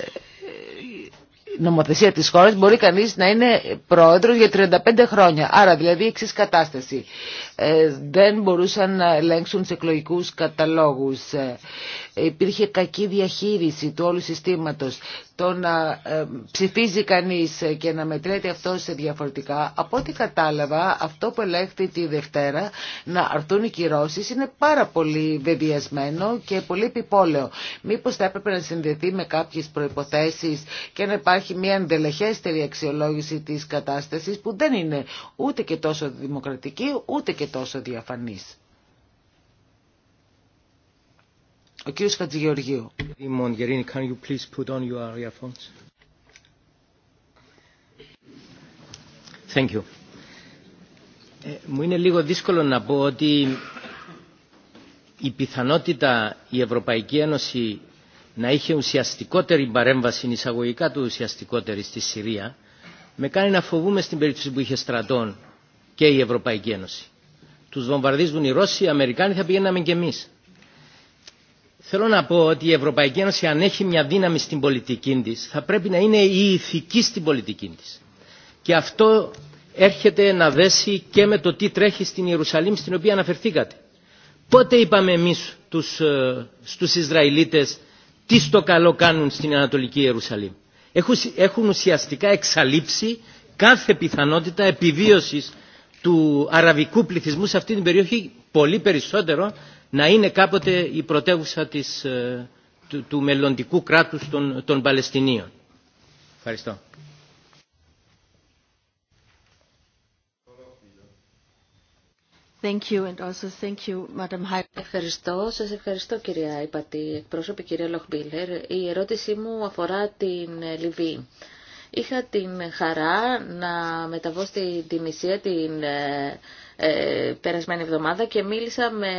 νομοθεσία της χώρας μπορεί κανείς να είναι πρόεδρος για 35 χρόνια. Άρα δηλαδή εξή κατάσταση. Ε, δεν μπορούσαν να ελέγξουν σε εκλογικούς καταλόγους. Ε, υπήρχε κακή διαχείριση του όλου συστήματος το να ε, ψηφίζει κανείς και να μετρέται αυτό σε διαφορετικά, από ό,τι κατάλαβα αυτό που ελέγχθη τη Δευτέρα να αρθούν οι κυρώσεις είναι πάρα πολύ βεβαιασμένο και πολύ επιπόλαιο. Μήπως θα έπρεπε να συνδεθεί με κάποιες προϋποθέσεις και να υπάρχει μια αντελεχέστερη αξιολόγηση της κατάστασης που δεν είναι ούτε και τόσο δημοκρατική ούτε και τόσο διαφανής. Ο κύριος Χατζηγεωργίου. Thank you. Ε, μου είναι λίγο δύσκολο να πω ότι η πιθανότητα η Ευρωπαϊκή Ένωση να είχε ουσιαστικότερη παρέμβαση εισαγωγικά του ουσιαστικότερη στη Συρία με κάνει να φοβούμε στην περίπτωση που είχε στρατών και η Ευρωπαϊκή Ένωση. Τους βομβαρδίζουν οι Ρώσοι, οι Αμερικάνοι θα πηγαίναμε και εμείς. Θέλω να πω ότι η Ευρωπαϊκή Ένωση αν έχει μια δύναμη στην πολιτική της θα πρέπει να είναι η ηθική στην πολιτική της. Και αυτό έρχεται να δέσει και με το τι τρέχει στην Ιερουσαλήμ στην οποία αναφερθήκατε. Πότε είπαμε εμείς τους, ε, στους Ισραηλίτες τι στο καλό κάνουν στην Ανατολική Ιερουσαλήμ. Έχουν, έχουν ουσιαστικά εξαλείψει κάθε πιθανότητα επιβίωσης του αραβικού πληθυσμού σε αυτή την περιοχή πολύ περισσότερο να είναι κάποτε η πρωτεύουσα της, ε, του, μελλοντικού κράτους των, των Παλαιστινίων. Ευχαριστώ. Thank you and also thank you, Madam ευχαριστώ. Σας ευχαριστώ κυρία Υπατή, εκπρόσωπη κυρία Λοχμπίλερ. Η ερώτησή μου αφορά την Λιβύη. Είχα την χαρά να μεταβώ στη Τινησία την ε, ε, περασμένη εβδομάδα και μίλησα με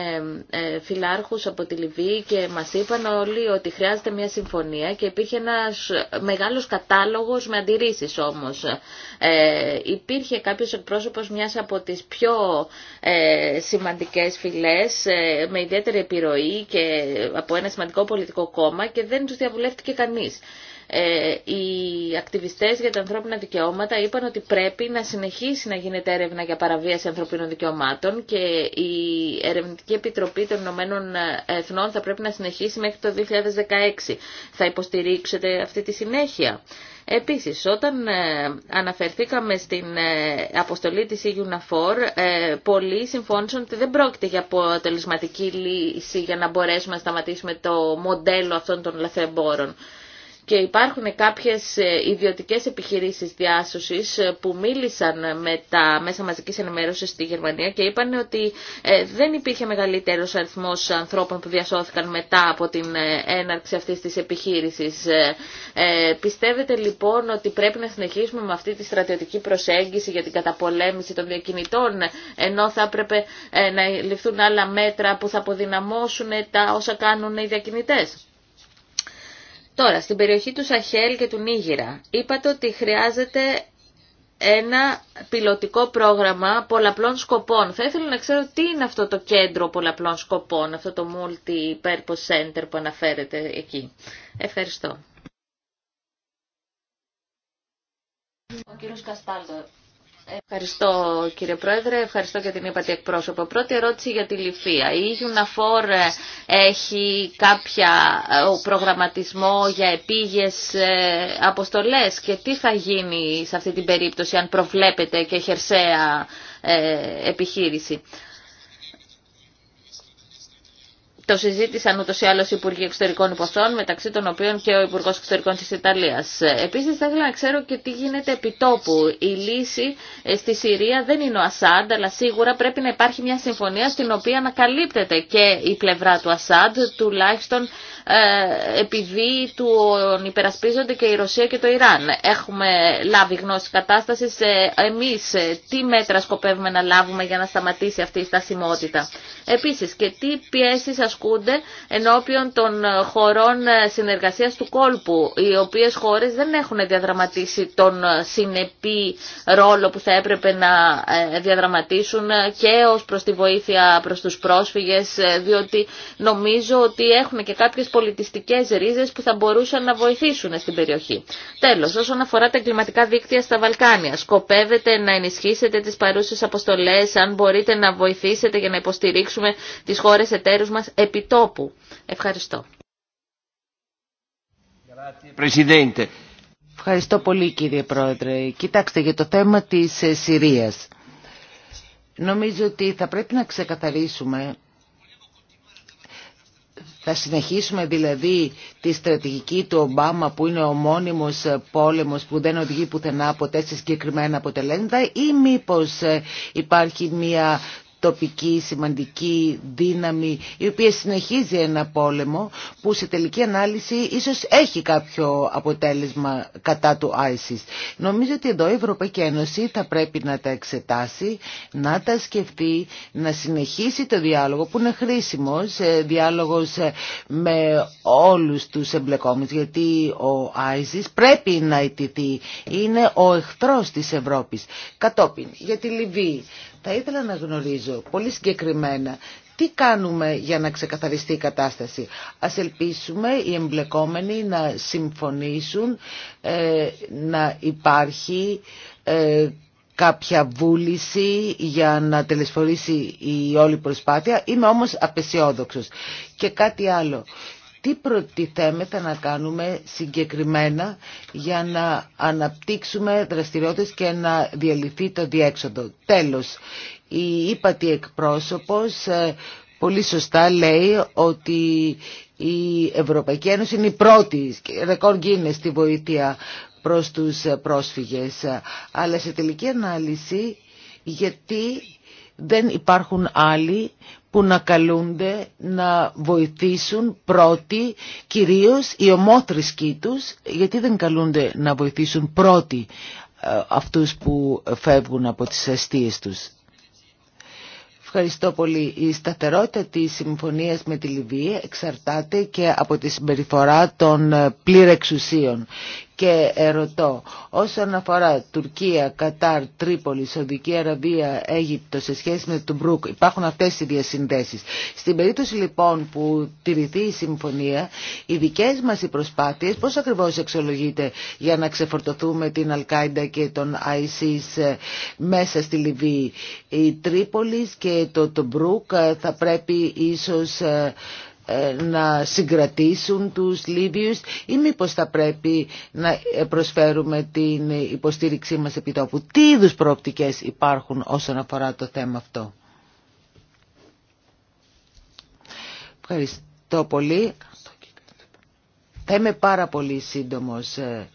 ε, φιλάρχους από τη Λιβύη και μας είπαν όλοι ότι χρειάζεται μια συμφωνία και υπήρχε ένας μεγάλος κατάλογος με αντιρρήσεις όμως. Ε, υπήρχε κάποιος εκπρόσωπος μιας από τις πιο ε, σημαντικές φυλές ε, με ιδιαίτερη επιρροή και από ένα σημαντικό πολιτικό κόμμα και δεν τους διαβουλεύτηκε κανείς. Ε, οι ακτιβιστές για τα ανθρώπινα δικαιώματα είπαν ότι πρέπει να συνεχίσει να γίνεται έρευνα για παραβίαση ανθρωπίνων δικαιωμάτων και η Ερευνητική Επιτροπή των Ηνωμένων Εθνών θα πρέπει να συνεχίσει μέχρι το 2016. Θα υποστηρίξετε αυτή τη συνέχεια. Επίσης, όταν ε, αναφερθήκαμε στην ε, αποστολή της EUNAFOR, πολλοί συμφώνησαν ότι δεν πρόκειται για αποτελεσματική λύση για να μπορέσουμε να σταματήσουμε το μοντέλο αυτών των λαθρεμπόρων και υπάρχουν κάποιες ε, ιδιωτικές επιχειρήσεις διάσωσης ε, που μίλησαν με τα μέσα μαζικής ενημέρωσης στη Γερμανία και είπαν ότι ε, δεν υπήρχε μεγαλύτερος αριθμός ανθρώπων που διασώθηκαν μετά από την έναρξη αυτής της επιχείρησης. Πιστεύετε λοιπόν ότι πρέπει να συνεχίσουμε με αυτή τη στρατιωτική προσέγγιση για την καταπολέμηση των διακινητών ενώ θα έπρεπε να ληφθούν άλλα μέτρα που θα αποδυναμώσουν τα όσα κάνουν οι διακινητές. Τώρα, στην περιοχή του Σαχέλ και του Νίγηρα, είπατε ότι χρειάζεται ένα πιλωτικό πρόγραμμα πολλαπλών σκοπών. Θα ήθελα να ξέρω τι είναι αυτό το κέντρο πολλαπλών σκοπών, αυτό το multi-purpose center που αναφέρεται εκεί. Ευχαριστώ. Ο κύριος Ευχαριστώ κύριε Πρόεδρε, ευχαριστώ για την είπατε εκπρόσωπο. Πρώτη ερώτηση για τη Λιφία. Η Ιουναφόρ ε, έχει κάποια ε, προγραμματισμό για επίγες ε, αποστολές και τι θα γίνει σε αυτή την περίπτωση αν προβλέπετε και χερσαία επιχείρηση το συζήτησαν ούτως ή άλλως οι Υπουργοί Εξωτερικών Υποθών, μεταξύ των οποίων και ο Υπουργός Εξωτερικών της Ιταλίας. Επίσης θα ήθελα να ξέρω και τι γίνεται επί τόπου. Η λύση ε, στη Συρία δεν είναι ο Ασάντ, αλλά σίγουρα πρέπει να υπάρχει μια συμφωνία στην οποία να καλύπτεται και η πλευρά του Ασάντ, τουλάχιστον ε, επειδή του υπερασπίζονται και η Ρωσία και το Ιράν. Έχουμε λάβει γνώση κατάστασης. Ε, εμείς ε, τι μέτρα σκοπεύουμε να λάβουμε για να σταματήσει αυτή η στασιμότητα. Επίσης και τι πιέσεις ασκούνται ενώπιον των χωρών συνεργασίας του κόλπου, οι οποίες χώρες δεν έχουν διαδραματίσει τον συνεπή ρόλο που θα έπρεπε να διαδραματίσουν και ως προς τη βοήθεια προς τους πρόσφυγες, διότι νομίζω ότι έχουν και πολιτιστικές ρίζες που θα μπορούσαν να βοηθήσουν στην περιοχή. Τέλος, όσον αφορά τα εγκληματικά δίκτυα στα Βαλκάνια, σκοπεύετε να ενισχύσετε τις παρούσες αποστολές, αν μπορείτε να βοηθήσετε για να υποστηρίξουμε τις χώρες εταίρους μας επιτόπου. Ευχαριστώ. Ευχαριστώ πολύ κύριε Πρόεδρε. Κοιτάξτε για το θέμα της ε, Συρίας. Νομίζω ότι θα πρέπει να ξεκαθαρίσουμε θα συνεχίσουμε δηλαδή τη στρατηγική του Ομπάμα που είναι ο μόνιμος ε, πόλεμος που δεν οδηγεί πουθενά ποτέ σε συγκεκριμένα αποτελέσματα ή μήπως ε, υπάρχει μια τοπική σημαντική δύναμη η οποία συνεχίζει ένα πόλεμο που σε τελική ανάλυση ίσως έχει κάποιο αποτέλεσμα κατά του ISIS. Νομίζω ότι εδώ η Ευρωπαϊκή Ένωση θα πρέπει να τα εξετάσει, να τα σκεφτεί, να συνεχίσει το διάλογο που είναι χρήσιμος, διάλογος με όλους τους εμπλεκόμενους γιατί ο ISIS πρέπει να ιτηθεί, είναι ο εχθρός της Ευρώπης. Κατόπιν, για τη Λιβύη. Θα ήθελα να γνωρίζω πολύ συγκεκριμένα τι κάνουμε για να ξεκαθαριστεί η κατάσταση. Ας ελπίσουμε οι εμπλεκόμενοι να συμφωνήσουν, ε, να υπάρχει ε, κάποια βούληση για να τελεσφορήσει η όλη προσπάθεια. Είμαι όμως απεσιόδοξος. Και κάτι άλλο τι προτιθέμεθα να κάνουμε συγκεκριμένα για να αναπτύξουμε δραστηριότητες και να διαλυθεί το διέξοδο. Τέλος, η ύπατη εκπρόσωπος ε, πολύ σωστά λέει ότι η Ευρωπαϊκή Ένωση είναι η πρώτη, ρεκόρ γίνεται στη βοήθεια προς τους πρόσφυγες. Αλλά σε τελική ανάλυση γιατί δεν υπάρχουν άλλοι που να καλούνται να βοηθήσουν πρώτοι κυρίως οι ομόθρησκοί τους γιατί δεν καλούνται να βοηθήσουν πρώτοι ε, αυτούς που φεύγουν από τις αιστείες τους. Ευχαριστώ πολύ. Η σταθερότητα της συμφωνίας με τη Λιβύη εξαρτάται και από τη συμπεριφορά των ε, εξουσίων. Και ερωτώ, όσον αφορά Τουρκία, Κατάρ, Τρίπολη, Σοδική Αραβία, Αίγυπτο σε σχέση με τον Μπρουκ, υπάρχουν αυτές οι διασυνδέσεις. Στην περίπτωση λοιπόν που τηρηθεί η συμφωνία, οι δικές μας οι προσπάθειες πώς ακριβώς εξολογείται για να ξεφορτωθούμε την Αλκάιντα και τον Άισις ε, μέσα στη Λιβύη. Η Τρίπολη και το, το Μπρουκ ε, θα πρέπει ίσως ε, ε, να συγκρατήσουν τους Λίβιους ή μήπως θα πρέπει να ε, προσφέρουμε την υποστήριξή μας επί τόπου. Τι είδους προοπτικές υπάρχουν όσον αφορά το θέμα αυτό. Ευχαριστώ πολύ. Θα είμαι πάρα πολύ σύντομος ε,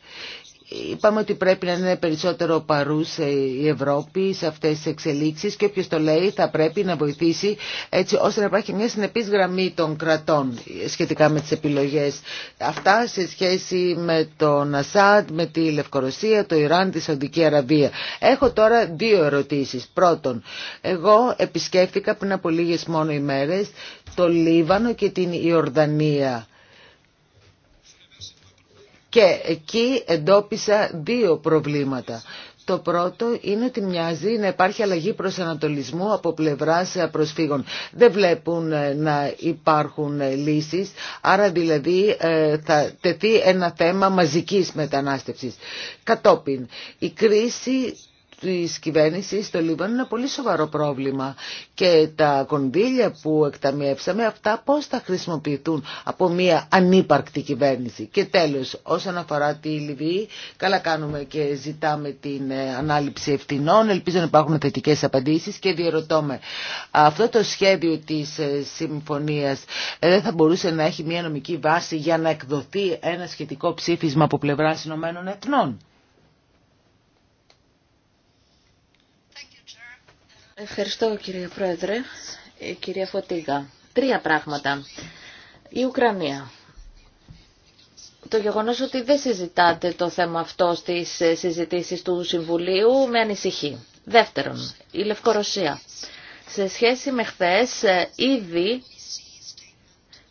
Είπαμε ότι πρέπει να είναι περισσότερο παρούς η Ευρώπη σε αυτές τις εξελίξεις και όποιος το λέει θα πρέπει να βοηθήσει έτσι ώστε να υπάρχει μια συνεπής γραμμή των κρατών σχετικά με τις επιλογές. Αυτά σε σχέση με τον Ασάντ, με τη Λευκορωσία, το Ιράν, τη Σαουδική Αραβία. Έχω τώρα δύο ερωτήσεις. Πρώτον, εγώ επισκέφθηκα πριν από λίγες μόνο ημέρες το Λίβανο και την Ιορδανία. Και εκεί εντόπισα δύο προβλήματα. Το πρώτο είναι ότι μοιάζει να υπάρχει αλλαγή προσανατολισμού από πλευράς προσφύγων. Δεν βλέπουν ε, να υπάρχουν ε, λύσεις, άρα δηλαδή ε, θα τεθεί ένα θέμα μαζικής μετανάστευσης. Κατόπιν, η κρίση της κυβέρνησης στο Λίβανο είναι ένα πολύ σοβαρό πρόβλημα και τα κονδύλια που εκταμιεύσαμε αυτά πώς θα χρησιμοποιηθούν από μια ανύπαρκτη κυβέρνηση. Και τέλος όσον αφορά τη Λιβύη καλά κάνουμε και ζητάμε την ε, ανάληψη ευθυνών ελπίζω να υπάρχουν θετικέ απαντήσεις και διερωτώ αυτό το σχέδιο της ε, συμφωνίας ε, δεν θα μπορούσε να έχει μια νομική βάση για να εκδοθεί ένα σχετικό ψήφισμα από πλευρά Ηνωμένων Εθνών. Ευχαριστώ κύριε Πρόεδρε. Ε, κυρία Φωτίγα, τρία πράγματα. Η Ουκρανία. Το γεγονός ότι δεν συζητάτε το θέμα αυτό στις συζητήσεις του Συμβουλίου με ανησυχεί. Δεύτερον, η Λευκορωσία. Σε σχέση με χθες, ε, ήδη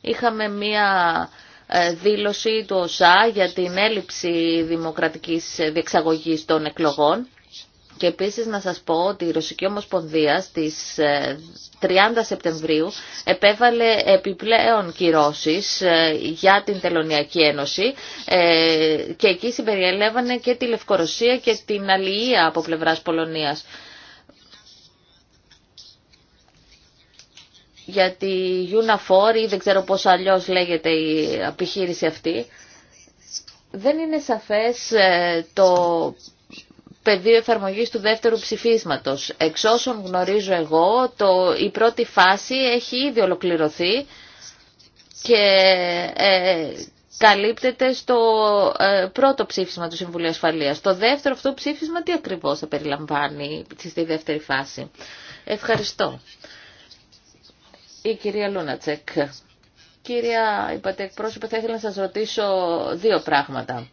είχαμε μία ε, δήλωση του ωσά για την έλλειψη δημοκρατικής διεξαγωγής των εκλογών και επίσης να σας πω ότι η Ρωσική Ομοσπονδία στις 30 ε, Σεπτεμβρίου επέβαλε επιπλέον κυρώσεις ε, για την Τελωνιακή Ένωση ε, και εκεί συμπεριέλαβανε και τη Λευκορωσία και την Αλληλεία από πλευράς Πολωνίας. Γιατί η UNAFOR ή δεν ξέρω πώς αλλιώς λέγεται η επιχείρηση αυτή δεν είναι σαφές το πεδίο εφαρμογής του δεύτερου ψηφίσματος. Εξ όσων γνωρίζω εγώ, το, η πρώτη φάση έχει ήδη ολοκληρωθεί και ε, καλύπτεται στο ε, πρώτο ψήφισμα του Συμβουλίου Ασφαλείας. Το δεύτερο αυτό ψήφισμα τι ακριβώς θα περιλαμβάνει στη δεύτερη φάση. Ευχαριστώ. Η κυρία Λούνατσεκ. Κυρία είπατε εκπρόσωπε, θα ήθελα να σας ρωτήσω δύο πράγματα.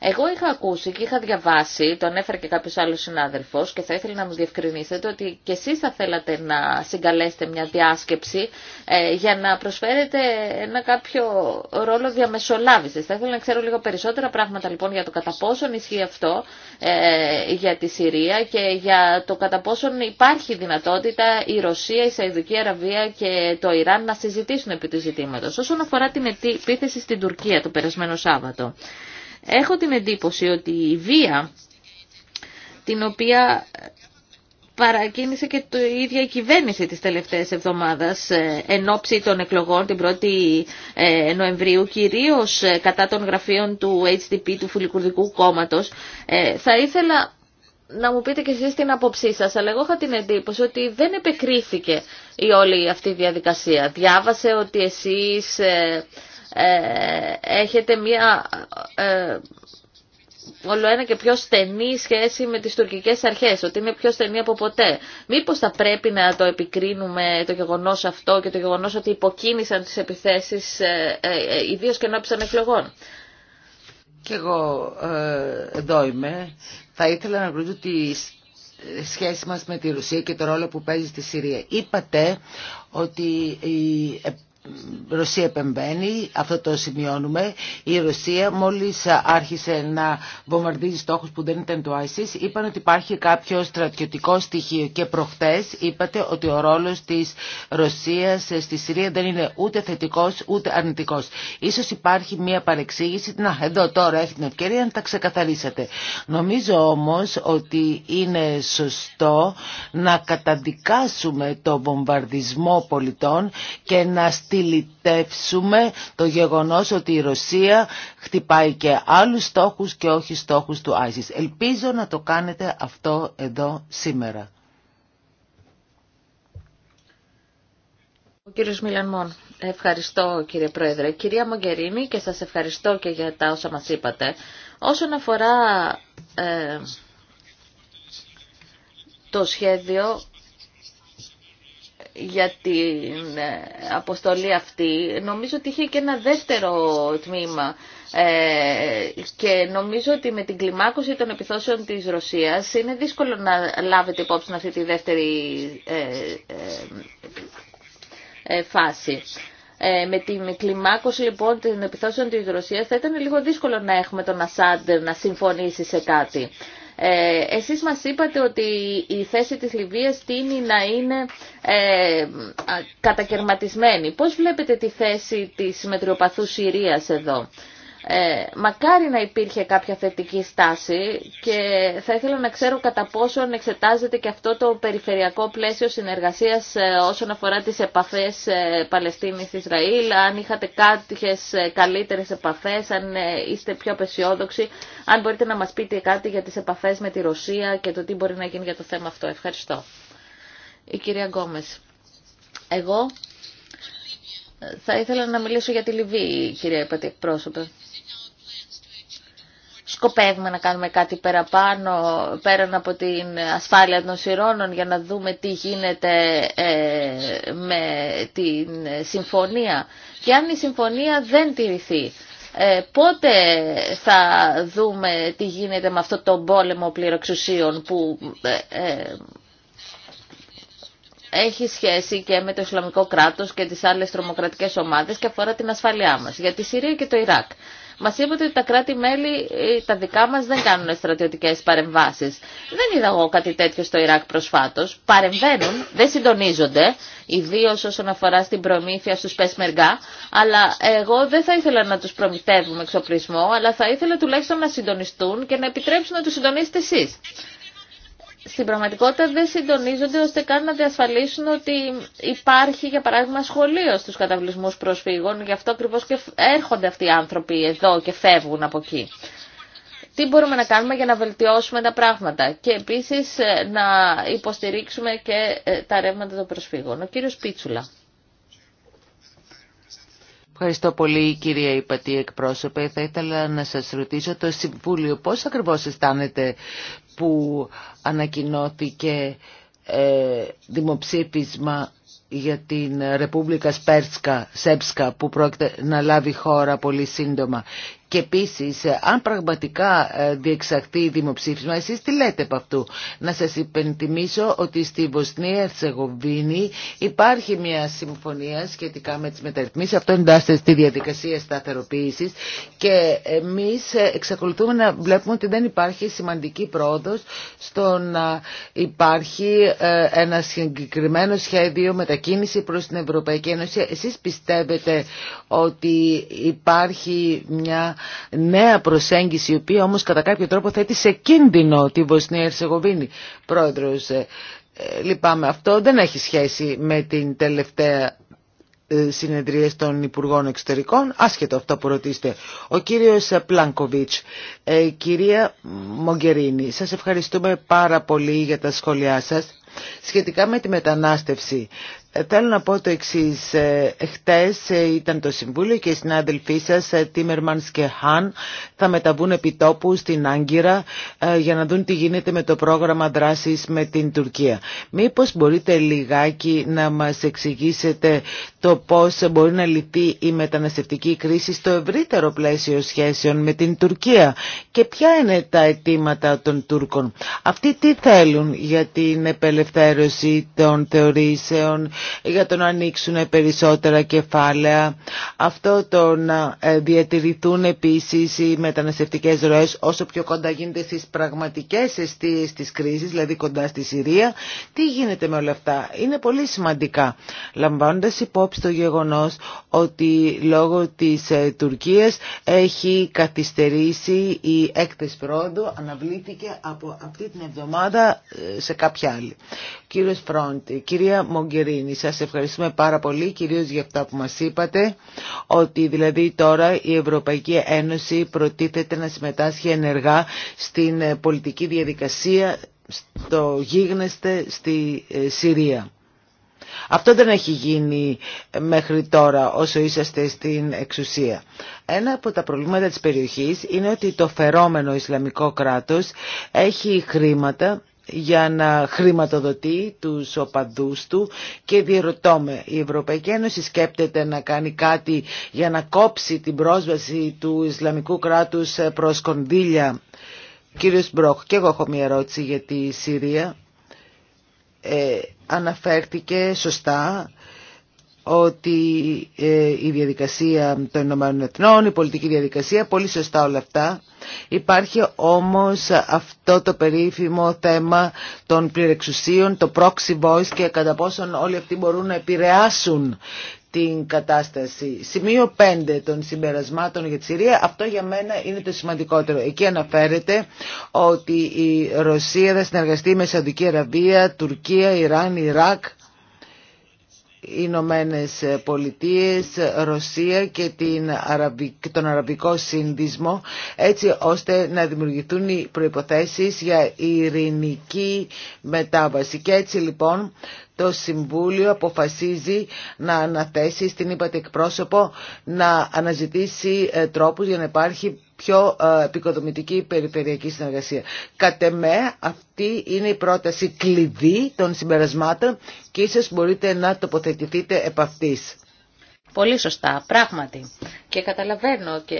Εγώ είχα ακούσει και είχα διαβάσει, τον έφερε και κάποιο άλλο συνάδελφο και θα ήθελα να μου διευκρινίσετε ότι και εσεί θα θέλατε να συγκαλέσετε μια διάσκεψη ε, για να προσφέρετε ένα κάποιο ρόλο διαμεσολάβηση. Θα ήθελα να ξέρω λίγο περισσότερα πράγματα λοιπόν για το κατά πόσον ισχύει αυτό ε, για τη Συρία και για το κατά πόσον υπάρχει δυνατότητα η Ρωσία, η Σαϊδική Αραβία και το Ιράν να συζητήσουν επί του ζητήματο. Όσον αφορά την επίθεση στην Τουρκία το περασμένο Σάββατο. Έχω την εντύπωση ότι η βία την οποία παρακίνησε και το ίδια η κυβέρνηση τις τελευταίες εβδομάδες ε, εν ώψη των εκλογών την 1η ε, Νοεμβρίου, κυρίως ε, κατά των γραφείων του HDP, του Φουλικουρδικού Κόμματος. Θα ήθελα να μου πείτε και εσείς την άποψή σας, αλλά εγώ είχα την εντύπωση ότι δεν επεκρίθηκε η όλη αυτή η διαδικασία. Διάβασε ότι εσείς ε, έχετε μία ε, όλο ένα και πιο στενή σχέση με τις τουρκικές αρχές, ότι είναι πιο στενή από ποτέ. Μήπως θα πρέπει να το επικρίνουμε το γεγονός αυτό και το γεγονός ότι υποκίνησαν τις επιθέσεις, ε, ε, ε ιδίως και ενώπισαν εκλογών. Και εγώ ε, εδώ είμαι. Θα ήθελα να ρωτήσω τη σχέση μας με τη Ρουσία και το ρόλο που παίζει στη Συρία. Είπατε ότι η Ρωσία επεμβαίνει, αυτό το σημειώνουμε. Η Ρωσία μόλις άρχισε να βομβαρδίζει στόχους που δεν ήταν του ISIS, είπαν ότι υπάρχει κάποιο στρατιωτικό στοιχείο και προχτές είπατε ότι ο ρόλος της Ρωσίας στη Συρία δεν είναι ούτε θετικός ούτε αρνητικός. Ίσως υπάρχει μια παρεξήγηση, να εδώ τώρα έχει την ευκαιρία να τα ξεκαθαρίσατε. Νομίζω όμως ότι είναι σωστό να καταδικάσουμε το βομβαρδισμό πολιτών και να αντιλητεύσουμε το γεγονός ότι η Ρωσία χτυπάει και άλλους στόχους και όχι στόχους του ISIS. Ελπίζω να το κάνετε αυτό εδώ σήμερα. Ο κύριος Μιλανμόν, ευχαριστώ κύριε Πρόεδρε. Κυρία Μογκερίνη και σας ευχαριστώ και για τα όσα μας είπατε. Όσον αφορά ε, το σχέδιο για την ε, αποστολή αυτή. Νομίζω ότι είχε και ένα δεύτερο τμήμα ε, και νομίζω ότι με την κλιμάκωση των επιθώσεων της Ρωσίας είναι δύσκολο να λάβετε υπόψη αυτή τη δεύτερη ε, φάση. με την κλιμάκωση λοιπόν των επιθώσεων της Ρωσίας θα ήταν λίγο δύσκολο να έχουμε τον Ασάντ να συμφωνήσει σε κάτι. Ε, εσείς μας είπατε ότι η θέση της Λιβύης τίνει να είναι κατακερματισμένη. κατακαιρματισμένη. Πώς βλέπετε τη θέση της μετριοπαθούς Συρίας εδώ. Ε, μακάρι να υπήρχε κάποια θετική στάση και θα ήθελα να ξέρω κατά πόσον εξετάζεται και αυτό το περιφερειακό πλαίσιο συνεργασίας ε, όσον αφορά τις επαφές ε, Παλαιστίνης-Ισραήλ, αν είχατε κάποιες ε, καλύτερες επαφές, αν είστε πιο απεσιόδοξοι, αν μπορείτε να μας πείτε κάτι για τις επαφές με τη Ρωσία και το τι μπορεί να γίνει για το θέμα αυτό. Ευχαριστώ. Η κυρία Γκόμες. Εγώ θα ήθελα να μιλήσω για τη Λιβύη, κυρία Πατή, σκοπεύουμε να κάνουμε κάτι παραπάνω πέραν από την ασφάλεια των Συρώνων για να δούμε τι γίνεται ε, με την συμφωνία και αν η συμφωνία δεν τηρηθεί. Ε, πότε θα δούμε τι γίνεται με αυτό το πόλεμο πληροξουσίων που ε, έχει σχέση και με το Ισλαμικό κράτος και τις άλλες τρομοκρατικές ομάδες και αφορά την ασφαλειά μας για τη Συρία και το Ιράκ. Μα είπατε ότι τα κράτη-μέλη, ε, τα δικά μας, δεν κάνουν στρατιωτικέ παρεμβάσεις. Δεν είδα εγώ κάτι τέτοιο στο Ιράκ προσφάτω. Παρεμβαίνουν, δεν συντονίζονται, ιδίω όσον αφορά στην προμήθεια στους πεσμεργά, αλλά εγώ δεν θα ήθελα να τους προμηθεύουμε εξοπλισμό, αλλά θα ήθελα τουλάχιστον να συντονιστούν και να επιτρέψουν να του συντονίσετε εσεί στην πραγματικότητα δεν συντονίζονται ώστε καν να διασφαλίσουν ότι υπάρχει για παράδειγμα σχολείο στους καταβλισμούς προσφύγων, γι' αυτό ακριβώς και έρχονται αυτοί οι άνθρωποι εδώ και φεύγουν από εκεί. Τι μπορούμε να κάνουμε για να βελτιώσουμε τα πράγματα και επίσης ε, να υποστηρίξουμε και ε, τα ρεύματα των προσφύγων. Ο κύριος Πίτσουλα. Ευχαριστώ πολύ κυρία Υπατή εκπρόσωπε. Θα ήθελα να σας ρωτήσω το Συμβούλιο πώς ακριβώς αισθάνεται που ανακοινώθηκε ε, δημοψήφισμα για την Ρεπούμπλικα Σπέρσκα, Σέψκα που πρόκειται να λάβει χώρα πολύ σύντομα και επίση, αν πραγματικά ε, διεξαχθεί δημοψήφισμα, εσείς τι λέτε από αυτού. Να σας υπενθυμίσω ότι στη Βοσνία Ερτσεγοβίνη υπάρχει μια συμφωνία σχετικά με τις μεταρρυθμίσεις. Αυτό εντάσσεται στη διαδικασία σταθεροποίησης και εμείς εξακολουθούμε να βλέπουμε ότι δεν υπάρχει σημαντική πρόοδος στο να υπάρχει ε, ένα συγκεκριμένο σχέδιο μετακίνηση προς την Ευρωπαϊκή Ένωση. Εσείς πιστεύετε ότι υπάρχει μια νέα προσέγγιση η οποία όμως κατά κάποιο τρόπο θέτει σε κίνδυνο τη Βοσνία Ερσεγοβίνη. Πρόεδρος, ε, ε, λυπάμαι, αυτό δεν έχει σχέση με την τελευταία ε, συνεδρία των Υπουργών Εξωτερικών, άσχετο αυτό που ρωτήσετε. Ο κύριος Πλάνκοβιτς, κυρία Μογκερίνη, σας ευχαριστούμε πάρα πολύ για τα σχόλιά σας. Σχετικά με τη μετανάστευση, ε, θέλω να πω το εξή. Ε, χτες ε, ήταν το Συμβούλιο και οι συνάδελφοί σας, Τίμερμανς και Χάν, θα μεταβούν επιτόπου στην Άγκυρα για να δουν τι γίνεται με το πρόγραμμα δράσης με την Τουρκία. Μήπως μπορείτε λιγάκι να μας εξηγήσετε το πώς μπορεί να λυθεί η μεταναστευτική κρίση στο ευρύτερο πλαίσιο σχέσεων με την Τουρκία και ποια είναι τα αιτήματα των Τούρκων. Αυτοί τι θέλουν για την απελευθέρωση των θεωρήσεων, για το να ανοίξουν περισσότερα κεφάλαια. Αυτό το να ε, διατηρηθούν επίσης οι μεταναστευτικές ροές όσο πιο κοντά γίνεται στις πραγματικές αιστείες της κρίσης, δηλαδή κοντά στη Συρία. Τι γίνεται με όλα αυτά. Είναι πολύ σημαντικά. Λαμβάνοντας υπόψη το γεγονός ότι λόγω της ε, Τουρκίας έχει καθυστερήσει η έκθεση πρόοδου, αναβλήθηκε από αυτή την εβδομάδα ε, σε κάποια άλλη. Κύριος Φρόντι, κυρία Μογκερίνη, σας ευχαριστούμε πάρα πολύ κυρίως για αυτά που μας είπατε ότι δηλαδή τώρα η Ευρωπαϊκή Ένωση προτίθεται να συμμετάσχει ενεργά στην ε, πολιτική διαδικασία στο γίγνεσθε στη ε, Συρία. Αυτό δεν έχει γίνει ε, μέχρι τώρα όσο είσαστε στην εξουσία. Ένα από τα προβλήματα της περιοχής είναι ότι το φερόμενο Ισλαμικό κράτος έχει χρήματα για να χρηματοδοτεί τους οπαδούς του και διερωτώ η Ευρωπαϊκή Ένωση σκέπτεται να κάνει κάτι για να κόψει την πρόσβαση του Ισλαμικού κράτους προς κονδύλια. Κύριος Μπρόχ, και εγώ έχω μια ερώτηση για τη Συρία. Ε, αναφέρθηκε σωστά ότι ε, η διαδικασία των Ηνωμένων Εθνών, η πολιτική διαδικασία, πολύ σωστά όλα αυτά, Υπάρχει όμως αυτό το περίφημο θέμα των πληρεξουσίων, το proxy voice και κατά πόσον όλοι αυτοί μπορούν να επηρεάσουν την κατάσταση. Σημείο 5 των συμπερασμάτων για τη Συρία, αυτό για μένα είναι το σημαντικότερο. Εκεί αναφέρεται ότι η Ρωσία θα συνεργαστεί με Σαουδική Αραβία, Τουρκία, Ιράν, Ιράκ Ηνωμένε Πολιτείε, Ρωσία και τον Αραβικό Σύνδυσμο έτσι ώστε να δημιουργηθούν οι προϋποθέσεις για ειρηνική μετάβαση. Και έτσι λοιπόν το Συμβούλιο αποφασίζει να αναθέσει στην είπατε εκπρόσωπο να αναζητήσει ε, τρόπους για να υπάρχει πιο ε, επικοδομητική περιφερειακή συνεργασία. Κατ' εμέ αυτή είναι η πρόταση κλειδί των συμπερασμάτων και ίσως μπορείτε να τοποθετηθείτε επ' αυτής. Πολύ σωστά, πράγματι και καταλαβαίνω και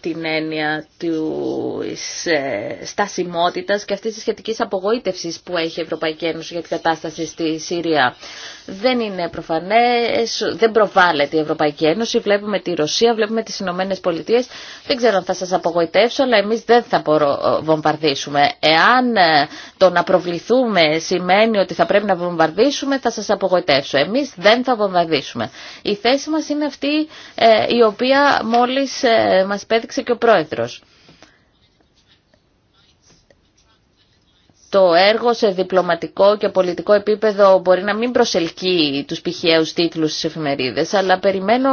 την έννοια της ε, στασιμότητας και αυτής της σχετικής απογοήτευσης που έχει η Ευρωπαϊκή Ένωση για την κατάσταση στη Συρία. Δεν είναι προφανές, δεν προβάλλεται η Ευρωπαϊκή Ένωση, βλέπουμε τη Ρωσία, βλέπουμε τις Ηνωμένε Πολιτείες. Δεν ξέρω αν θα σας απογοητεύσω, αλλά εμείς δεν θα βομβαρδίσουμε. Εάν ε, το να προβληθούμε σημαίνει ότι θα πρέπει να βομβαρδίσουμε, θα σας απογοητεύσω. Εμεί δεν θα βομβαρδίσουμε. Η θέση μας είναι αυτή ε, η οποία μόλις ε, μας πέδειξε και ο Πρόεδρος. το έργο σε διπλωματικό και πολιτικό επίπεδο μπορεί να μην προσελκύει τους πηχαίους τίτλους στις εφημερίδες, αλλά περιμένω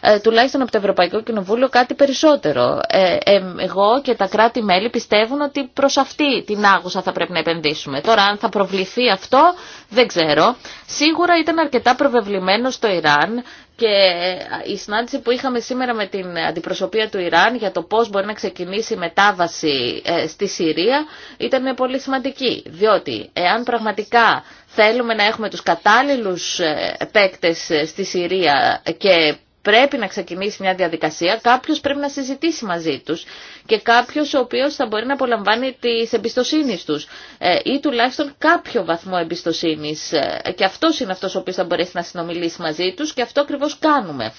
ε, τουλάχιστον από το Ευρωπαϊκό Κοινοβούλιο κάτι περισσότερο. Ε, ε, εγώ και τα κράτη-μέλη πιστεύουν ότι προς αυτή την άγουσα θα πρέπει να επενδύσουμε. Τώρα αν θα προβληθεί αυτό δεν ξέρω. Σίγουρα ήταν αρκετά προβεβλημένο στο Ιράν και η συνάντηση που είχαμε σήμερα με την αντιπροσωπεία του Ιράν για το πώς μπορεί να ξεκινήσει η μετάβαση ε, στη Συρία ήταν πολύ σημαντική. Διότι εάν πραγματικά θέλουμε να έχουμε τους κατάλληλους ε, παίκτες ε, στη Συρία και πρέπει να ξεκινήσει μια διαδικασία, κάποιος πρέπει να συζητήσει μαζί τους και κάποιος ο οποίος θα μπορεί να απολαμβάνει τις εμπιστοσύνης τους ε, ή τουλάχιστον κάποιο βαθμό εμπιστοσύνης ε, και αυτός είναι αυτός ο οποίος θα μπορέσει να συνομιλήσει μαζί τους και αυτό ακριβώς κάνουμε.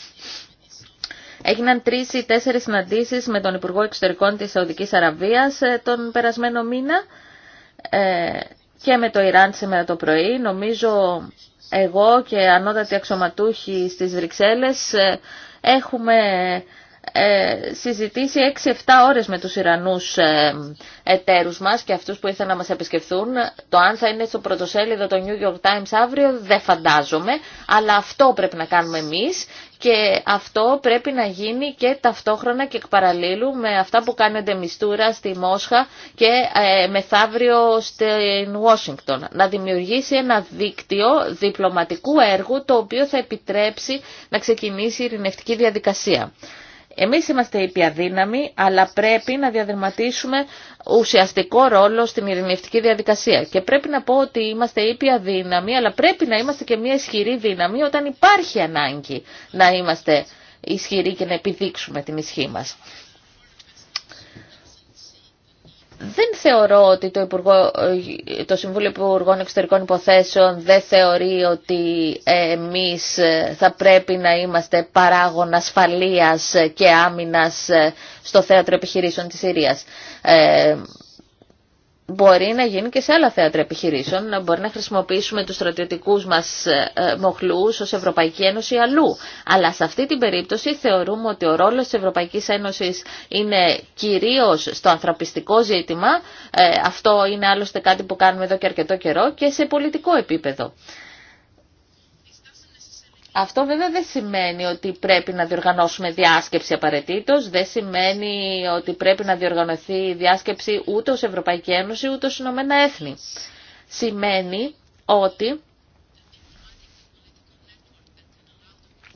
Έγιναν τρει ή τέσσερι συναντήσει με τον Υπουργό Εξωτερικών τη Σαουδική Αραβία ε, τον περασμένο μήνα και με το Ιράν σήμερα το πρωί. Νομίζω εγώ και ανώτατοι αξιωματούχοι στις Βρυξέλλες ε, έχουμε ε, συζητήσει 6-7 ώρες με τους Ιρανούς ε, εταίρους μας και αυτούς που ήθελαν να μας επισκεφθούν. Το αν θα είναι στο πρωτοσέλιδο το New York Times αύριο δεν φαντάζομαι, αλλά αυτό πρέπει να κάνουμε εμείς και αυτό πρέπει να γίνει και ταυτόχρονα και εκ παραλίλου με αυτά που κάνετε μιστούρα στη Μόσχα και ε, μεθαύριο στην Ουάσιγκτον. Να δημιουργήσει ένα δίκτυο διπλωματικού έργου το οποίο θα επιτρέψει να ξεκινήσει η ειρηνευτική διαδικασία. Εμείς είμαστε δύναμη, αλλά πρέπει να διαδερματίσουμε ουσιαστικό ρόλο στην ειρηνευτική διαδικασία. Και πρέπει να πω ότι είμαστε ήπια δύναμη, αλλά πρέπει να είμαστε και μια ισχυρή δύναμη όταν υπάρχει ανάγκη να είμαστε ισχυροί και να επιδείξουμε την ισχύ μας δεν θεωρώ ότι το, Υπουργό, το Συμβούλιο Υπουργών Εξωτερικών Υποθέσεων δεν θεωρεί ότι εμείς θα πρέπει να είμαστε παράγον ασφαλείας και άμυνας στο θέατρο επιχειρήσεων της Συρίας. Ε, μπορεί να γίνει και σε άλλα θέατρα επιχειρήσεων, να μπορεί να χρησιμοποιήσουμε τους στρατιωτικούς μας ε, ε, μοχλούς ως Ευρωπαϊκή Ένωση αλλού. Αλλά σε αυτή την περίπτωση θεωρούμε ότι ο ρόλος της Ευρωπαϊκής Ένωσης είναι κυρίως στο ανθρωπιστικό ζήτημα, ε, αυτό είναι άλλωστε κάτι που κάνουμε εδώ και αρκετό καιρό, και σε πολιτικό επίπεδο. Αυτό βέβαια δεν σημαίνει ότι πρέπει να διοργανώσουμε διάσκεψη απαραίτητο, δεν σημαίνει ότι πρέπει να διοργανωθεί διάσκεψη ούτε ω Ευρωπαϊκή Ένωση ούτε ω Ηνωμένα Έθνη. Σημαίνει ότι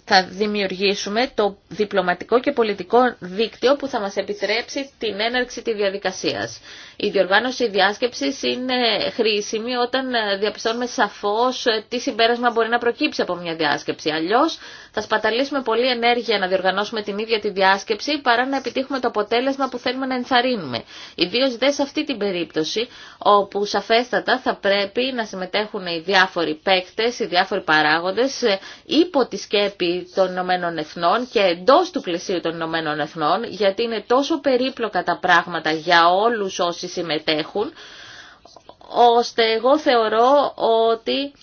θα δημιουργήσουμε το διπλωματικό και πολιτικό δίκτυο που θα μας επιτρέψει την έναρξη της διαδικασίας. Η διοργάνωση διάσκεψης είναι χρήσιμη όταν διαπιστώνουμε σαφώς τι συμπέρασμα μπορεί να προκύψει από μια διάσκεψη. Αλλιώς θα σπαταλήσουμε πολύ ενέργεια να διοργανώσουμε την ίδια τη διάσκεψη παρά να επιτύχουμε το αποτέλεσμα που θέλουμε να ενθαρρύνουμε. Ιδίω δε σε αυτή την περίπτωση, όπου σαφέστατα θα πρέπει να συμμετέχουν οι διάφοροι παίκτε, οι διάφοροι παράγοντε ε, υπό τη σκέπη των Ηνωμένων Εθνών και εντό του πλαισίου των Ηνωμένων Εθνών, γιατί είναι τόσο περίπλοκα τα πράγματα για όλου όσοι συμμετέχουν, ώστε εγώ θεωρώ ότι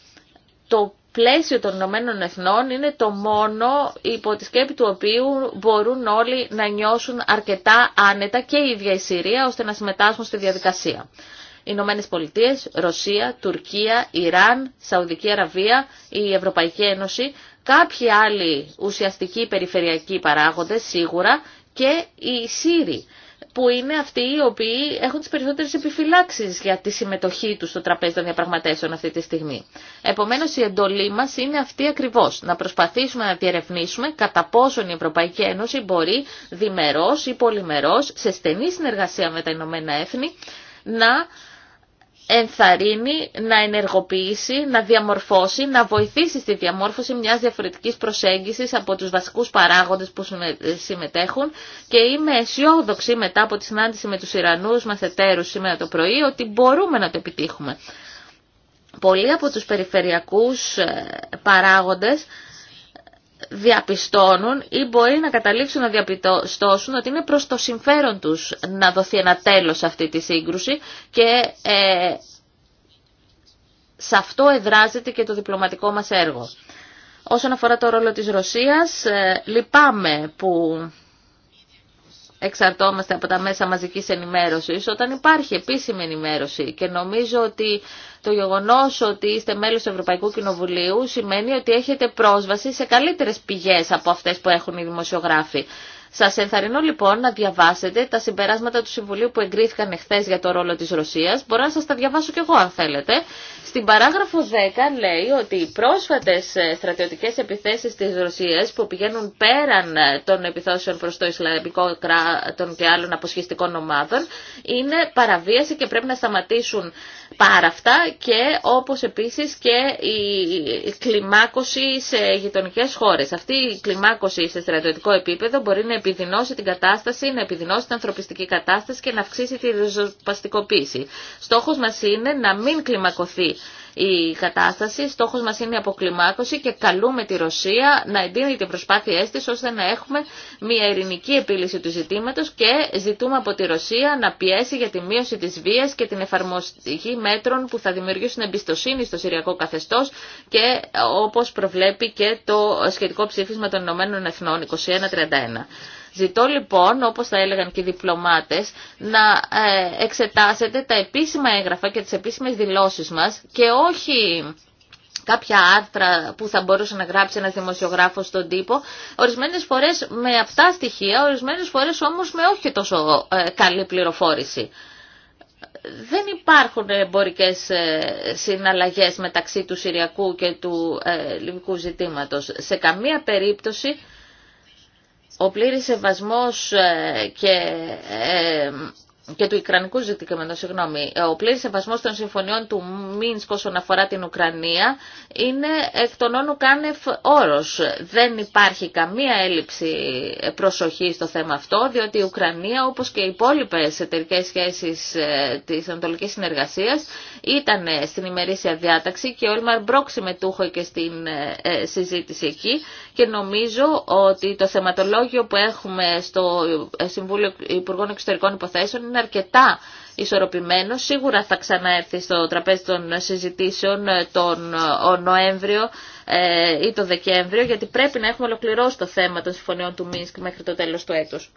το πλαίσιο των Ηνωμένων Εθνών είναι το μόνο υπό τη σκέπη του οποίου μπορούν όλοι να νιώσουν αρκετά άνετα και η ίδια η Συρία ώστε να συμμετάσχουν στη διαδικασία. Ηνωμένε Πολιτείε, Ρωσία, Τουρκία, Ιράν, Σαουδική Αραβία, η Ευρωπαϊκή Ένωση, κάποιοι άλλοι ουσιαστικοί περιφερειακοί παράγοντες σίγουρα και οι Σύριοι που είναι αυτοί οι οποίοι έχουν τις περισσότερες επιφυλάξεις για τη συμμετοχή τους στο τραπέζι των διαπραγματεύσεων αυτή τη στιγμή. Επομένως η εντολή μας είναι αυτή ακριβώς, να προσπαθήσουμε να διερευνήσουμε κατά πόσον η Ευρωπαϊκή Ένωση μπορεί διμερός ή πολυμερός σε στενή συνεργασία με τα Ηνωμένα Έθνη να ενθαρρύνει να ενεργοποιήσει, να διαμορφώσει, να βοηθήσει στη διαμόρφωση μιας διαφορετικής προσέγγισης από τους βασικούς παράγοντες που συμμετέχουν και είμαι αισιόδοξη μετά από τη συνάντηση με τους Ιρανούς μας εταίρους σήμερα το πρωί ότι μπορούμε να το επιτύχουμε. Πολλοί από τους περιφερειακούς ε, παράγοντες διαπιστώνουν ή μπορεί να καταλήξουν να διαπιστώσουν ότι είναι προς το συμφέρον τους να δοθεί ένα τέλος σε αυτή τη σύγκρουση και ε, σε αυτό εδράζεται και το διπλωματικό μας έργο. Όσον αφορά το ρόλο της Ρωσίας, ε, λυπάμαι που εξαρτώμαστε από τα μέσα μαζικής ενημέρωσης, όταν υπάρχει επίσημη ενημέρωση και νομίζω ότι το γεγονός ότι είστε μέλος του Ευρωπαϊκού Κοινοβουλίου σημαίνει ότι έχετε πρόσβαση σε καλύτερες πηγές από αυτές που έχουν οι δημοσιογράφοι. Σας ενθαρρυνώ λοιπόν να διαβάσετε τα συμπεράσματα του Συμβουλίου που εγκρίθηκαν εχθέ για το ρόλο της Ρωσίας. Μπορώ να σας τα διαβάσω κι εγώ αν θέλετε. Στην παράγραφο 10 λέει ότι οι πρόσφατες ε, στρατιωτικές επιθέσεις της Ρωσίας που πηγαίνουν πέραν ε, των επιθώσεων προς το Ισλαμικό κράτο και άλλων αποσχιστικών ομάδων είναι παραβίαση και πρέπει να σταματήσουν πάρα αυτά και όπως επίσης και η κλιμάκωση σε γειτονικές χώρες. Αυτή η κλιμάκωση σε στρατιωτικό επίπεδο μπορεί να επιδεινώσει την κατάσταση, να επιδεινώσει την ανθρωπιστική κατάσταση και να αυξήσει τη ριζοσπαστικοποίηση. Στόχος μας είναι να μην κλιμακωθεί η κατάσταση. Στόχος μας είναι η αποκλιμάκωση και καλούμε τη Ρωσία να εντείνει την προσπάθειά τη ώστε να έχουμε μια ειρηνική επίλυση του ζητήματος και ζητούμε από τη Ρωσία να πιέσει για τη μείωση της βίας και την εφαρμογή μέτρων που θα δημιουργήσουν εμπιστοσύνη στο Συριακό καθεστώς και όπως προβλέπει και το σχετικό ψήφισμα των Ηνωμένων Εθνών 2131. Ζητώ λοιπόν, όπως θα έλεγαν και οι διπλωμάτες, να ε, εξετάσετε τα επίσημα έγγραφα και τις επίσημες δηλώσεις μας και όχι κάποια άρθρα που θα μπορούσε να γράψει ένας δημοσιογράφος στον τύπο, ορισμένες φορές με αυτά στοιχεία, ορισμένες φορές όμως με όχι τόσο ε, καλή πληροφόρηση. Δεν υπάρχουν εμπορικέ ε, συναλλαγέ μεταξύ του Συριακού και του Λιβικού ζητήματος. Σε καμία περίπτωση ο πλήρης σεβασμός ε, και ε, και του Ικρανικού ζητήματος, συγγνώμη, ο πλήρης σεβασμός των συμφωνιών του Μίνσκ όσον αφορά την Ουκρανία είναι εκ των όνου κάνευ όρος. Δεν υπάρχει καμία έλλειψη προσοχή στο θέμα αυτό, διότι η Ουκρανία, όπως και οι υπόλοιπε εταιρικέ σχέσεις ε, της Ανατολική Συνεργασίας, ήταν στην ημερήσια διάταξη και ο Ελμαρ Μπρόκ συμμετούχε και στην ε, ε, συζήτηση εκεί και νομίζω ότι το θεματολόγιο που έχουμε στο Συμβούλιο Υπουργών Εξωτερικών Υποθέσεων είναι αρκετά ισορροπημένο. Σίγουρα θα ξαναέρθει στο τραπέζι των συζητήσεων ε, τον ε, Νοέμβριο ε, ή τον Δεκέμβριο, γιατί πρέπει να έχουμε ολοκληρώσει το θέμα των συμφωνιών του Μίνσκ μέχρι το τέλος του έτους.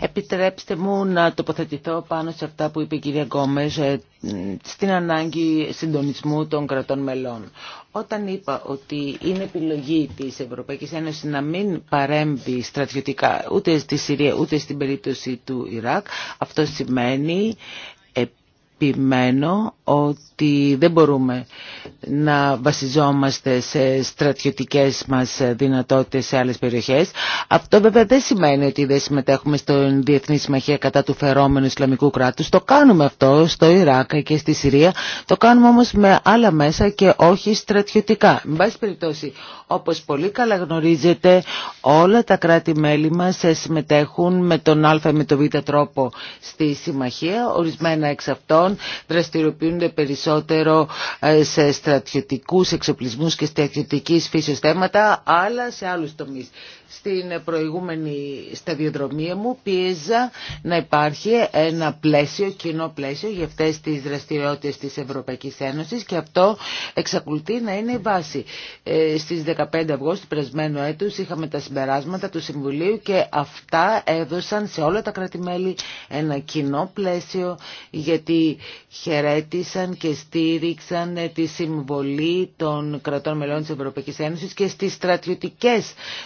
Επιτρέψτε μου να τοποθετηθώ πάνω σε αυτά που είπε η κυρία Γκόμες ε, στην ανάγκη συντονισμού των κρατών μελών. Όταν είπα ότι είναι επιλογή της Ευρωπαϊκής Ένωσης να μην παρέμβει στρατιωτικά ούτε στη Συρία ούτε στην περίπτωση του Ιράκ, αυτό σημαίνει επιμένω ότι δεν μπορούμε να βασιζόμαστε σε στρατιωτικές μας δυνατότητες σε άλλες περιοχές. Αυτό βέβαια δεν σημαίνει ότι δεν συμμετέχουμε στον Διεθνή Συμμαχία κατά του φερόμενου Ισλαμικού κράτους. Το κάνουμε αυτό στο Ιράκ και στη Συρία. Το κάνουμε όμως με άλλα μέσα και όχι στρατιωτικά. Με πάση περιπτώσει, όπως πολύ καλά γνωρίζετε, όλα τα κράτη-μέλη μας συμμετέχουν με τον α ή με τον β τρόπο στη συμμαχία. Ορισμένα εξ αυτών δραστηριοποιούνται περισσότερο ε, σε στρατιωτικούς εξοπλισμούς και στρατιωτικής φύσεως θέματα, άλλα σε άλλους τομείς. Στην προηγούμενη σταδιοδρομία μου πίεζα να υπάρχει ένα πλαίσιο, κοινό πλαίσιο για αυτές τις δραστηριότητες της Ευρωπαϊκής Ένωσης και αυτό εξακολουθεί να είναι η βάση. Ε, στις 15 Αυγούστου περασμένου έτους είχαμε τα συμπεράσματα του Συμβουλίου και αυτά έδωσαν σε όλα τα κρατημέλη ένα κοινό πλαίσιο γιατί χαιρέτησαν και στήριξαν τη συμβολή των κρατών μελών της Ευρωπαϊκής Ένωσης και στι στρατιωτικέ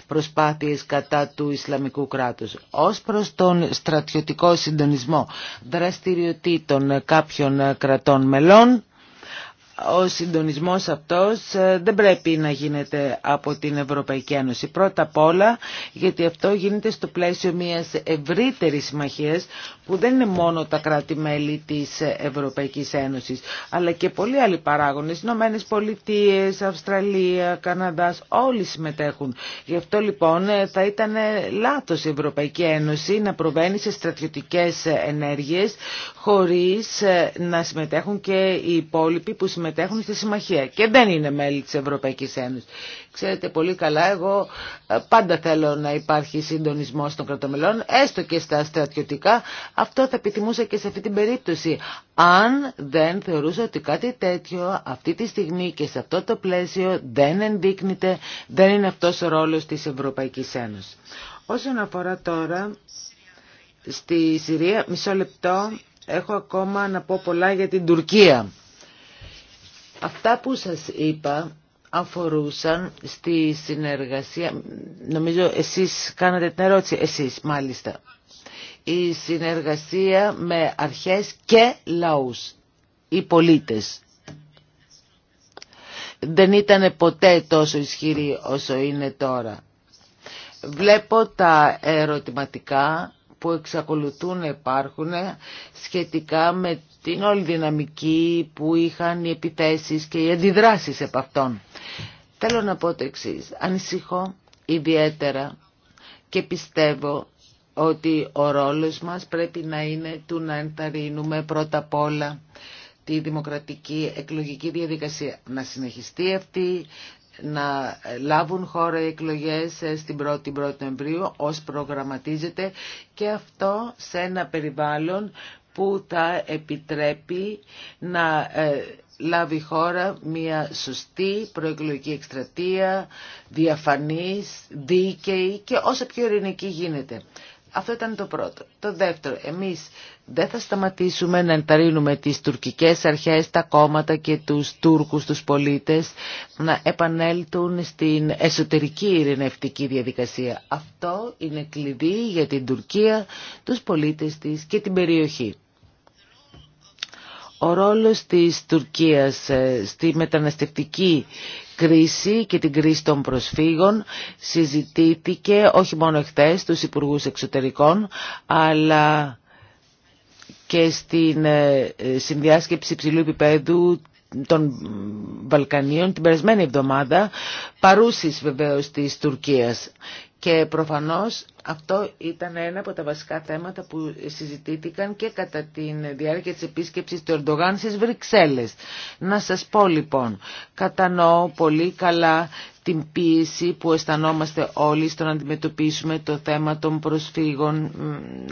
προσπάθειε προσπάθειες κατά του Ισλαμικού κράτους. Ως προς τον στρατιωτικό συντονισμό δραστηριοτήτων κάποιων κρατών μελών, ο συντονισμός αυτός ε, δεν πρέπει να γίνεται από την Ευρωπαϊκή Ένωση. Πρώτα απ' όλα γιατί αυτό γίνεται στο πλαίσιο μιας ευρύτερης συμμαχίας που δεν είναι μόνο τα κράτη-μέλη της Ευρωπαϊκής Ένωσης αλλά και πολλοί άλλοι παράγονες, Ηνωμένες Πολιτείες, Αυστραλία, Καναδάς, όλοι συμμετέχουν. Γι' αυτό λοιπόν ε, θα ήταν λάθος η Ευρωπαϊκή Ένωση να προβαίνει σε στρατιωτικές ενέργειες χωρίς ε, να συμμετέχουν και οι υπόλοιποι που συμμετέχουν συμμετέχουν στη συμμαχία και δεν είναι μέλη της Ευρωπαϊκής Ένωσης. Ξέρετε πολύ καλά, εγώ ε, πάντα θέλω να υπάρχει συντονισμό των κρατομελών, έστω και στα στρατιωτικά. Αυτό θα επιθυμούσα και σε αυτή την περίπτωση. Αν δεν θεωρούσα ότι κάτι τέτοιο αυτή τη στιγμή και σε αυτό το πλαίσιο δεν ενδείκνυται, δεν είναι αυτός ο ρόλος της Ευρωπαϊκής Ένωσης. Όσον αφορά τώρα στη Συρία, μισό λεπτό, έχω ακόμα να πω πολλά για την Τουρκία. Αυτά που σας είπα αφορούσαν στη συνεργασία, νομίζω εσείς κάνατε την ερώτηση, εσείς μάλιστα, η συνεργασία με αρχές και λαούς, οι πολίτες. Δεν ήταν ποτέ τόσο ισχυρή όσο είναι τώρα. Βλέπω τα ερωτηματικά που εξακολουθούν να υπάρχουν σχετικά με την όλη δυναμική που είχαν οι επιθέσεις και οι αντιδράσεις επ' αυτών. Θέλω να πω το εξή. Ανησυχώ ιδιαίτερα και πιστεύω ότι ο ρόλος μας πρέπει να είναι του να ενθαρρύνουμε πρώτα απ' όλα τη δημοκρατική εκλογική διαδικασία. Να συνεχιστεί αυτή, να λάβουν χώρα οι εκλογές στην 1η Νοεμβρίου ως προγραμματίζεται και αυτό σε ένα περιβάλλον που θα επιτρέπει να ε, λάβει χώρα μια σωστή προεκλογική εκστρατεία, διαφανής, δίκαιη και όσο πιο ειρηνική γίνεται. Αυτό ήταν το πρώτο. Το δεύτερο, εμείς δεν θα σταματήσουμε να ενταρρύνουμε τις τουρκικές αρχές, τα κόμματα και τους Τούρκους, τους πολίτες να επανέλθουν στην εσωτερική ειρηνευτική διαδικασία. Αυτό είναι κλειδί για την Τουρκία, τους πολίτες της και την περιοχή. Ο ρόλος της Τουρκίας ε, στη μεταναστευτική κρίση και την κρίση των προσφύγων συζητήθηκε όχι μόνο χθες στους Υπουργούς Εξωτερικών, αλλά και στην ε, συνδιάσκεψη ψηλού επίπεδου των Βαλκανίων την περασμένη εβδομάδα παρούσης βεβαίως της Τουρκίας και προφανώς αυτό ήταν ένα από τα βασικά θέματα που συζητήθηκαν και κατά τη διάρκεια της επίσκεψης του Ερντογάν στις Βρυξέλλες. Να σας πω λοιπόν, κατανοώ πολύ καλά την πίεση που αισθανόμαστε όλοι στο να αντιμετωπίσουμε το θέμα των προσφύγων.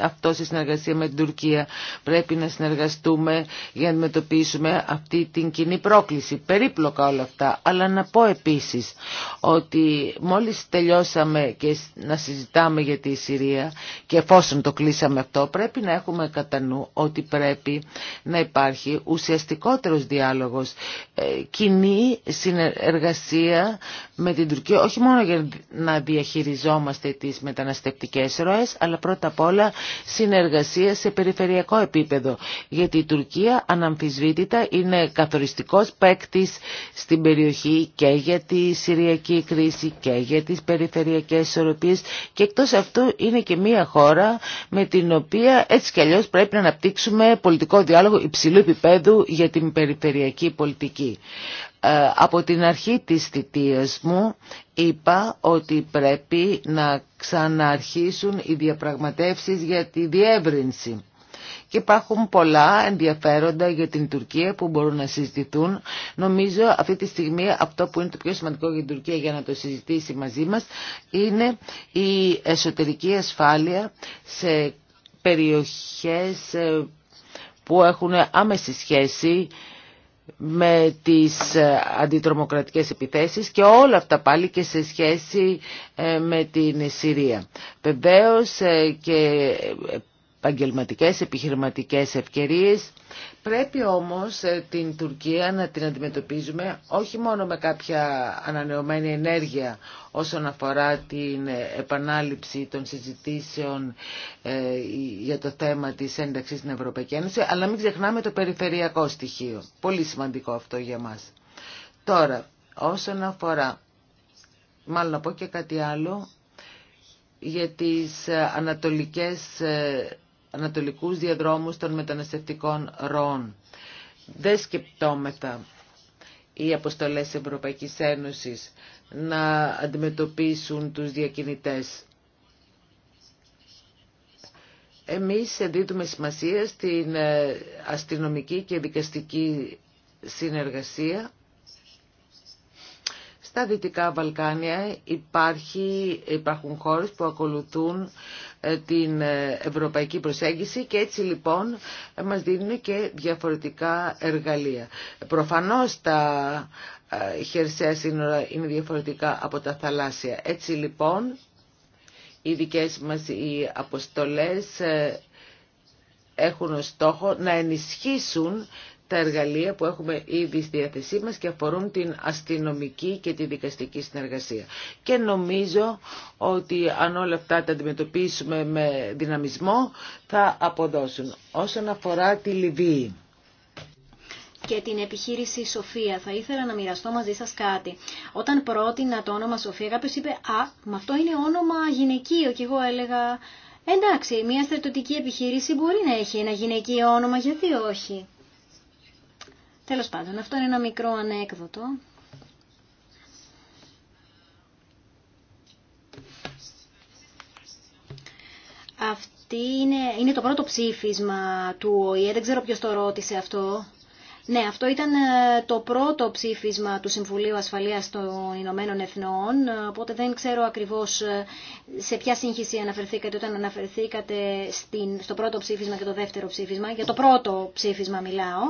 Αυτό σε συνεργασία με την Τουρκία πρέπει να συνεργαστούμε για να αντιμετωπίσουμε αυτή την κοινή πρόκληση. Περίπλοκα όλα αυτά. Αλλά να πω επίσης ότι μόλις τελειώσαμε και να συζητάμε για τη Συρία και εφόσον το κλείσαμε αυτό πρέπει να έχουμε κατά νου ότι πρέπει να υπάρχει ουσιαστικότερος διάλογος, ε, κοινή συνεργασία με την Τουρκία όχι μόνο για να διαχειριζόμαστε τις μεταναστευτικές ροές αλλά πρώτα απ' όλα συνεργασία σε περιφερειακό επίπεδο γιατί η Τουρκία αναμφισβήτητα είναι καθοριστικός παίκτη στην περιοχή και για τη Συριακή κρίση και για τις περιφερειακές ισορροπίες και εκτός αυτού είναι και μια χώρα με την οποία έτσι κι αλλιώς πρέπει να αναπτύξουμε πολιτικό διάλογο υψηλού επίπεδου για την περιφερειακή πολιτική. Ε, από την αρχή της θητείας μου είπα ότι πρέπει να ξαναρχίσουν οι διαπραγματεύσεις για τη διεύρυνση. Και υπάρχουν πολλά ενδιαφέροντα για την Τουρκία που μπορούν να συζητηθούν. Νομίζω αυτή τη στιγμή αυτό που είναι το πιο σημαντικό για την Τουρκία για να το συζητήσει μαζί μας είναι η εσωτερική ασφάλεια σε περιοχές ε, που έχουν άμεση σχέση με τις ε, αντιτρομοκρατικές επιθέσεις και όλα αυτά πάλι και σε σχέση ε, με την Συρία. Βεβαίως ε, και επαγγελματικές, επιχειρηματικές ευκαιρίες. Πρέπει όμως ε, την Τουρκία να την αντιμετωπίζουμε όχι μόνο με κάποια ανανεωμένη ενέργεια όσον αφορά την ε, επανάληψη των συζητήσεων ε, για το θέμα της ένταξης στην Ευρωπαϊκή Ένωση, αλλά μην ξεχνάμε το περιφερειακό στοιχείο. Πολύ σημαντικό αυτό για μας. Τώρα, όσον αφορά, μάλλον να πω και κάτι άλλο, για τις ανατολικές ανατολικούς διαδρόμους των μεταναστευτικών ροών. Δεν σκεπτόμεθα οι αποστολές Ευρωπαϊκής Ένωσης να αντιμετωπίσουν τους διακινητές. Εμείς δίδουμε σημασία στην ε, αστυνομική και δικαστική συνεργασία. Στα Δυτικά Βαλκάνια υπάρχει, υπάρχουν χώρες που ακολουθούν ε, την ε, ευρωπαϊκή προσέγγιση και έτσι λοιπόν ε, μας δίνουν και διαφορετικά εργαλεία. Προφανώς τα χερσαία σύνορα είναι διαφορετικά από τα θαλάσσια. Έτσι λοιπόν οι δικές μας οι αποστολές έχουν στόχο να ενισχύσουν τα εργαλεία που έχουμε ήδη στη διάθεσή μας και αφορούν την αστυνομική και τη δικαστική συνεργασία. Και νομίζω ότι αν όλα αυτά τα αντιμετωπίσουμε με δυναμισμό θα αποδώσουν. Όσον αφορά τη Λιβύη και την επιχείρηση Σοφία. Θα ήθελα να μοιραστώ μαζί σας κάτι. Όταν πρότεινα το όνομα Σοφία, κάποιος είπε «Α, μα αυτό είναι όνομα γυναικείο» και εγώ έλεγα «Εντάξει, μια στρατιωτική επιχείρηση μπορεί να έχει ένα γυναικείο όνομα, γιατί όχι». Τέλος πάντων, αυτό είναι ένα μικρό ανέκδοτο. Αυτή είναι, είναι το πρώτο ψήφισμα του ΟΗΕ, δεν ξέρω ποιος το ρώτησε αυτό. Ναι, αυτό ήταν ε, το πρώτο ψήφισμα του Συμβουλίου Ασφαλείας των Ηνωμένων Εθνών, ε, οπότε δεν ξέρω ακριβώς ε, σε ποια σύγχυση αναφερθήκατε όταν αναφερθήκατε στην, στο πρώτο ψήφισμα και το δεύτερο ψήφισμα. Για το πρώτο ψήφισμα μιλάω.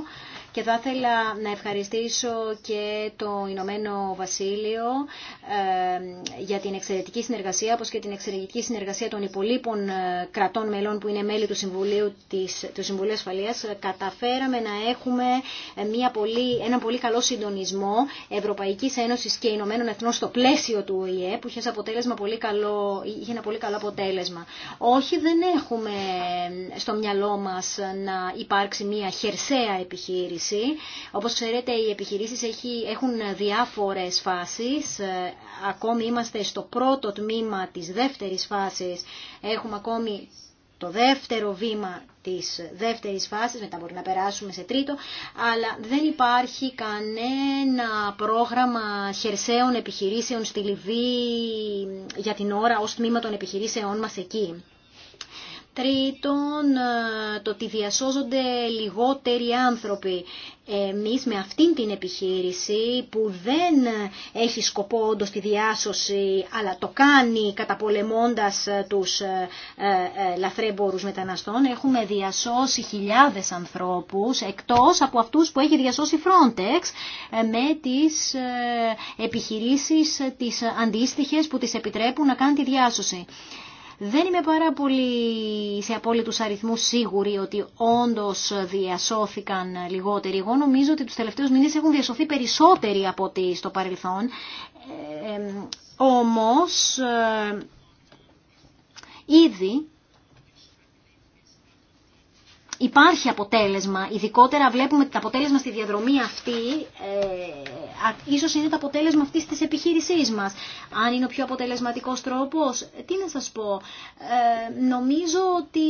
Και θα ήθελα να ευχαριστήσω και το Ηνωμένο Βασίλειο ε, για την εξαιρετική συνεργασία, όπως και την εξαιρετική συνεργασία των υπολείπων ε, κρατών μελών που είναι μέλη του Συμβουλίου, της, του Συμβουλίου Ασφαλείας. Καταφέραμε να έχουμε ε, μια πολύ, ένα πολύ καλό συντονισμό Ευρωπαϊκής Ένωσης και Ηνωμένων Εθνών στο πλαίσιο του ΟΗΕ, που είχε, αποτέλεσμα πολύ καλό, είχε ένα πολύ καλό αποτέλεσμα. Όχι, δεν έχουμε στο μυαλό μας να υπάρξει μια χερσαία επιχείρηση Όπω Όπως ξέρετε οι επιχειρήσεις έχουν διάφορες φάσεις. Ε, ακόμη είμαστε στο πρώτο τμήμα της δεύτερης φάσης. Έχουμε ακόμη το δεύτερο βήμα της δεύτερης φάσης, μετά μπορεί να περάσουμε σε τρίτο, αλλά δεν υπάρχει κανένα πρόγραμμα χερσαίων επιχειρήσεων στη Λιβύη για την ώρα ως τμήμα των επιχειρήσεών μας εκεί. Τρίτον, ε, το ότι διασώζονται λιγότεροι άνθρωποι. Εμείς με αυτήν την επιχείρηση που δεν έχει σκοπό όντως τη διάσωση αλλά το κάνει καταπολεμώντας ε, τους ε, λαθρέμπορους μεταναστών έχουμε διασώσει χιλιάδες ανθρώπους εκτός από αυτούς που έχει διασώσει Frontex με τις επιχειρήσεις τις αντίστοιχες που τις επιτρέπουν να κάνουν τη διάσωση. Δεν είμαι πάρα πολύ σε απόλυτους αριθμούς σίγουρη ότι όντως διασώθηκαν λιγότεροι. Εγώ νομίζω ότι τους τελευταίους μήνες έχουν διασωθεί περισσότεροι από ό,τι στο παρελθόν. Ε, ε, ε όμως, ε, ήδη υπάρχει αποτέλεσμα. Ειδικότερα βλέπουμε ότι το αποτέλεσμα στη διαδρομή αυτή ε, ίσως είναι το αποτέλεσμα αυτής της επιχείρησής μας. Αν είναι ο πιο αποτελεσματικός τρόπος, ε, τι να σας πω. Ε, νομίζω ότι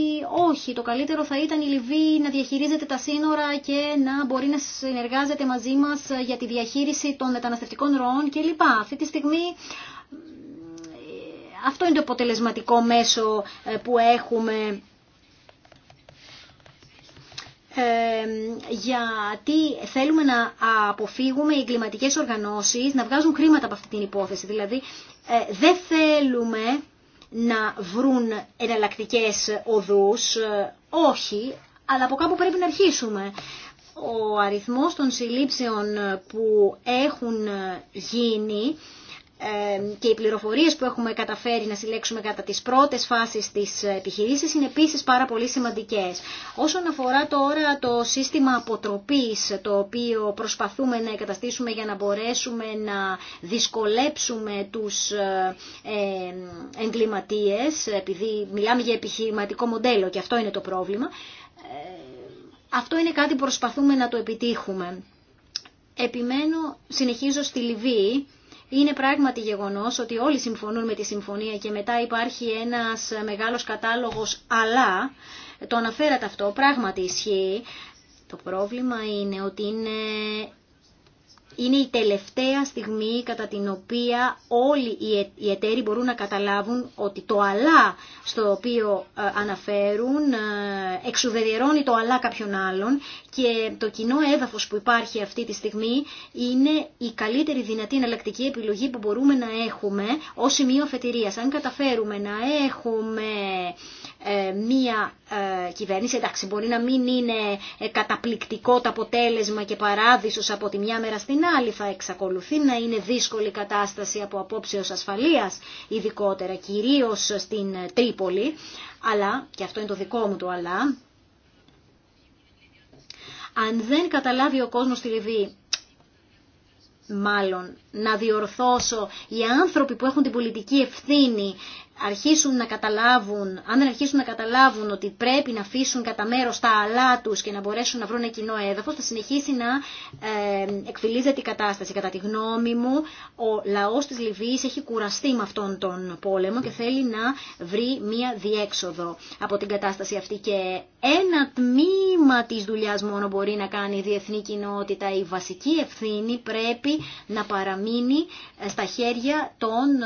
όχι. Το καλύτερο θα ήταν η Λιβύη να διαχειρίζεται τα σύνορα και να μπορεί να συνεργάζεται μαζί μας για τη διαχείριση των μεταναστευτικών ροών κλπ. Αυτή τη στιγμή ε, αυτό είναι το αποτελεσματικό μέσο ε, που έχουμε γιατί θέλουμε να αποφύγουμε οι εγκληματικές οργανώσεις να βγάζουν χρήματα από αυτή την υπόθεση. Δηλαδή ε, δεν θέλουμε να βρουν εναλλακτικέ οδούς, ε, όχι, αλλά από κάπου πρέπει να αρχίσουμε. Ο αριθμός των συλλήψεων που έχουν γίνει και οι πληροφορίες που έχουμε καταφέρει να συλλέξουμε κατά τις πρώτες φάσεις της επιχειρήσης είναι επίσης πάρα πολύ σημαντικές. Όσον αφορά τώρα το σύστημα αποτροπής το οποίο προσπαθούμε να εγκαταστήσουμε για να μπορέσουμε να δυσκολέψουμε τους ε, εγκληματίες επειδή μιλάμε για επιχειρηματικό μοντέλο και αυτό είναι το πρόβλημα ε, αυτό είναι κάτι που προσπαθούμε να το επιτύχουμε. Επιμένω, συνεχίζω στη Λιβύη είναι πράγματι γεγονός ότι όλοι συμφωνούν με τη συμφωνία και μετά υπάρχει ένας μεγάλος κατάλογος αλλά το αναφέρατε αυτό, πράγματι ισχύει. Το πρόβλημα είναι ότι είναι είναι η τελευταία στιγμή κατά την οποία όλοι ε-, οι εταίροι μπορούν να καταλάβουν ότι το αλλά στο οποίο ε, αναφέρουν ε, εξουδεδιερώνει το αλλά κάποιων άλλον και το κοινό έδαφος που υπάρχει αυτή τη στιγμή είναι η καλύτερη δυνατή εναλλακτική επιλογή που μπορούμε να έχουμε ως σημείο αφετηρίας. Αν καταφέρουμε να έχουμε ε, μία ε, κυβέρνηση. Εντάξει, μπορεί να μην είναι ε, καταπληκτικό το αποτέλεσμα και παράδεισος από τη μια μέρα στην άλλη. Θα εξακολουθεί να είναι δύσκολη κατάσταση από απόψεως ασφαλείας, ειδικότερα κυρίως στην Τρίπολη. Αλλά, και αυτό είναι το δικό μου το αλλά, αν δεν καταλάβει ο κόσμος τη Λιβύη μάλλον να διορθώσω οι άνθρωποι που έχουν την πολιτική ευθύνη αρχίσουν να καταλάβουν, αν δεν αρχίσουν να καταλάβουν ότι πρέπει να αφήσουν κατά μέρο τα αλά του και να μπορέσουν να βρουν κοινό έδαφο, θα συνεχίσει να ε, εκφυλίζεται η κατάσταση. Κατά τη γνώμη μου, ο λαό τη Λιβύη έχει κουραστεί με αυτόν τον πόλεμο και θέλει να βρει μία διέξοδο από την κατάσταση αυτή. Και ένα τμήμα τη δουλειά μόνο μπορεί να κάνει η διεθνή κοινότητα. Η βασική ευθύνη πρέπει να παραμείνει ε, στα χέρια των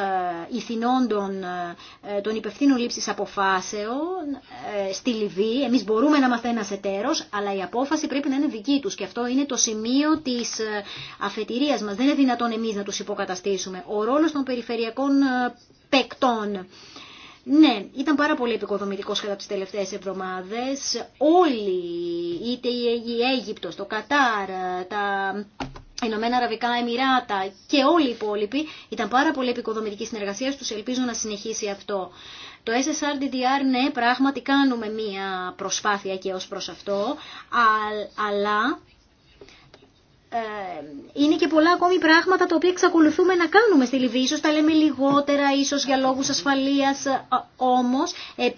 ε, ηθινών ε, ε, των υπευθύνων λήψη αποφάσεων ε, στη Λιβύη. Εμείς μπορούμε να είμαστε ένα εταίρο, αλλά η απόφαση πρέπει να είναι δική τους και αυτό είναι το σημείο της αφετηρίας μας. Δεν είναι δυνατόν εμείς να τους υποκαταστήσουμε. Ο ρόλος των περιφερειακών παικτών. Ναι, ήταν πάρα πολύ επικοδομητικός κατά τις τελευταίες εβδομάδες. Όλοι, είτε η Αίγυπτος, το Κατάρ, τα Ηνωμένα Αραβικά Εμμυράτα και όλοι οι υπόλοιποι ήταν πάρα πολύ επικοδομητική συνεργασία του ελπίζω να συνεχίσει αυτό. Το SSRDDR, ναι, πράγματι κάνουμε μία προσπάθεια και ως προς αυτό, αλλά ε, είναι και πολλά ακόμη πράγματα τα οποία εξακολουθούμε να κάνουμε στη Λιβύη. Ίσως τα λέμε λιγότερα, ίσως για λόγους ασφαλείας, ε, όμως ε,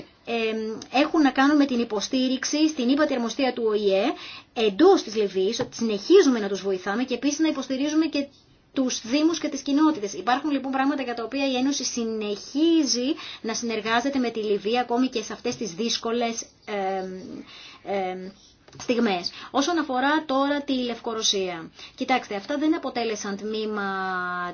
έχουν να κάνουν με την υποστήριξη στην υπατερμοστία του ΟΗΕ εντό τη Λιβύη, ότι συνεχίζουμε να τους βοηθάμε και επίσης να υποστηρίζουμε και του Δήμου και τι κοινότητε. Υπάρχουν λοιπόν πράγματα για τα οποία η Ένωση συνεχίζει να συνεργάζεται με τη Λιβύη ακόμη και σε αυτέ τι δύσκολε ε, στιγμές. Όσον αφορά τώρα τη Λευκορωσία. Κοιτάξτε, αυτά δεν αποτέλεσαν τμήμα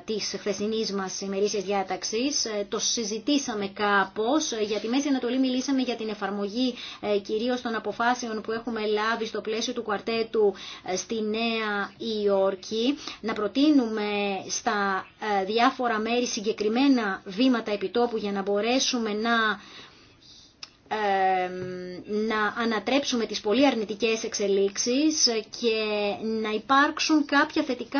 της χθεσινής μας ημερήσιας διάταξης. Ε, το συζητήσαμε κάπως. Ε, για τη Μέση Ανατολή μιλήσαμε για την εφαρμογή ε, κυρίως των αποφάσεων που έχουμε λάβει στο πλαίσιο του κουαρτέτου στη Νέα Υόρκη. Να προτείνουμε στα διάφορα μέρη συγκεκριμένα βήματα επιτόπου για να μπορέσουμε να να ανατρέψουμε τις πολύ αρνητικές εξελίξεις και να υπάρξουν κάποια θετικά,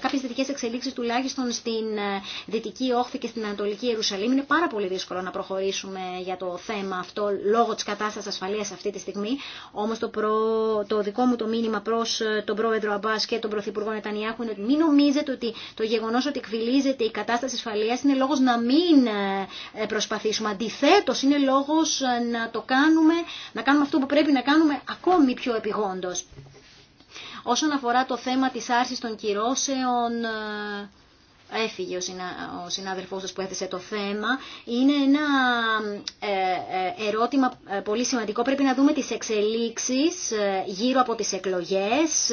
κάποιες θετικές εξελίξεις τουλάχιστον στην ε, Δυτική Όχθη και στην Ανατολική Ιερουσαλήμ. Είναι πάρα πολύ δύσκολο να προχωρήσουμε για το θέμα αυτό λόγω της κατάστασης ασφαλείας αυτή τη στιγμή. Όμως το, προ... το δικό μου το μήνυμα προς ε, τον πρόεδρο Αμπάς και τον πρωθυπουργό Νετανιάχου είναι ότι μην νομίζετε ότι το γεγονός ότι εκβιλίζεται η κατάσταση ασφαλείας είναι λόγος να μην ε, προσπαθήσουμε. Αντιθέτως είναι λόγος ε, να το κάνουμε, να κάνουμε αυτό που πρέπει να κάνουμε ακόμη πιο επιγόντως. Όσον αφορά το θέμα της άρσης των κυρώσεων, ε, έφυγε ο συνάδελφός σας που έθεσε το θέμα, είναι ένα ε, ε, ερώτημα ε, πολύ σημαντικό. Πρέπει να δούμε τις εξελίξεις γύρω από τις εκλογές.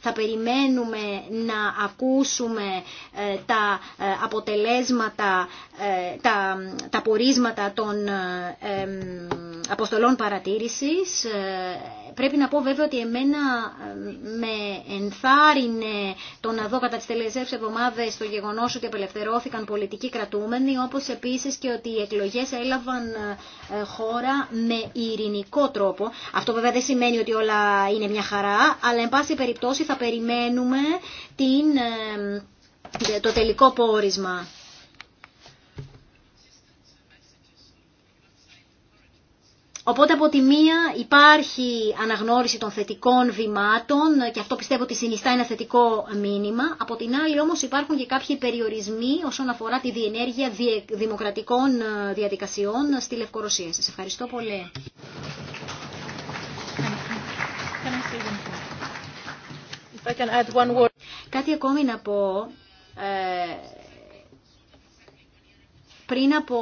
Θα περιμένουμε να ακούσουμε τα αποτελέσματα, τα, τα πορίσματα των αποστολών παρατήρησης. Πρέπει να πω βέβαια ότι εμένα με ενθάρρυνε το να δω κατά τις τελευταίες εβδομάδες το γεγονός γεγονό ότι απελευθερώθηκαν πολιτικοί κρατούμενοι, όπω επίση και ότι οι εκλογέ έλαβαν ε, χώρα με ειρηνικό τρόπο. Αυτό βέβαια δεν σημαίνει ότι όλα είναι μια χαρά, αλλά εν πάση περιπτώσει θα περιμένουμε την, ε, το τελικό πόρισμα. Οπότε από τη μία υπάρχει αναγνώριση των θετικών βημάτων και αυτό πιστεύω ότι συνιστά ένα θετικό μήνυμα. Από την άλλη όμως υπάρχουν και κάποιοι περιορισμοί όσον αφορά τη διενέργεια δημοκρατικών ε, διαδικασιών στη Λευκορωσία. Σας ευχαριστώ πολύ. Κάτι ακόμη να πω ε, πριν από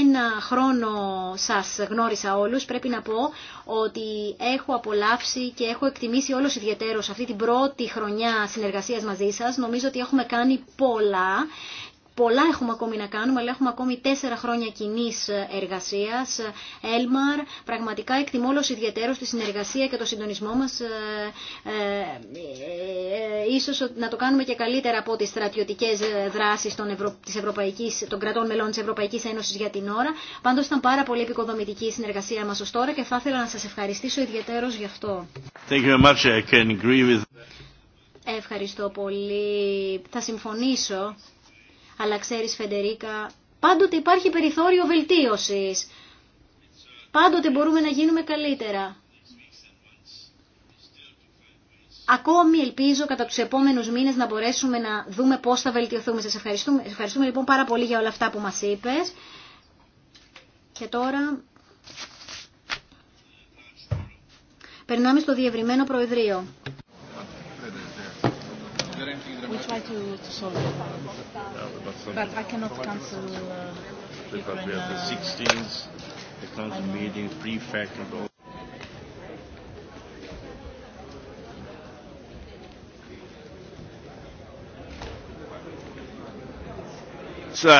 ένα χρόνο σας γνώρισα όλους, πρέπει να πω ότι έχω απολαύσει και έχω εκτιμήσει όλος ιδιαίτερος αυτή την πρώτη χρονιά συνεργασίας μαζί σας. Νομίζω ότι έχουμε κάνει πολλά Πολλά έχουμε ακόμη να κάνουμε, αλλά έχουμε ακόμη τέσσερα χρόνια κοινή εργασία. Έλμαρ, πραγματικά εκτιμώ όλο ιδιαίτερο τη συνεργασία και το συντονισμό μα. Ε, ε, ε, ίσως να το κάνουμε και καλύτερα από τι στρατιωτικέ δράσει των, των κρατών μελών τη Ευρωπαϊκή Ένωση για την ώρα. Πάντω ήταν πάρα πολύ επικοδομητική η συνεργασία μα ω τώρα και θα ήθελα να σα ευχαριστήσω ιδιαίτερω γι' αυτό. Ευχαριστώ πολύ. Θα συμφωνήσω αλλά ξέρεις Φεντερίκα, πάντοτε υπάρχει περιθώριο βελτίωσης. Πάντοτε μπορούμε να γίνουμε καλύτερα. Ακόμη ελπίζω κατά τους επόμενους μήνες να μπορέσουμε να δούμε πώς θα βελτιωθούμε. Σας ευχαριστούμε, ευχαριστούμε λοιπόν πάρα πολύ για όλα αυτά που μας είπες. Και τώρα περνάμε στο διευρυμένο Προεδρείο. We try to, to solve it. But I cannot cancel. Uh, because we have the 16th, the council meeting, prefect and all.